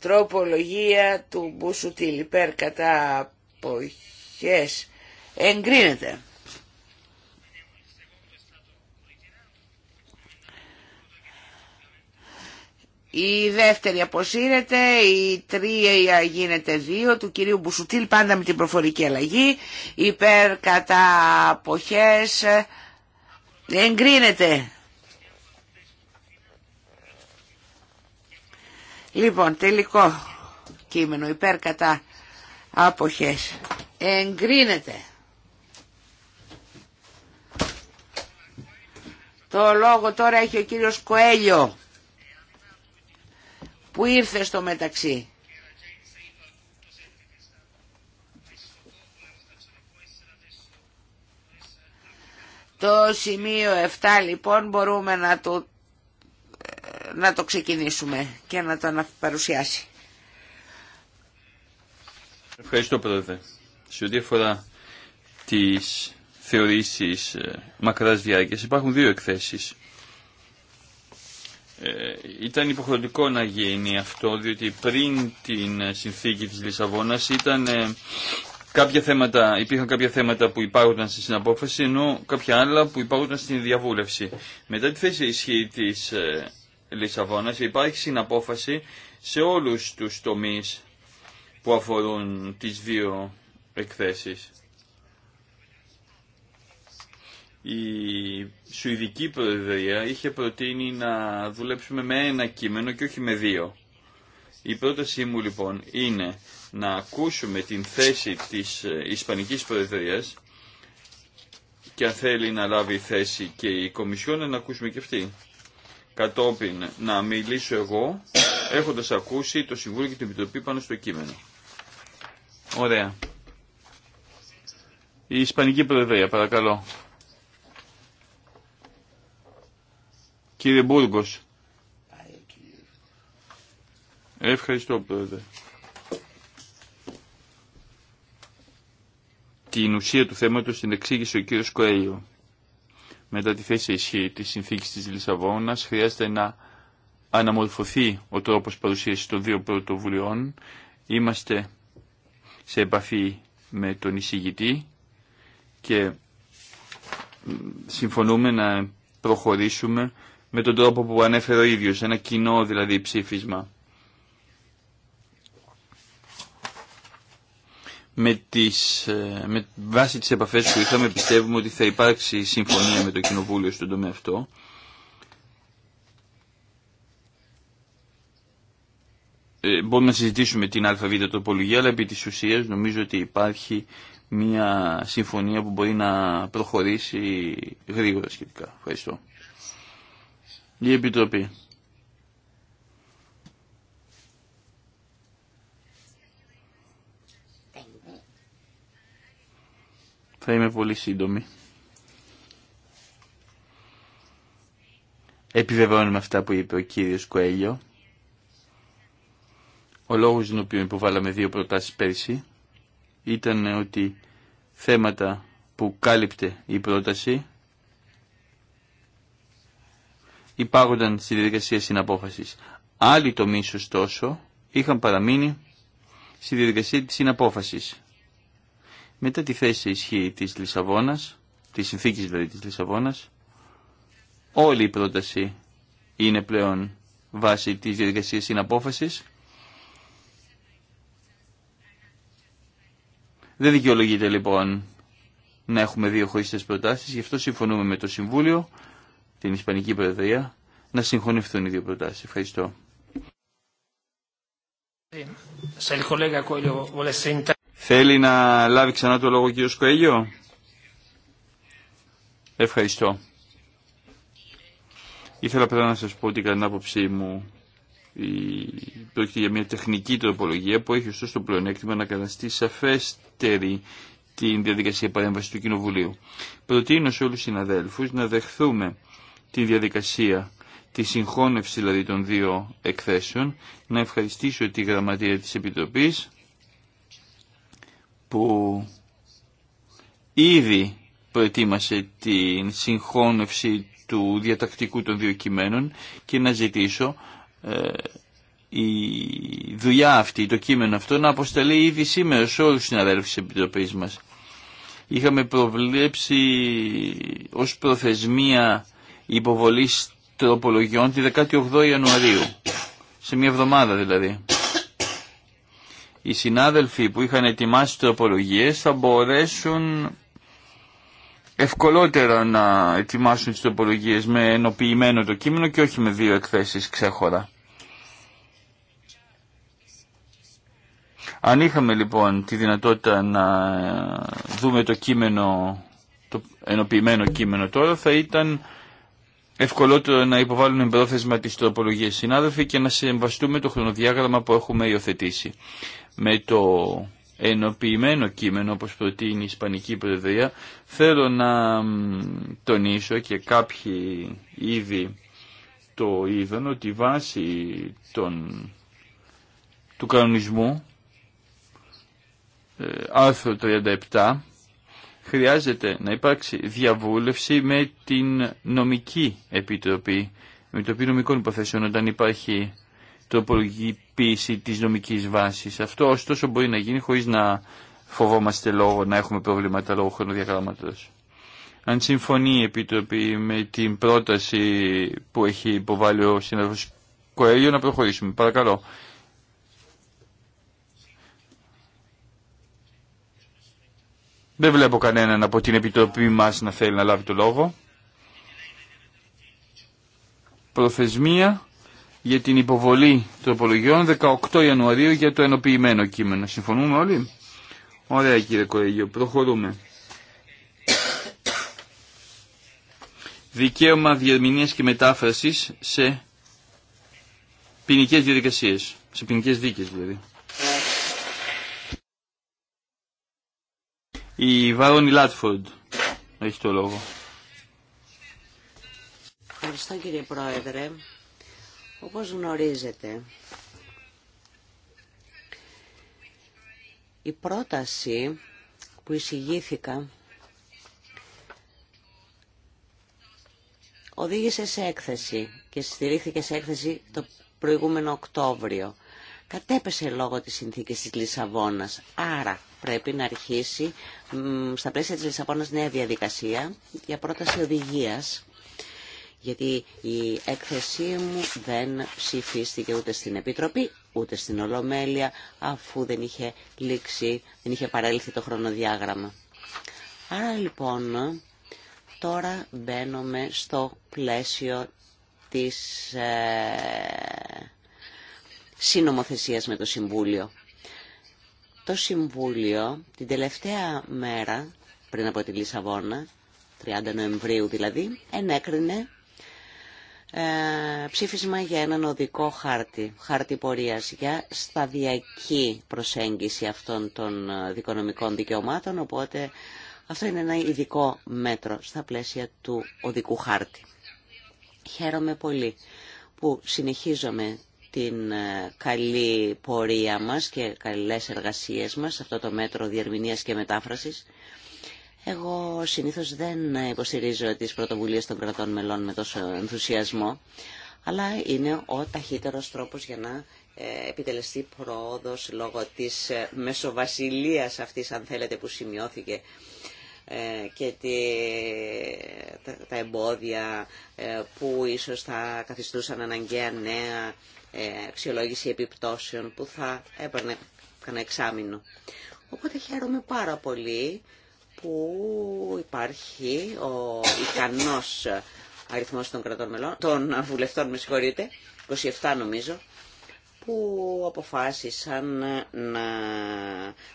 Τροπολογία του Μπουσουτήλ υπέρ κατά αποχές εγκρίνεται. Η δεύτερη αποσύρεται, η τρία γίνεται δύο του κυρίου Μπουσουτήλ, πάντα με την προφορική αλλαγή, υπέρ κατά αποχές, εγκρίνεται. Λοιπόν, τελικό κείμενο, υπέρ κατά αποχές, εγκρίνεται. Το λόγο τώρα έχει ο κύριος Κοέλιο που ήρθε στο μεταξύ. Το σημείο 7 λοιπόν μπορούμε να το, να το ξεκινήσουμε και να το παρουσιάσει. Ευχαριστώ πρόεδρε. Σε ό,τι αφορά τις θεωρήσεις ε, μακράς διάρκειας υπάρχουν δύο εκθέσεις. Ε, ήταν υποχρεωτικό να γίνει αυτό, διότι πριν την συνθήκη της Λισαβόνας ήταν, ε, κάποια θέματα, υπήρχαν κάποια θέματα που υπάρχονταν στη συναπόφαση, ενώ κάποια άλλα που υπάρχονταν στην διαβούλευση. Μετά τη θέση ισχύ της ε, Λισαβόνας υπάρχει συναπόφαση σε όλους τους τομείς που αφορούν τις δύο εκθέσεις η Σουηδική Προεδρία είχε προτείνει να δουλέψουμε με ένα κείμενο και όχι με δύο. Η πρότασή μου λοιπόν είναι να ακούσουμε την θέση της ε, Ισπανικής Προεδρίας και αν θέλει να λάβει θέση και η Κομισιόν να ακούσουμε και αυτή. Κατόπιν να μιλήσω εγώ έχοντας ακούσει το Συμβούλιο και την Επιτροπή πάνω στο κείμενο. Ωραία. Η Ισπανική Προεδρία παρακαλώ. Κύριε Μπούργος. Ευχαριστώ πρόεδρε. Την ουσία του θέματος την εξήγησε ο κύριος Κοέλιο. Μετά τη θέση ισχύ της συνθήκης της Λισαβόνας χρειάζεται να αναμορφωθεί ο τρόπος παρουσίασης των δύο πρωτοβουλειών. Είμαστε σε επαφή με τον εισηγητή και συμφωνούμε να προχωρήσουμε με τον τρόπο που ανέφερε ο ίδιος, ένα κοινό δηλαδή ψήφισμα. Με, τις, ε, με βάση τις επαφές που είχαμε πιστεύουμε ότι θα υπάρξει συμφωνία με το Κοινοβούλιο στον τομέα αυτό. Ε, μπορούμε να συζητήσουμε την ΑΒ τοπολογία, αλλά επί της ουσίας νομίζω ότι υπάρχει μια συμφωνία που μπορεί να προχωρήσει γρήγορα σχετικά. Ευχαριστώ η Επιτροπή. Θα είμαι πολύ σύντομη. Επιβεβαιώνουμε αυτά που είπε ο κύριος Κοέλιο. Ο λόγος τον οποίο υποβάλαμε δύο προτάσεις πέρσι ήταν ότι θέματα που κάλυπτε η πρόταση υπάγονταν στη διαδικασία συναπόφασης. Άλλοι τομείς, ωστόσο, είχαν παραμείνει στη διαδικασία της συναπόφασης. Μετά τη θέση ισχύ της Λισαβόνα, της συνθήκη δηλαδή της Λισαβόνα. όλη η πρόταση είναι πλέον βάση της διαδικασία συναπόφασης. Δεν δικαιολογείται λοιπόν να έχουμε δύο χωρίστες προτάσεις, γι' αυτό συμφωνούμε με το Συμβούλιο την Ισπανική Προεδρία να συγχωνευτούν οι δύο προτάσεις. Ευχαριστώ. Θέλει να λάβει ξανά το λόγο ο κύριος Κοέγιο. Ευχαριστώ. Ήθελα πριν να σας πω ότι κατά την άποψή μου πρόκειται για μια τεχνική τροπολογία που έχει ωστόσο το πλεονέκτημα να καταστεί σαφέστερη την διαδικασία παρέμβαση του Κοινοβουλίου. Προτείνω σε όλους τους συναδέλφους να δεχθούμε τη διαδικασία, τη συγχώνευση δηλαδή των δύο εκθέσεων, να ευχαριστήσω τη Γραμματεία της Επιτροπής που ήδη προετοίμασε τη συγχώνευση του διατακτικού των δύο κειμένων και να ζητήσω ε, η δουλειά αυτή, το κείμενο αυτό να αποστελεί ήδη σήμερα σε όλους τους συναδέλφους της Επιτροπής μας. Είχαμε προβλέψει ως προθεσμία υποβολή τροπολογιών τη 18η Ιανουαρίου. Σε μια εβδομάδα δηλαδή. Οι συνάδελφοι που είχαν ετοιμάσει τροπολογίες θα μπορέσουν ευκολότερα να ετοιμάσουν τις τροπολογίες με ενοποιημένο το κείμενο και όχι με δύο εκθέσεις ξέχωρα. Αν είχαμε λοιπόν τη δυνατότητα να δούμε το κείμενο, το ενοποιημένο κείμενο τώρα θα ήταν ευκολότερο να υποβάλουν εμπρόθεσμα τις τροπολογίες συνάδελφοι και να συμβαστούμε το χρονοδιάγραμμα που έχουμε υιοθετήσει. Με το ενοποιημένο κείμενο όπως προτείνει η Ισπανική Προεδρία θέλω να τονίσω και κάποιοι ήδη το είδαν ότι βάσει του κανονισμού ε, άρθρο 37 χρειάζεται να υπάρξει διαβούλευση με την νομική επιτροπή, με την Επιτροπή Νομικών υποθέσεων όταν υπάρχει τροπολογική της νομικής βάσης. Αυτό ωστόσο μπορεί να γίνει χωρίς να φοβόμαστε λόγω να έχουμε προβλήματα λόγω χρονοδιαγράμματος. Αν συμφωνεί η Επιτροπή με την πρόταση που έχει υποβάλει ο συνάδελφος Κοέλιο να προχωρήσουμε. Παρακαλώ. Δεν βλέπω κανέναν από την Επιτροπή μας να θέλει να λάβει το λόγο. Προθεσμία για την υποβολή τροπολογιών 18 Ιανουαρίου για το ενοποιημένο κείμενο. Συμφωνούμε όλοι. Ωραία κύριε Κορέγιο, προχωρούμε. Δικαίωμα διερμηνίας και μετάφρασης σε ποινικέ διαδικασίες, σε ποινικέ δίκες δηλαδή. Η Βαρόνι Λάτφορντ έχει το λόγο. Ευχαριστώ κύριε Πρόεδρε. Όπως γνωρίζετε, η πρόταση που εισηγήθηκα οδήγησε σε έκθεση και στηρίχθηκε σε έκθεση το προηγούμενο Οκτώβριο. Κατέπεσε λόγω της συνθήκης της Λισαβόνας, άρα πρέπει να αρχίσει στα πλαίσια της Λισαπόνας νέα διαδικασία για πρόταση οδηγίας γιατί η έκθεσή μου δεν ψηφίστηκε ούτε στην Επιτροπή, ούτε στην Ολομέλεια, αφού δεν είχε λήξει, δεν είχε παρέλθει το χρονοδιάγραμμα. Άρα λοιπόν, τώρα μπαίνουμε στο πλαίσιο της ε, συνομοθεσίας με το Συμβούλιο το Συμβούλιο την τελευταία μέρα πριν από τη Λισαβόνα, 30 Νοεμβρίου δηλαδή, ενέκρινε ε, ψήφισμα για έναν οδικό χάρτη, χάρτη πορείας για σταδιακή προσέγγιση αυτών των ε, δικονομικών δικαιωμάτων, οπότε αυτό είναι ένα ειδικό μέτρο στα πλαίσια του οδικού χάρτη. Χαίρομαι πολύ που συνεχίζομαι την ε, καλή πορεία μας και καλές εργασίες μας σε αυτό το μέτρο διερμηνίας και μετάφρασης. Εγώ συνήθως δεν υποστηρίζω τις πρωτοβουλίες των κρατών μελών με τόσο ενθουσιασμό, αλλά είναι ο ταχύτερος τρόπος για να ε, επιτελεστεί πρόοδος λόγω της ε, μεσοβασιλείας αυτής, αν θέλετε, που σημειώθηκε και τα εμπόδια που ίσως θα καθιστούσαν αναγκαία νέα ε, αξιολόγηση επιπτώσεων που θα έπαιρνε κανένα εξάμεινο. Οπότε χαίρομαι πάρα πολύ που υπάρχει ο ικανός αριθμός των κρατών μελών, των βουλευτών με συγχωρείτε, 27 νομίζω, που αποφάσισαν να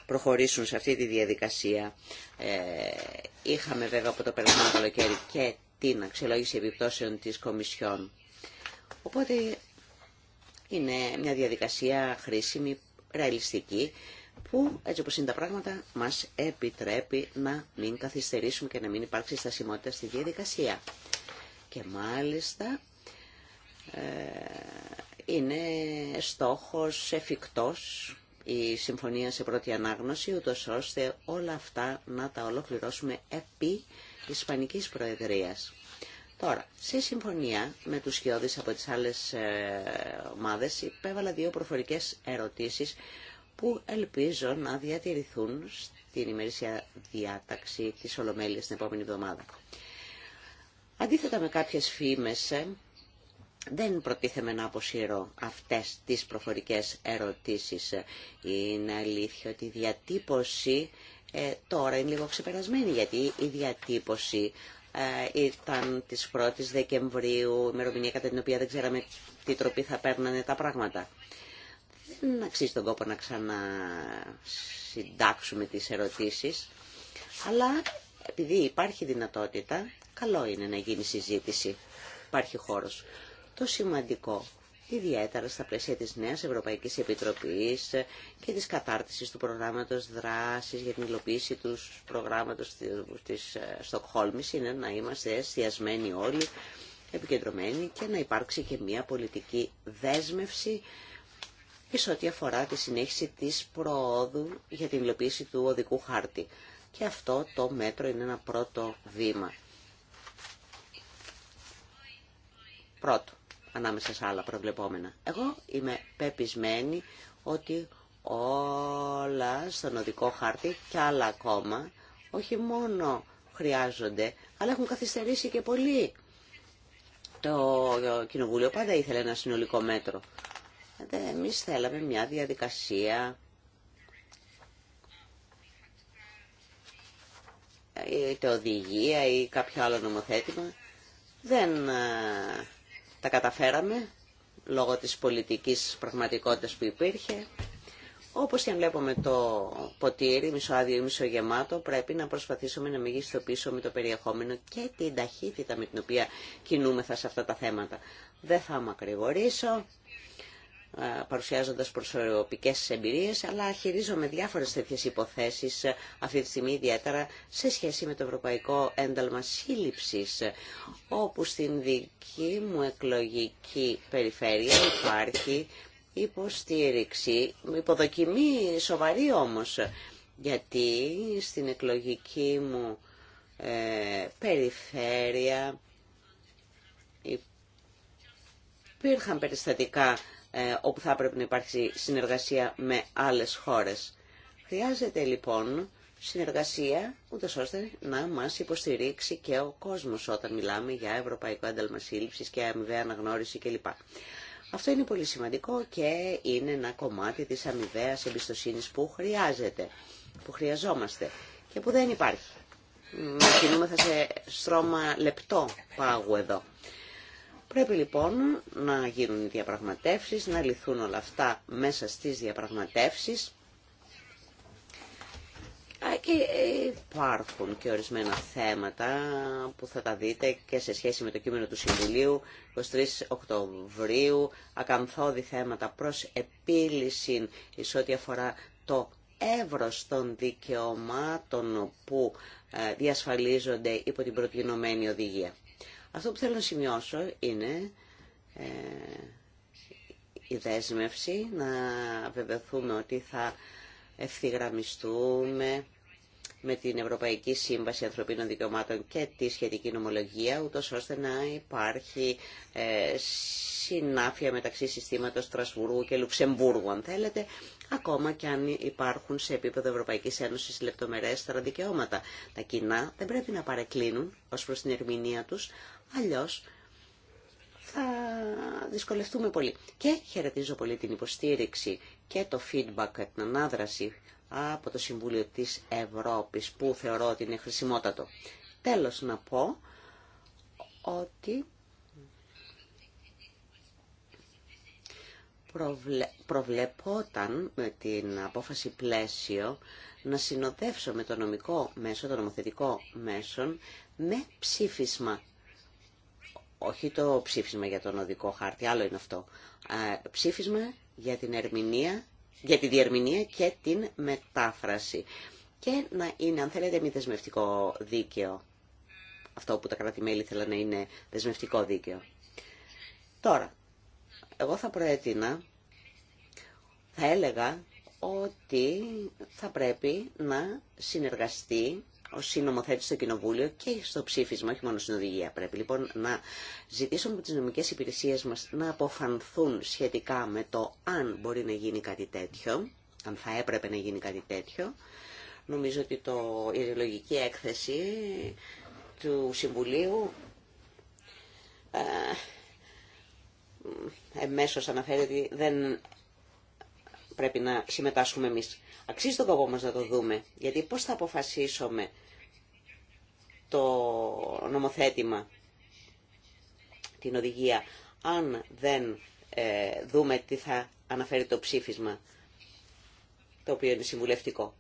προχωρήσουν σε αυτή τη διαδικασία. Ε, είχαμε βέβαια από το περασμένο καλοκαίρι και την αξιολόγηση επιπτώσεων της Κομισιόν. Οπότε είναι μια διαδικασία χρήσιμη, ρεαλιστική, που έτσι όπως είναι τα πράγματα μας επιτρέπει να μην καθυστερήσουμε και να μην υπάρξει στασιμότητα στη διαδικασία. Και μάλιστα ε, είναι στόχος εφικτός η συμφωνία σε πρώτη ανάγνωση, ούτως ώστε όλα αυτά να τα ολοκληρώσουμε επί Ισπανικής Προεδρίας. Τώρα, σε συμφωνία με τους χειώδεις από τις άλλες ε, ομάδες υπέβαλα δύο προφορικές ερωτήσεις που ελπίζω να διατηρηθούν στην ημερήσια διάταξη της Ολομέλειας την επόμενη εβδομάδα. Αντίθετα με κάποιες φήμες, ε, δεν προτίθεμαι να αποσύρω αυτές τις προφορικές ερωτήσεις. Είναι αλήθεια ότι η διατύπωση ε, τώρα είναι λίγο ξεπερασμένη, γιατί η διατύπωση ε, ήταν της 1 η Δεκεμβρίου, ημερομηνία κατά την οποία δεν ξέραμε τι τροπή θα παίρνανε τα πράγματα. Δεν αξίζει τον κόπο να ξανασυντάξουμε τις ερωτήσεις, αλλά επειδή υπάρχει δυνατότητα, καλό είναι να γίνει συζήτηση, υπάρχει χώρος. Το σημαντικό ιδιαίτερα στα πλαίσια της Νέας Ευρωπαϊκής Επιτροπής και της κατάρτισης του προγράμματος δράσης για την υλοποίηση του προγράμματος της ε, Στοκχόλμης είναι να είμαστε εστιασμένοι όλοι, επικεντρωμένοι και να υπάρξει και μια πολιτική δέσμευση εις ό,τι αφορά τη συνέχιση της προόδου για την υλοποίηση του οδικού χάρτη. Και αυτό το μέτρο είναι ένα πρώτο βήμα. Πρώτο ανάμεσα σε άλλα προβλεπόμενα. Εγώ είμαι πεπισμένη ότι όλα στον οδικό χάρτη και άλλα ακόμα όχι μόνο χρειάζονται, αλλά έχουν καθυστερήσει και πολύ. Το Κοινοβούλιο πάντα ήθελε ένα συνολικό μέτρο. Εμεί θέλαμε μια διαδικασία. είτε οδηγία ή κάποιο άλλο νομοθέτημα. Δεν ε, τα καταφέραμε λόγω της πολιτικής πραγματικότητας που υπήρχε. Όπως και αν βλέπουμε το ποτήρι, μισοάδιο ή μισογεμάτο, πρέπει να προσπαθήσουμε να μεγιστοποιήσουμε το περιεχόμενο και την ταχύτητα με την οποία κινούμεθα σε αυτά τα θέματα. Δεν θα μακρηγορήσω. Ε, παρουσιάζοντας προσωπικές εμπειρίες, αλλά χειρίζομαι διάφορες τέτοιες υποθέσεις ε, αυτή τη στιγμή, ιδιαίτερα σε σχέση με το Ευρωπαϊκό Ένταλμα Σύλληψης, όπου στην δική μου εκλογική περιφέρεια υπάρχει υποστήριξη, υποδοκιμή σοβαρή όμως, γιατί στην εκλογική μου ε, περιφέρεια υπήρχαν περιστατικά ε, όπου θα πρέπει να υπάρξει συνεργασία με άλλες χώρες. Χρειάζεται λοιπόν συνεργασία, ούτως ώστε να μας υποστηρίξει και ο κόσμος όταν μιλάμε για ευρωπαϊκό ένταλμα σύλληψης και αμοιβαία αναγνώριση κλπ. Αυτό είναι πολύ σημαντικό και είναι ένα κομμάτι της αμοιβαία εμπιστοσύνη που χρειάζεται, που χρειαζόμαστε και που δεν υπάρχει. Κινούμεθα σε στρώμα λεπτό πάγου εδώ. Πρέπει λοιπόν να γίνουν οι διαπραγματεύσεις, να λυθούν όλα αυτά μέσα στις διαπραγματεύσεις και υπάρχουν και ορισμένα θέματα που θα τα δείτε και σε σχέση με το κείμενο του Συμβουλίου 23 Οκτωβρίου Ακανθόδη θέματα προς επίλυση εις ό,τι αφορά το εύρος των δικαιωμάτων που ε, διασφαλίζονται υπό την προτινωμένη οδηγία. Αυτό που θέλω να σημειώσω είναι ε, η δέσμευση, να βεβαιωθούμε ότι θα ευθυγραμμιστούμε με την Ευρωπαϊκή Σύμβαση Ανθρωπίνων Δικαιωμάτων και τη σχετική νομολογία, ούτω ώστε να υπάρχει ε, συνάφεια μεταξύ συστήματος Τρασβουργού και Λουξεμβούργου, αν θέλετε, ακόμα και αν υπάρχουν σε επίπεδο Ευρωπαϊκής Ένωσης λεπτομερέστερα δικαιώματα. Τα κοινά δεν πρέπει να παρεκκλίνουν ως προς την ερμηνεία τους, αλλιώς θα δυσκολευτούμε πολύ. Και χαιρετίζω πολύ την υποστήριξη και το feedback, την ανάδραση από το Συμβούλιο της Ευρώπης που θεωρώ ότι είναι χρησιμότατο. Τέλος να πω ότι προβλεπόταν με την απόφαση πλαίσιο να συνοδεύσω με το νομικό μέσο, το νομοθετικό μέσο με ψήφισμα. Όχι το ψήφισμα για τον οδικό χάρτη, άλλο είναι αυτό. ψήφισμα για την ερμηνεία, για τη διερμηνία και την μετάφραση. Και να είναι, αν θέλετε, μη δεσμευτικό δίκαιο. Αυτό που τα κράτη-μέλη θέλουν να είναι δεσμευτικό δίκαιο. Τώρα, εγώ θα προέτεινα, θα έλεγα ότι θα πρέπει να συνεργαστεί ο συνομοθέτη στο Κοινοβούλιο και στο ψήφισμα, όχι μόνο στην οδηγία. Πρέπει λοιπόν να ζητήσουμε από τι νομικέ υπηρεσίε μα να αποφανθούν σχετικά με το αν μπορεί να γίνει κάτι τέτοιο, αν θα έπρεπε να γίνει κάτι τέτοιο. Νομίζω ότι το, η ιδεολογική έκθεση του Συμβουλίου ε, εμέσως αναφέρει ότι δεν πρέπει να συμμετάσχουμε εμείς. Αξίζει τον κόπο μας να το δούμε, γιατί πώς θα αποφασίσουμε το νομοθέτημα, την οδηγία, αν δεν ε, δούμε τι θα αναφέρει το ψήφισμα, το οποίο είναι συμβουλευτικό.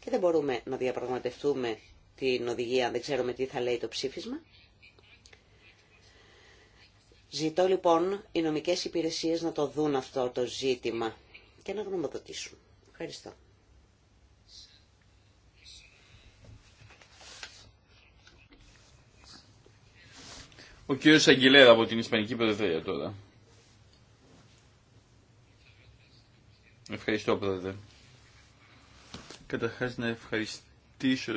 Και δεν μπορούμε να διαπραγματευτούμε την οδηγία αν δεν ξέρουμε τι θα λέει το ψήφισμα. Ζητώ λοιπόν οι νομικές υπηρεσίες να το δουν αυτό το ζήτημα και να γνωμοδοτήσουν. Ευχαριστώ. Ο κύριος Αγγιλέρα από την Ισπανική Προεδρία τώρα. Ευχαριστώ πρόεδρε. Καταρχάς να ευχαριστήσω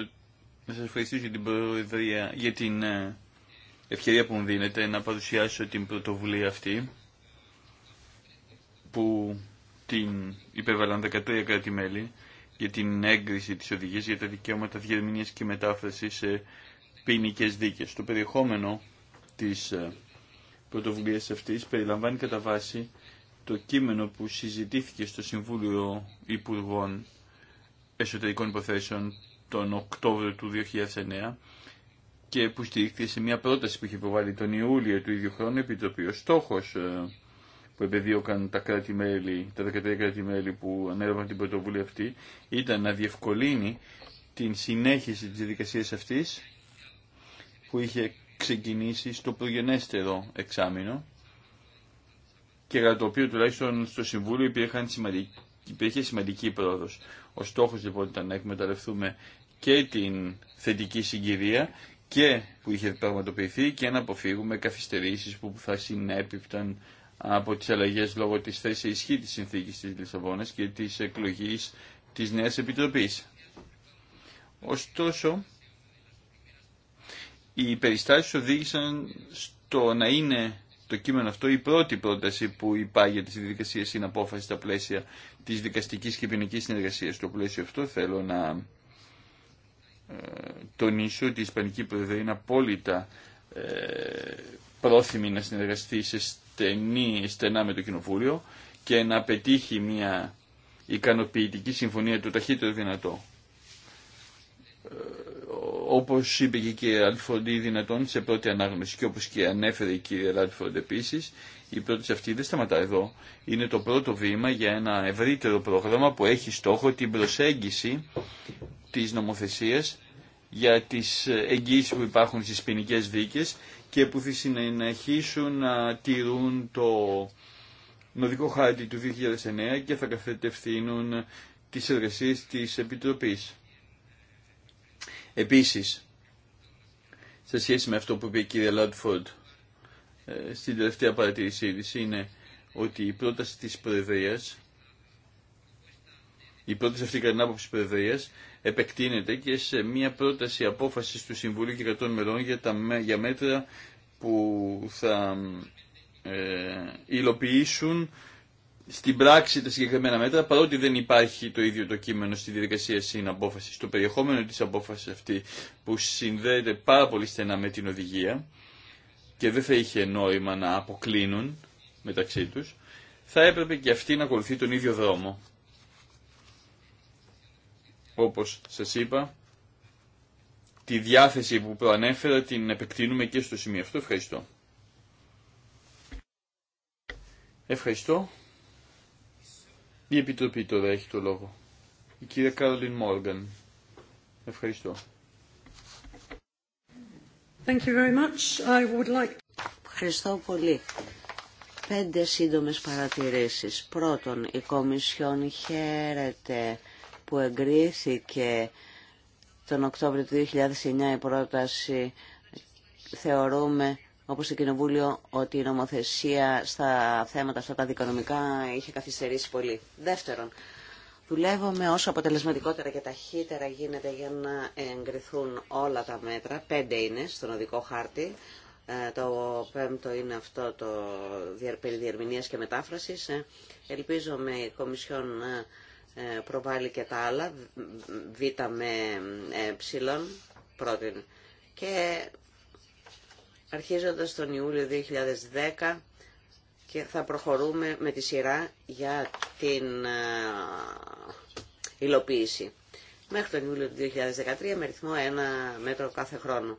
να ευχαριστήσω για την Προεδρία, για την ε, ευκαιρία που μου δίνεται να παρουσιάσω την πρωτοβουλία αυτή που την υπέβαλαν 13 κράτη-μέλη για την έγκριση της οδηγίας για τα δικαιώματα διερμηνίας και μετάφραση σε ποινικέ δίκες. Το περιεχόμενο της ε, πρωτοβουλίας αυτής περιλαμβάνει κατά βάση το κείμενο που συζητήθηκε στο Συμβούλιο Υπουργών Εσωτερικών Υποθέσεων τον Οκτώβριο του 2009 και που στηρίχθηκε σε μια πρόταση που είχε υποβάλει τον Ιούλιο του ίδιου χρόνου η Επιτροπή. Ο στόχο ε, που επεδίωκαν τα κράτη-μέλη, τα 13 κράτη-μέλη που ανέλαβαν την πρωτοβουλία αυτή, ήταν να διευκολύνει την συνέχιση της διαδικασίας αυτής που είχε ξεκινήσει στο προγενέστερο εξάμεινο και για το οποίο τουλάχιστον στο Συμβούλιο υπήρχε σημαντική πρόοδος. Ο στόχος λοιπόν ήταν να εκμεταλλευτούμε και την θετική συγκυρία και που είχε πραγματοποιηθεί και να αποφύγουμε καθυστερήσεις που θα συνέπιπταν από τις αλλαγές λόγω της θέσης ισχύ της συνθήκης της Λισαβόνας και της εκλογής της Νέας Επιτροπής. Ωστόσο, οι περιστάσεις οδήγησαν στο να είναι το κείμενο αυτό η πρώτη πρόταση που υπάγεται στη στην απόφαση στα πλαίσια της δικαστικής και ποινική συνεργασίας. Στο πλαίσιο αυτό θέλω να τονίσω ότι η Ισπανική Προεδρία είναι απόλυτα ε, πρόθυμη να συνεργαστεί σε στενή, στενά με το Κοινοβούλιο και να πετύχει μια ικανοποιητική συμφωνία το ταχύτερο δυνατό. Ε, όπω είπε και η κυρία Άλφοντ, ή δυνατόν σε πρώτη ανάγνωση και όπως και ανέφερε η κυρία αναγνωση και όπω επίσης, η κυρια αλφοντ επίση, η πρώτη αυτη δεν σταματά εδώ. Είναι το πρώτο βήμα για ένα ευρύτερο πρόγραμμα που έχει στόχο την προσέγγιση τη νομοθεσία για τις εγγύσεις που υπάρχουν στις ποινικέ δίκες και που θα συνεχίσουν να τηρούν το νοδικό χάρτη του 2009 και θα καθετευθύνουν τις εργασίες της Επιτροπής. Επίσης, σε σχέση με αυτό που είπε η κυρία Λάντφορντ ε, στην τελευταία παρατήρησή της είναι ότι η πρόταση της Προεδρίας η πρόταση αυτή κατά την άποψη της Προεδρίας επεκτείνεται και σε μια πρόταση απόφαση του Συμβουλίου και 100 Μερών για, τα, για μέτρα που θα ε, υλοποιήσουν στην πράξη τα συγκεκριμένα μέτρα, παρότι δεν υπάρχει το ίδιο το κείμενο στη διαδικασία συναπόφαση. Το περιεχόμενο της απόφασης αυτή που συνδέεται πάρα πολύ στενά με την οδηγία και δεν θα είχε νόημα να αποκλίνουν μεταξύ του, θα έπρεπε και αυτή να ακολουθεί τον ίδιο δρόμο όπως σας είπα, τη διάθεση που προανέφερα την επεκτείνουμε και στο σημείο αυτό. Ευχαριστώ. Ευχαριστώ. Η Επιτροπή τώρα έχει το λόγο. Η κυρία Κάρολιν Μόργαν. Ευχαριστώ. Thank you very much. I would like... Ευχαριστώ πολύ. Πέντε σύντομες παρατηρήσεις. Πρώτον, η Κομισιόν χαίρεται που εγκρίθηκε τον Οκτώβριο του 2009 η πρόταση θεωρούμε όπως το Κοινοβούλιο ότι η νομοθεσία στα θέματα αυτά τα δικονομικά είχε καθυστερήσει πολύ. Δεύτερον, δουλεύουμε όσο αποτελεσματικότερα και ταχύτερα γίνεται για να εγκριθούν όλα τα μέτρα. Πέντε είναι στον οδικό χάρτη. Ε, το πέμπτο είναι αυτό το περί και μετάφρασης. Ε, ελπίζομαι η Κομισιόν ε, ε, προβάλλει και τα άλλα, β με ε, πρώτην. Και αρχίζοντας τον Ιούλιο 2010 και θα προχωρούμε με τη σειρά για την ε, υλοποίηση. Μέχρι τον Ιούλιο 2013 με ρυθμό ένα μέτρο κάθε χρόνο.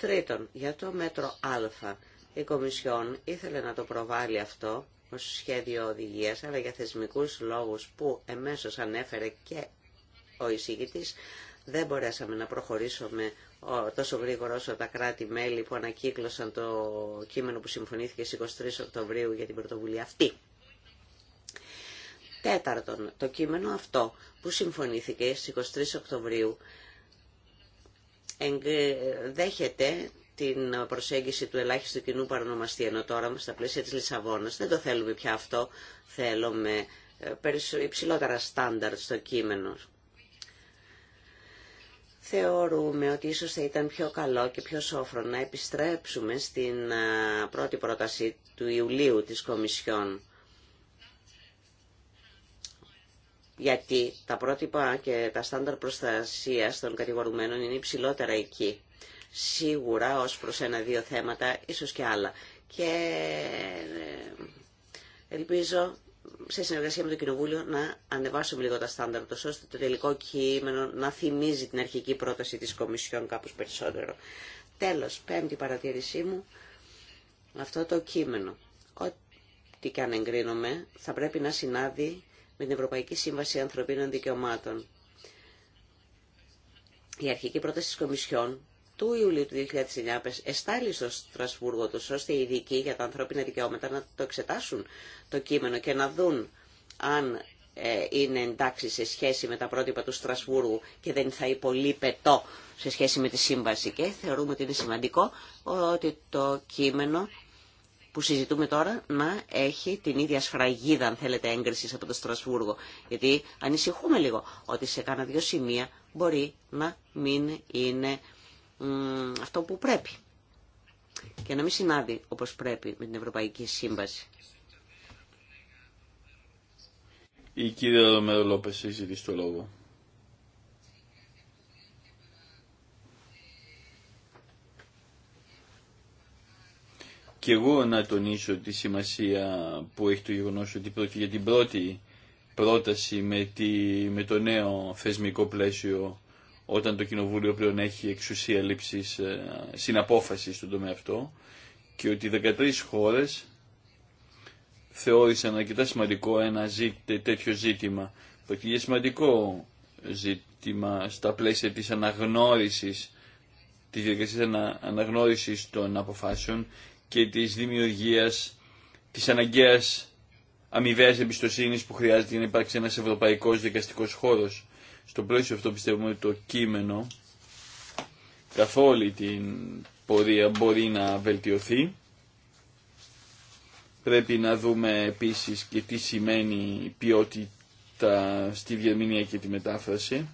Τρίτον, για το μέτρο Α, η Κομισιόν ήθελε να το προβάλλει αυτό ως σχέδιο οδηγίας, αλλά για θεσμικούς λόγους που εμέσως ανέφερε και ο εισηγητής, δεν μπορέσαμε να προχωρήσουμε τόσο γρήγορα όσο τα κράτη-μέλη που ανακύκλωσαν το κείμενο που συμφωνήθηκε στις 23 Οκτωβρίου για την πρωτοβουλία αυτή. Τέταρτον, το κείμενο αυτό που συμφωνήθηκε στις 23 Οκτωβρίου δέχεται την προσέγγιση του ελάχιστου κοινού παρονομαστή, ενώ τώρα στα πλαίσια της Λισαβόνας δεν το θέλουμε πια αυτό, θέλουμε ε, υψηλότερα στάνταρ στο κείμενο. Θεωρούμε ότι ίσως θα ήταν πιο καλό και πιο σόφρο να επιστρέψουμε στην πρώτη πρόταση του Ιουλίου της Κομισιόν. Γιατί τα πρότυπα και τα στάνταρ προστασίας των κατηγορουμένων είναι υψηλότερα εκεί σίγουρα ως προς ένα-δύο θέματα, ίσως και άλλα. Και ε, ελπίζω σε συνεργασία με το Κοινοβούλιο να ανεβάσουμε λίγο τα στάνταρ, ώστε το τελικό κείμενο να θυμίζει την αρχική πρόταση της Κομισιόν κάπως περισσότερο. Τέλος, πέμπτη παρατήρησή μου, αυτό το κείμενο, ό,τι και αν εγκρίνομαι θα πρέπει να συνάδει με την Ευρωπαϊκή Σύμβαση Ανθρωπίνων Δικαιωμάτων. Η αρχική πρόταση της Κομισιόν του Ιουλίου του 2009 εστάλει στο Στρασβούργο του ώστε οι ειδικοί για τα ανθρώπινα δικαιώματα να το εξετάσουν το κείμενο και να δουν αν ε, είναι εντάξει σε σχέση με τα πρότυπα του Στρασβούργου και δεν θα το σε σχέση με τη σύμβαση. Και θεωρούμε ότι είναι σημαντικό ότι το κείμενο που συζητούμε τώρα να έχει την ίδια σφραγίδα, αν θέλετε, έγκριση από το Στρασβούργο. Γιατί ανησυχούμε λίγο ότι σε κάνα δύο σημεία μπορεί να μην είναι αυτό που πρέπει και να μην συνάδει όπως πρέπει με την Ευρωπαϊκή Σύμβαση. Η κυρία Ρωμέρο Λόπες έχει το λόγο. Και εγώ να τονίσω τη σημασία που έχει το γεγονό ότι για την πρώτη πρόταση με, με το νέο θεσμικό πλαίσιο όταν το Κοινοβούλιο πλέον έχει εξουσία λήψης ε, συναπόφασης στον τομέα αυτό και ότι 13 χώρες θεώρησαν αρκετά σημαντικό ένα τέτοιο ζήτημα. Πρόκειται για σημαντικό ζήτημα στα πλαίσια της αναγνώρισης, της ανα, αναγνώρισης των αποφάσεων και της δημιουργία τη αναγκαίας αμοιβαία εμπιστοσύνη που χρειάζεται για να υπάρξει ένα ευρωπαϊκό δικαστικό χώρο. Στο πλαίσιο αυτό πιστεύουμε ότι το κείμενο καθ' όλη την πορεία μπορεί να βελτιωθεί. Πρέπει να δούμε επίσης και τι σημαίνει η ποιότητα στη διαμηνία και τη μετάφραση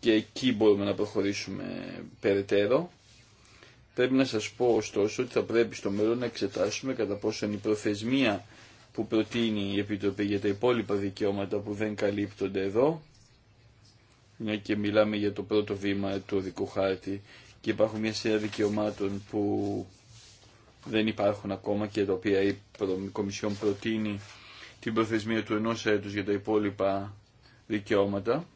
και εκεί μπορούμε να προχωρήσουμε περαιτέρω. Πρέπει να σας πω ωστόσο ότι θα πρέπει στο μέλλον να εξετάσουμε κατά πόσο η προθεσμία που προτείνει η Επιτροπή για τα υπόλοιπα δικαιώματα που δεν καλύπτονται εδώ, μια ναι, και μιλάμε για το πρώτο βήμα του οδικού χάρτη και υπάρχουν μια σειρά δικαιωμάτων που δεν υπάρχουν ακόμα και τα οποία η Κομισιόν προτείνει την προθεσμία του ενός έτους για τα υπόλοιπα δικαιώματα.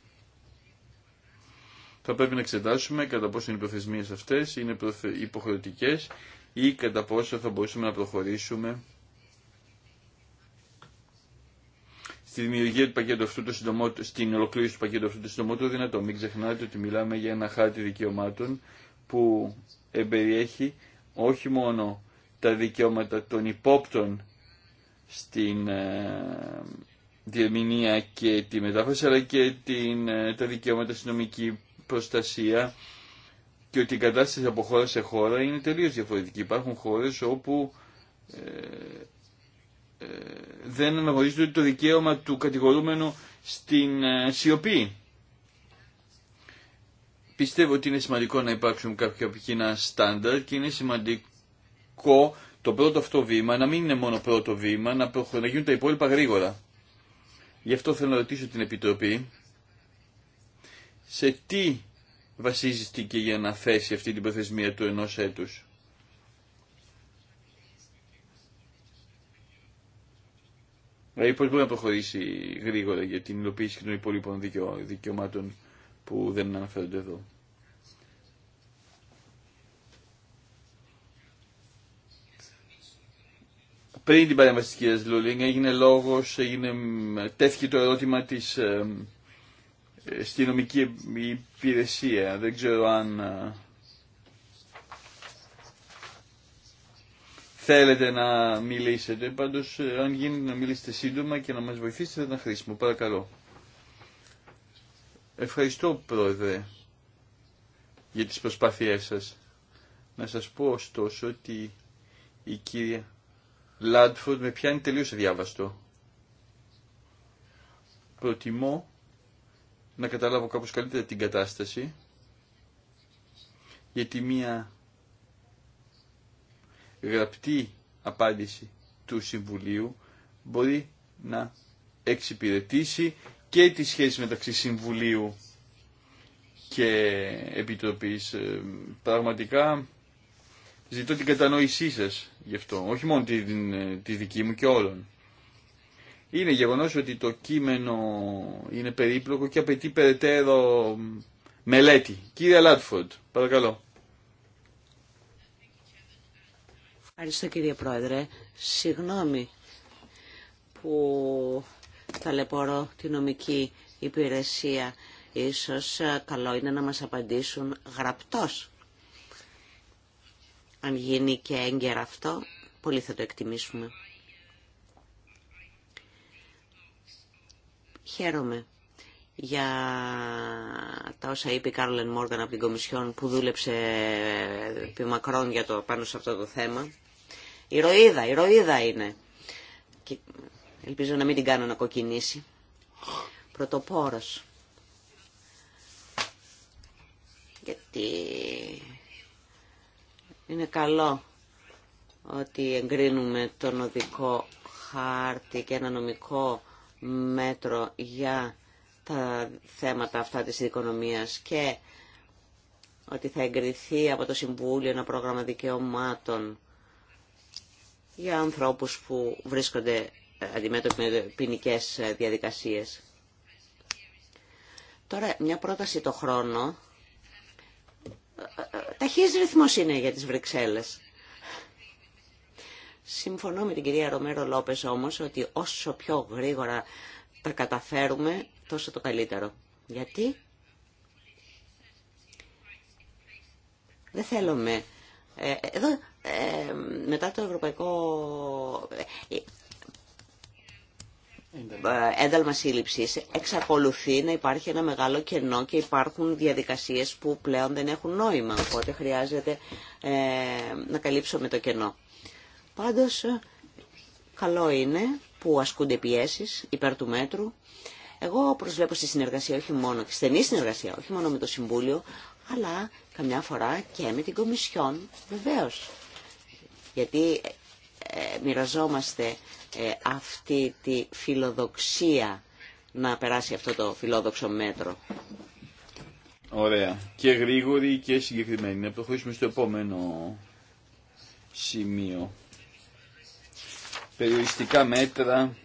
Θα πρέπει να εξετάσουμε κατά πόσο είναι οι προθεσμίες αυτές, είναι υποχρεωτικές ή κατά πόσο θα μπορούσαμε να προχωρήσουμε στη δημιουργία του πακέτου το στην ολοκλήρωση του πακέτου αυτού το συντομότερο δυνατό. Μην ξεχνάτε ότι μιλάμε για ένα χάρτη δικαιωμάτων που εμπεριέχει όχι μόνο τα δικαιώματα των υπόπτων στην ε, διερμηνία και τη μετάφραση, αλλά και την, ε, τα δικαιώματα στην νομική προστασία και ότι η κατάσταση από χώρα σε χώρα είναι τελείως διαφορετική. Υπάρχουν χώρες όπου ε, δεν αναγνωρίζεται το δικαίωμα του κατηγορούμενου στην ε, σιωπή. Πιστεύω ότι είναι σημαντικό να υπάρξουν κάποια κοινά στάνταρ και είναι σημαντικό το πρώτο αυτό βήμα να μην είναι μόνο πρώτο βήμα, να, προχω... τα υπόλοιπα γρήγορα. Γι' αυτό θέλω να ρωτήσω την Επιτροπή σε τι βασίζεται για να θέσει αυτή την προθεσμία του ενός έτους. Δηλαδή πώς μπορεί να προχωρήσει γρήγορα για την υλοποίηση των υπόλοιπων δικαιω, δικαιωμάτων που δεν αναφέρονται εδώ. Πριν την παρέμβαση τη κυρία Λούλινγκ έγινε λόγος, έγινε, τέθηκε το ερώτημα της ε, ε, στη νομική υπηρεσία. Δεν ξέρω αν ε, θέλετε να μιλήσετε. Πάντως, αν γίνει να μιλήσετε σύντομα και να μας βοηθήσετε, θα ήταν χρήσιμο. Παρακαλώ. Ευχαριστώ, Πρόεδρε, για τις προσπάθειές σας. Να σας πω, ωστόσο, ότι η κυρία Λάντφορντ με πιάνει τελείως διάβαστο. Προτιμώ να καταλάβω κάπως καλύτερα την κατάσταση, γιατί μία γραπτή απάντηση του Συμβουλίου μπορεί να εξυπηρετήσει και τη σχέση μεταξύ Συμβουλίου και Επιτροπής. Ε, πραγματικά ζητώ την κατανόησή σας γι' αυτό, όχι μόνο τη, ε, τη δική μου και όλων. Είναι γεγονός ότι το κείμενο είναι περίπλοκο και απαιτεί περαιτέρω μελέτη. Κύριε Λάτφορντ, παρακαλώ. Ευχαριστώ κύριε Πρόεδρε. Συγγνώμη που ταλαιπωρώ την νομική υπηρεσία. Ίσως ε, καλό είναι να μας απαντήσουν γραπτός. Αν γίνει και έγκαιρα αυτό, πολύ θα το εκτιμήσουμε. Χαίρομαι για τα όσα είπε η Κάρολεν Μόργαν από την Κομισιόν που δούλεψε επί μακρόν για το, πάνω σε αυτό το θέμα. η ηρωίδα είναι. ελπίζω να μην την κάνω να κοκκινήσει. Πρωτοπόρος. Γιατί είναι καλό ότι εγκρίνουμε τον οδικό χάρτη και ένα νομικό μέτρο για τα θέματα αυτά της οικονομίας και ότι θα εγκριθεί από το Συμβούλιο ένα πρόγραμμα δικαιωμάτων για ανθρώπους που βρίσκονται ε, αντιμέτωποι με ποινικέ ε, διαδικασίες. Τώρα, μια πρόταση το χρόνο. Ε, ταχύς ρυθμός είναι για τις Βρυξέλλες. Συμφωνώ με την κυρία Ρομέρο Λόπες όμως ότι όσο πιο γρήγορα τα καταφέρουμε τόσο το καλύτερο. Γιατί δεν θέλουμε... Ε, εδώ, ε, μετά το ευρωπαϊκό ε, ένταλμα σύλληψη εξακολουθεί να υπάρχει ένα μεγάλο κενό και υπάρχουν διαδικασίες που πλέον δεν έχουν νόημα, οπότε χρειάζεται ε, να καλύψουμε το κενό. Πάντως, καλό είναι που ασκούνται πιέσεις υπέρ του μέτρου. Εγώ προσβλέπω στη συνεργασία, όχι μόνο, στενή συνεργασία, όχι μόνο με το Συμβούλιο, αλλά καμιά φορά και με την Κομισιόν, βεβαίω. Γιατί ε, ε, μοιραζόμαστε ε, αυτή τη φιλοδοξία να περάσει αυτό το φιλόδοξο μέτρο. Ωραία. Και γρήγορη και συγκεκριμένη. Να προχωρήσουμε στο επόμενο σημείο. Περιοριστικά μέτρα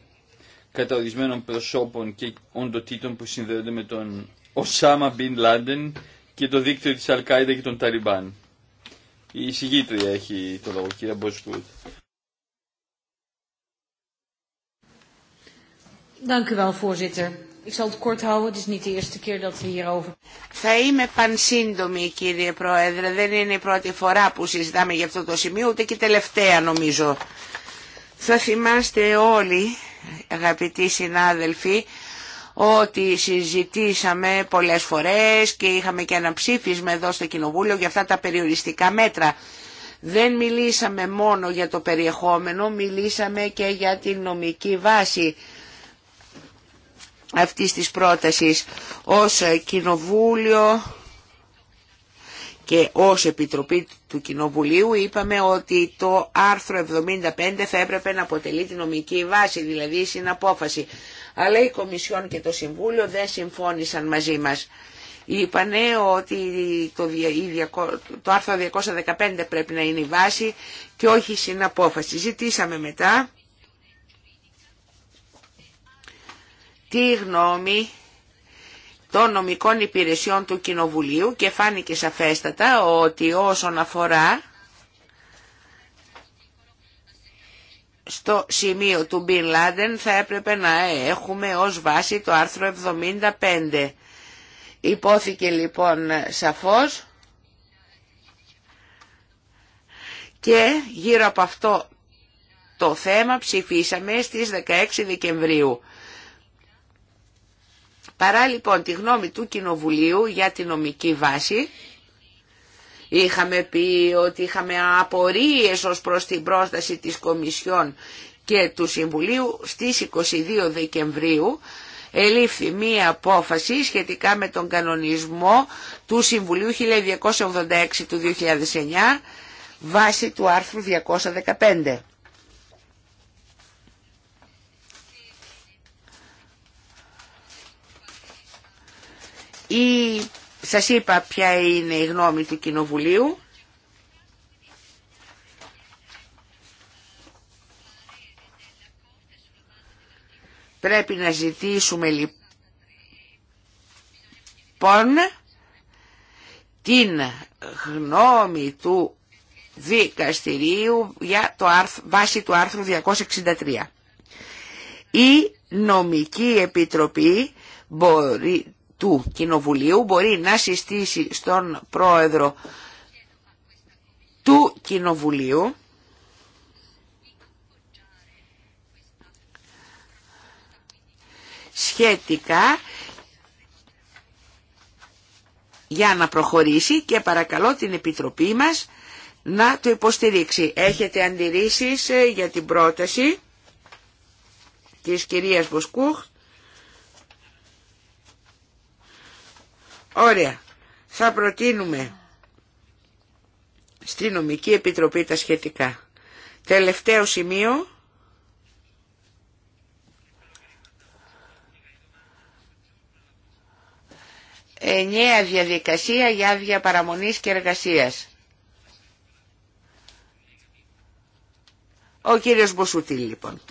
καταορισμένων προσώπων και οντοτήτων που συνδέονται με τον Οσάμα Μπιν Λάντεν και το δίκτυο της Αλκάιδα και των Ταλιμπάν. Η συγγήτρια έχει το λόγο, κύριε Μποσκούτ. Θα είμαι πανσύντομη κύριε Πρόεδρε. Δεν είναι η πρώτη φορά που συζητάμε για αυτό το σημείο, ούτε και τελευταία νομίζω. Θα θυμάστε όλοι αγαπητοί συνάδελφοι, ότι συζητήσαμε πολλές φορές και είχαμε και ένα ψήφισμα εδώ στο Κοινοβούλιο για αυτά τα περιοριστικά μέτρα. Δεν μιλήσαμε μόνο για το περιεχόμενο, μιλήσαμε και για την νομική βάση αυτής της πρότασης ως Κοινοβούλιο και ως Επιτροπή του Κοινοβουλίου είπαμε ότι το άρθρο 75 θα έπρεπε να αποτελεί τη νομική βάση, δηλαδή η συναπόφαση. Αλλά η Κομισιόν και το Συμβούλιο δεν συμφώνησαν μαζί μας. Είπανε ότι το, το άρθρο 215 πρέπει να είναι η βάση και όχι η συναπόφαση. Ζητήσαμε μετά τη γνώμη των νομικών υπηρεσιών του Κοινοβουλίου και φάνηκε σαφέστατα ότι όσον αφορά στο σημείο του Μπιν Λάντεν θα έπρεπε να έχουμε ως βάση το άρθρο 75. Υπόθηκε λοιπόν σαφώς και γύρω από αυτό το θέμα ψηφίσαμε στις 16 Δεκεμβρίου. Παρά λοιπόν τη γνώμη του Κοινοβουλίου για τη νομική βάση, είχαμε πει ότι είχαμε απορίες ως προς την πρόσταση της Κομισιόν και του Συμβουλίου στις 22 Δεκεμβρίου, ελήφθη μία απόφαση σχετικά με τον κανονισμό του Συμβουλίου 1286 του 2009 βάσει του άρθρου 215. Ή, σας είπα ποια είναι η γνώμη του Κοινοβουλίου. Πρέπει να ζητήσουμε λοιπόν την γνώμη του δικαστηρίου για το αρθ βάση του άρθρου 263. Η νομική επιτροπή μπορεί του Κοινοβουλίου μπορεί να συστήσει στον Πρόεδρο του Κοινοβουλίου σχετικά για να προχωρήσει και παρακαλώ την Επιτροπή μας να το υποστηρίξει. Έχετε αντιρρήσεις ε, για την πρόταση της κυρίας Μποσκούχ. Ωραία. Θα προτείνουμε στη νομική επιτροπή τα σχετικά. Τελευταίο σημείο. Ενιαία διαδικασία για άδεια παραμονής και εργασίας. Ο κύριος Μποσουτήλ λοιπόν.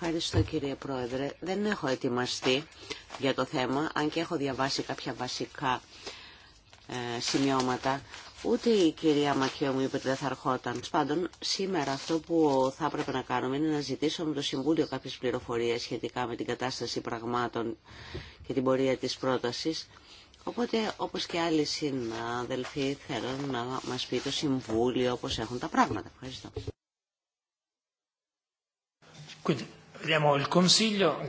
Ευχαριστώ κύριε Πρόεδρε. Δεν έχω ετοιμαστεί για το θέμα, αν και έχω διαβάσει κάποια βασικά ε, σημειώματα. Ούτε η κυρία Μακιό μου είπε ότι δεν θα ερχόταν. Σπάντων, σήμερα αυτό που θα έπρεπε να κάνουμε είναι να ζητήσουμε το Συμβούλιο κάποιε πληροφορίε σχετικά με την κατάσταση πραγμάτων και την πορεία τη πρόταση. Οπότε, όπως και άλλοι συναδελφοί, θέλω να μας πει το Συμβούλιο όπως έχουν τα πράγματα. Ευχαριστώ. Το Συμβούλιο.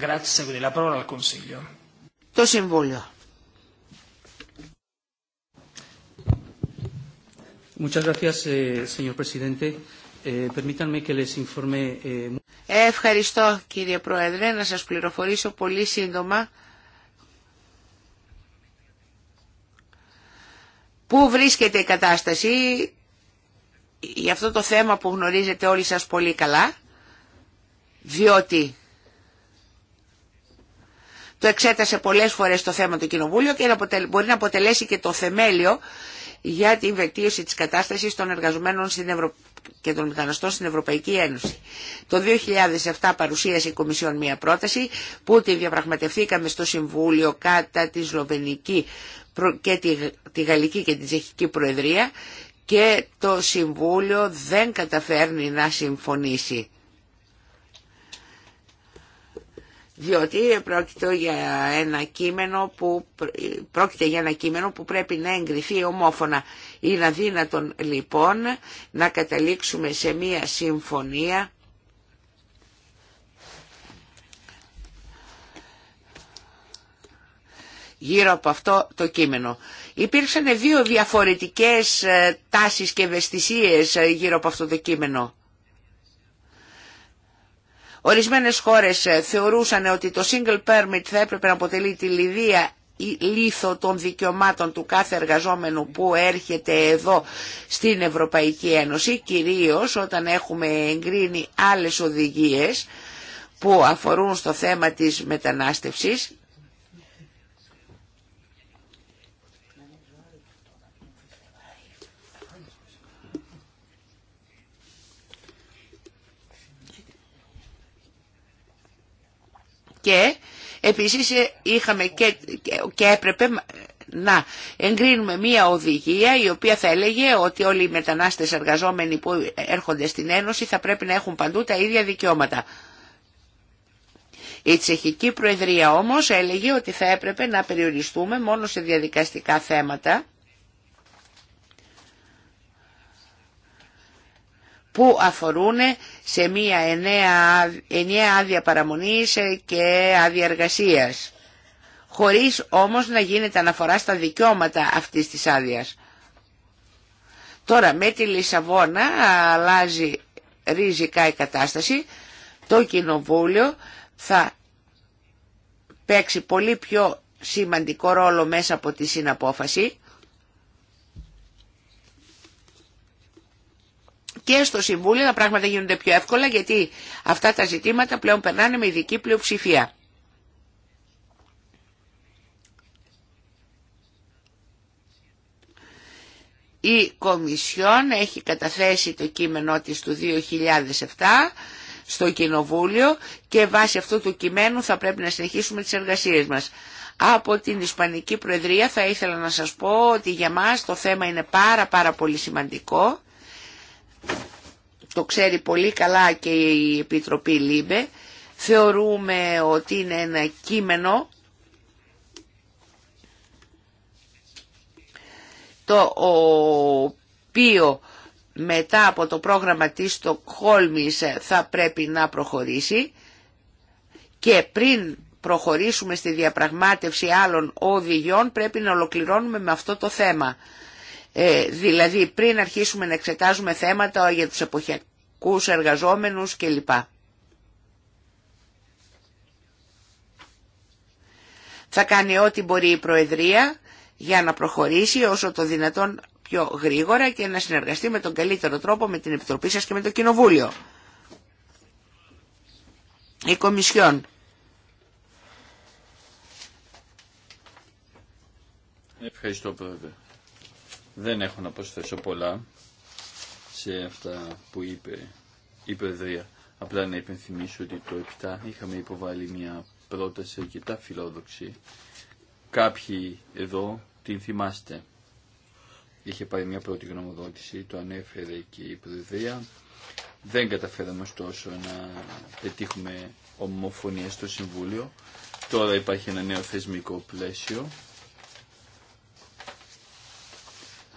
Ευχαριστώ κύριε Πρόεδρε. Να σας πληροφορήσω πολύ σύντομα πού βρίσκεται η κατάσταση για αυτό το θέμα που γνωρίζετε όλοι σας πολύ καλά διότι το εξέτασε πολλές φορές το θέμα του Κοινοβούλιο και μπορεί να αποτελέσει και το θεμέλιο για την βελτίωση της κατάστασης των εργαζομένων στην και των μεταναστών στην Ευρωπαϊκή Ένωση. Το 2007 παρουσίασε η Κομισιόν μία πρόταση που τη διαπραγματευθήκαμε στο Συμβούλιο κατά τη Σλοβενική και τη, Γαλλική και τη Τσεχική Προεδρία και το Συμβούλιο δεν καταφέρνει να συμφωνήσει. διότι πρόκειται για ένα κείμενο που, πρόκειται για ένα κείμενο που πρέπει να εγκριθεί ομόφωνα. Είναι αδύνατον λοιπόν να καταλήξουμε σε μία συμφωνία γύρω από αυτό το κείμενο. Υπήρξαν δύο διαφορετικές ε, τάσεις και ευαισθησίες ε, γύρω από αυτό το κείμενο. Ορισμένες χώρες ε, θεωρούσαν ότι το single permit θα έπρεπε να αποτελεί τη λιδία ή λίθο των δικαιωμάτων του κάθε εργαζόμενου που έρχεται εδώ στην Ευρωπαϊκή Ένωση, κυρίως όταν έχουμε εγκρίνει άλλες οδηγίες που αφορούν στο θέμα της μετανάστευσης και επίσης ε, είχαμε και, και έπρεπε να εγκρίνουμε μία οδηγία η οποία θα έλεγε ότι όλοι οι μετανάστες εργαζόμενοι που έρχονται στην Ένωση θα πρέπει να έχουν παντού τα ίδια δικαιώματα. Η Τσεχική Προεδρία όμως έλεγε ότι θα έπρεπε να περιοριστούμε μόνο σε διαδικαστικά θέματα που αφορούν σε μία ενιαία άδεια παραμονής ε, και άδεια εργασίας, χωρίς όμως να γίνεται αναφορά στα δικαιώματα αυτής της άδειας. Τώρα με τη Λισαβόνα αλλάζει ριζικά η κατάσταση, το Κοινοβούλιο θα παίξει πολύ πιο σημαντικό ρόλο μέσα από τη συναπόφαση και στο Συμβούλιο τα πράγματα γίνονται πιο εύκολα γιατί αυτά τα ζητήματα πλέον περνάνε με ειδική πλειοψηφία. Η Κομισιόν έχει καταθέσει το κείμενό της του 2007 στο Κοινοβούλιο και βάσει αυτού του κειμένου θα πρέπει να συνεχίσουμε τις εργασίες μας. Από την Ισπανική Προεδρία θα ήθελα να σας πω ότι για μας το θέμα είναι πάρα πάρα πολύ σημαντικό το ξέρει πολύ καλά και η Επιτροπή Λίμπε, θεωρούμε ότι είναι ένα κείμενο το οποίο μετά από το πρόγραμμα της Στοκχόλμης θα πρέπει να προχωρήσει και πριν προχωρήσουμε στη διαπραγμάτευση άλλων οδηγιών πρέπει να ολοκληρώνουμε με αυτό το θέμα. Ε, δηλαδή πριν αρχίσουμε να εξετάζουμε θέματα για τους εποχιακούς εργαζόμενους κλπ. Θα κάνει ό,τι μπορεί η Προεδρία για να προχωρήσει όσο το δυνατόν πιο γρήγορα και να συνεργαστεί με τον καλύτερο τρόπο με την Επιτροπή σας και με το Κοινοβούλιο. Η Κομισιόν. Ευχαριστώ Πρόεδρε. Δεν έχω να προσθέσω πολλά σε αυτά που είπε η Προεδρία. Απλά να υπενθυμίσω ότι το 7 είχαμε υποβάλει μια πρόταση αρκετά φιλόδοξη. Κάποιοι εδώ την θυμάστε. Είχε πάρει μια πρώτη γνωμοδότηση, το ανέφερε και η Προεδρία. Δεν καταφέραμε ωστόσο να πετύχουμε ομοφωνία στο Συμβούλιο. Τώρα υπάρχει ένα νέο θεσμικό πλαίσιο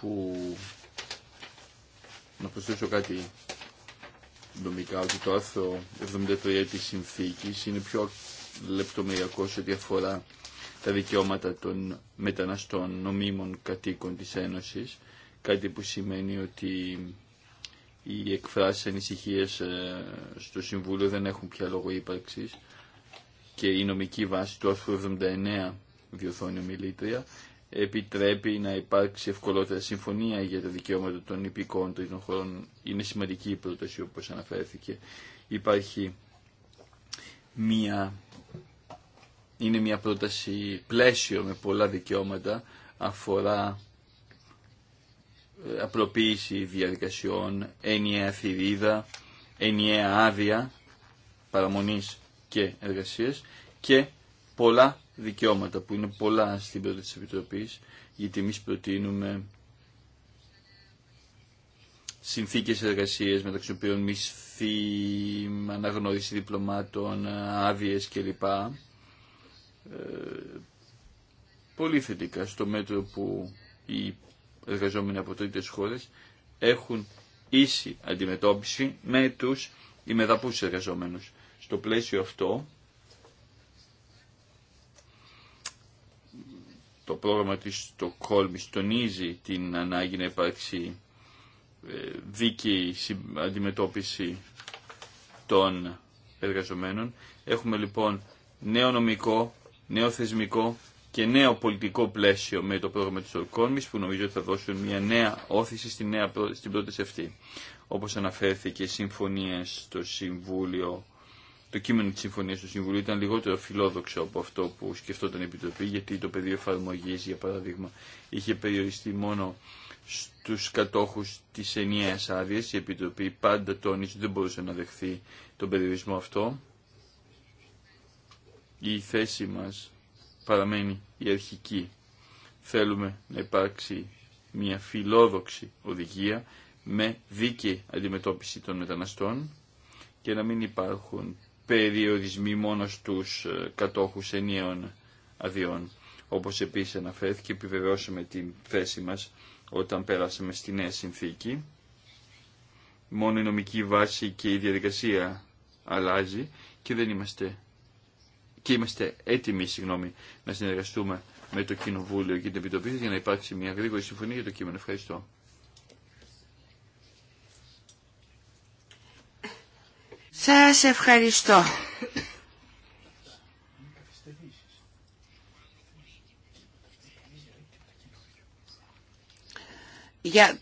που να προσθέσω κάτι νομικά ότι το άρθρο 73 της συνθήκης είναι πιο λεπτομεριακό σε διαφορα αφορά τα δικαιώματα των μεταναστών νομίμων κατοίκων της Ένωσης, κάτι που σημαίνει ότι οι εκφράσεις ανησυχία ε, στο Συμβούλιο δεν έχουν πια λόγο ύπαρξης και η νομική βάση του άρθρου 79 διορθώνει ομιλήτρια, επιτρέπει να υπάρξει ευκολότερα συμφωνία για τα δικαιώματα των υπηκών των χωρών. Είναι σημαντική η πρόταση όπως αναφέρθηκε. Υπάρχει μία, είναι μία πρόταση πλαίσιο με πολλά δικαιώματα αφορά ε, απλοποίηση διαδικασιών, ενιαία θηρίδα, ενιαία άδεια παραμονής και εργασίες και πολλά δικαιώματα που είναι πολλά στην πρώτη της Επιτροπής γιατί εμεί προτείνουμε συνθήκες εργασίας μεταξύ των οποίων μισθή, αναγνώριση διπλωμάτων, άδειε κλπ. Ε, πολύ θετικά στο μέτρο που οι εργαζόμενοι από τρίτες χώρες έχουν ίση αντιμετώπιση με τους ημεδαπούς εργαζόμενους. Στο πλαίσιο αυτό το πρόγραμμα της Στοκόλμης τονίζει την ανάγκη να υπάρξει ε, δίκαιη αντιμετώπιση των εργαζομένων. Έχουμε λοιπόν νέο νομικό, νέο θεσμικό και νέο πολιτικό πλαίσιο με το πρόγραμμα της Στοκόλμης που νομίζω ότι θα δώσουν μια νέα όθηση στην, νέα, στην πρόταση αυτή. Όπως αναφέρθηκε, συμφωνίες στο Συμβούλιο το κείμενο τη Συμφωνία του Συμβουλίου ήταν λιγότερο φιλόδοξο από αυτό που σκεφτόταν η Επιτροπή, γιατί το πεδίο εφαρμογή, για παράδειγμα, είχε περιοριστεί μόνο στου κατόχου τη ενιαίας άδεια. Η Επιτροπή πάντα τόνισε ότι δεν μπορούσε να δεχθεί τον περιορισμό αυτό. Η θέση μα παραμένει η αρχική. Θέλουμε να υπάρξει μια φιλόδοξη οδηγία με δίκαιη αντιμετώπιση των μεταναστών και να μην υπάρχουν περιορισμοί μόνο στους ε, κατόχους ενίων αδειών. Όπως επίσης αναφέρθηκε, επιβεβαιώσαμε την θέση μας όταν πέρασαμε στη νέα συνθήκη. Μόνο η νομική βάση και η διαδικασία αλλάζει και δεν είμαστε και είμαστε έτοιμοι συγγνώμη, να συνεργαστούμε με το Κοινοβούλιο και την Επιτροπή για να υπάρξει μια γρήγορη συμφωνία για το κείμενο. Ευχαριστώ. Σας ευχαριστώ. για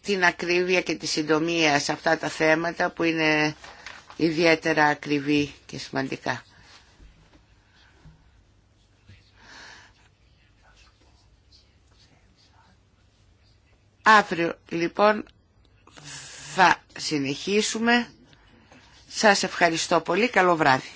την ακρίβεια και τη συντομία σε αυτά τα θέματα που είναι ιδιαίτερα ακριβή και σημαντικά. Αύριο λοιπόν θα συνεχίσουμε. Σας ευχαριστώ πολύ. Καλό βράδυ.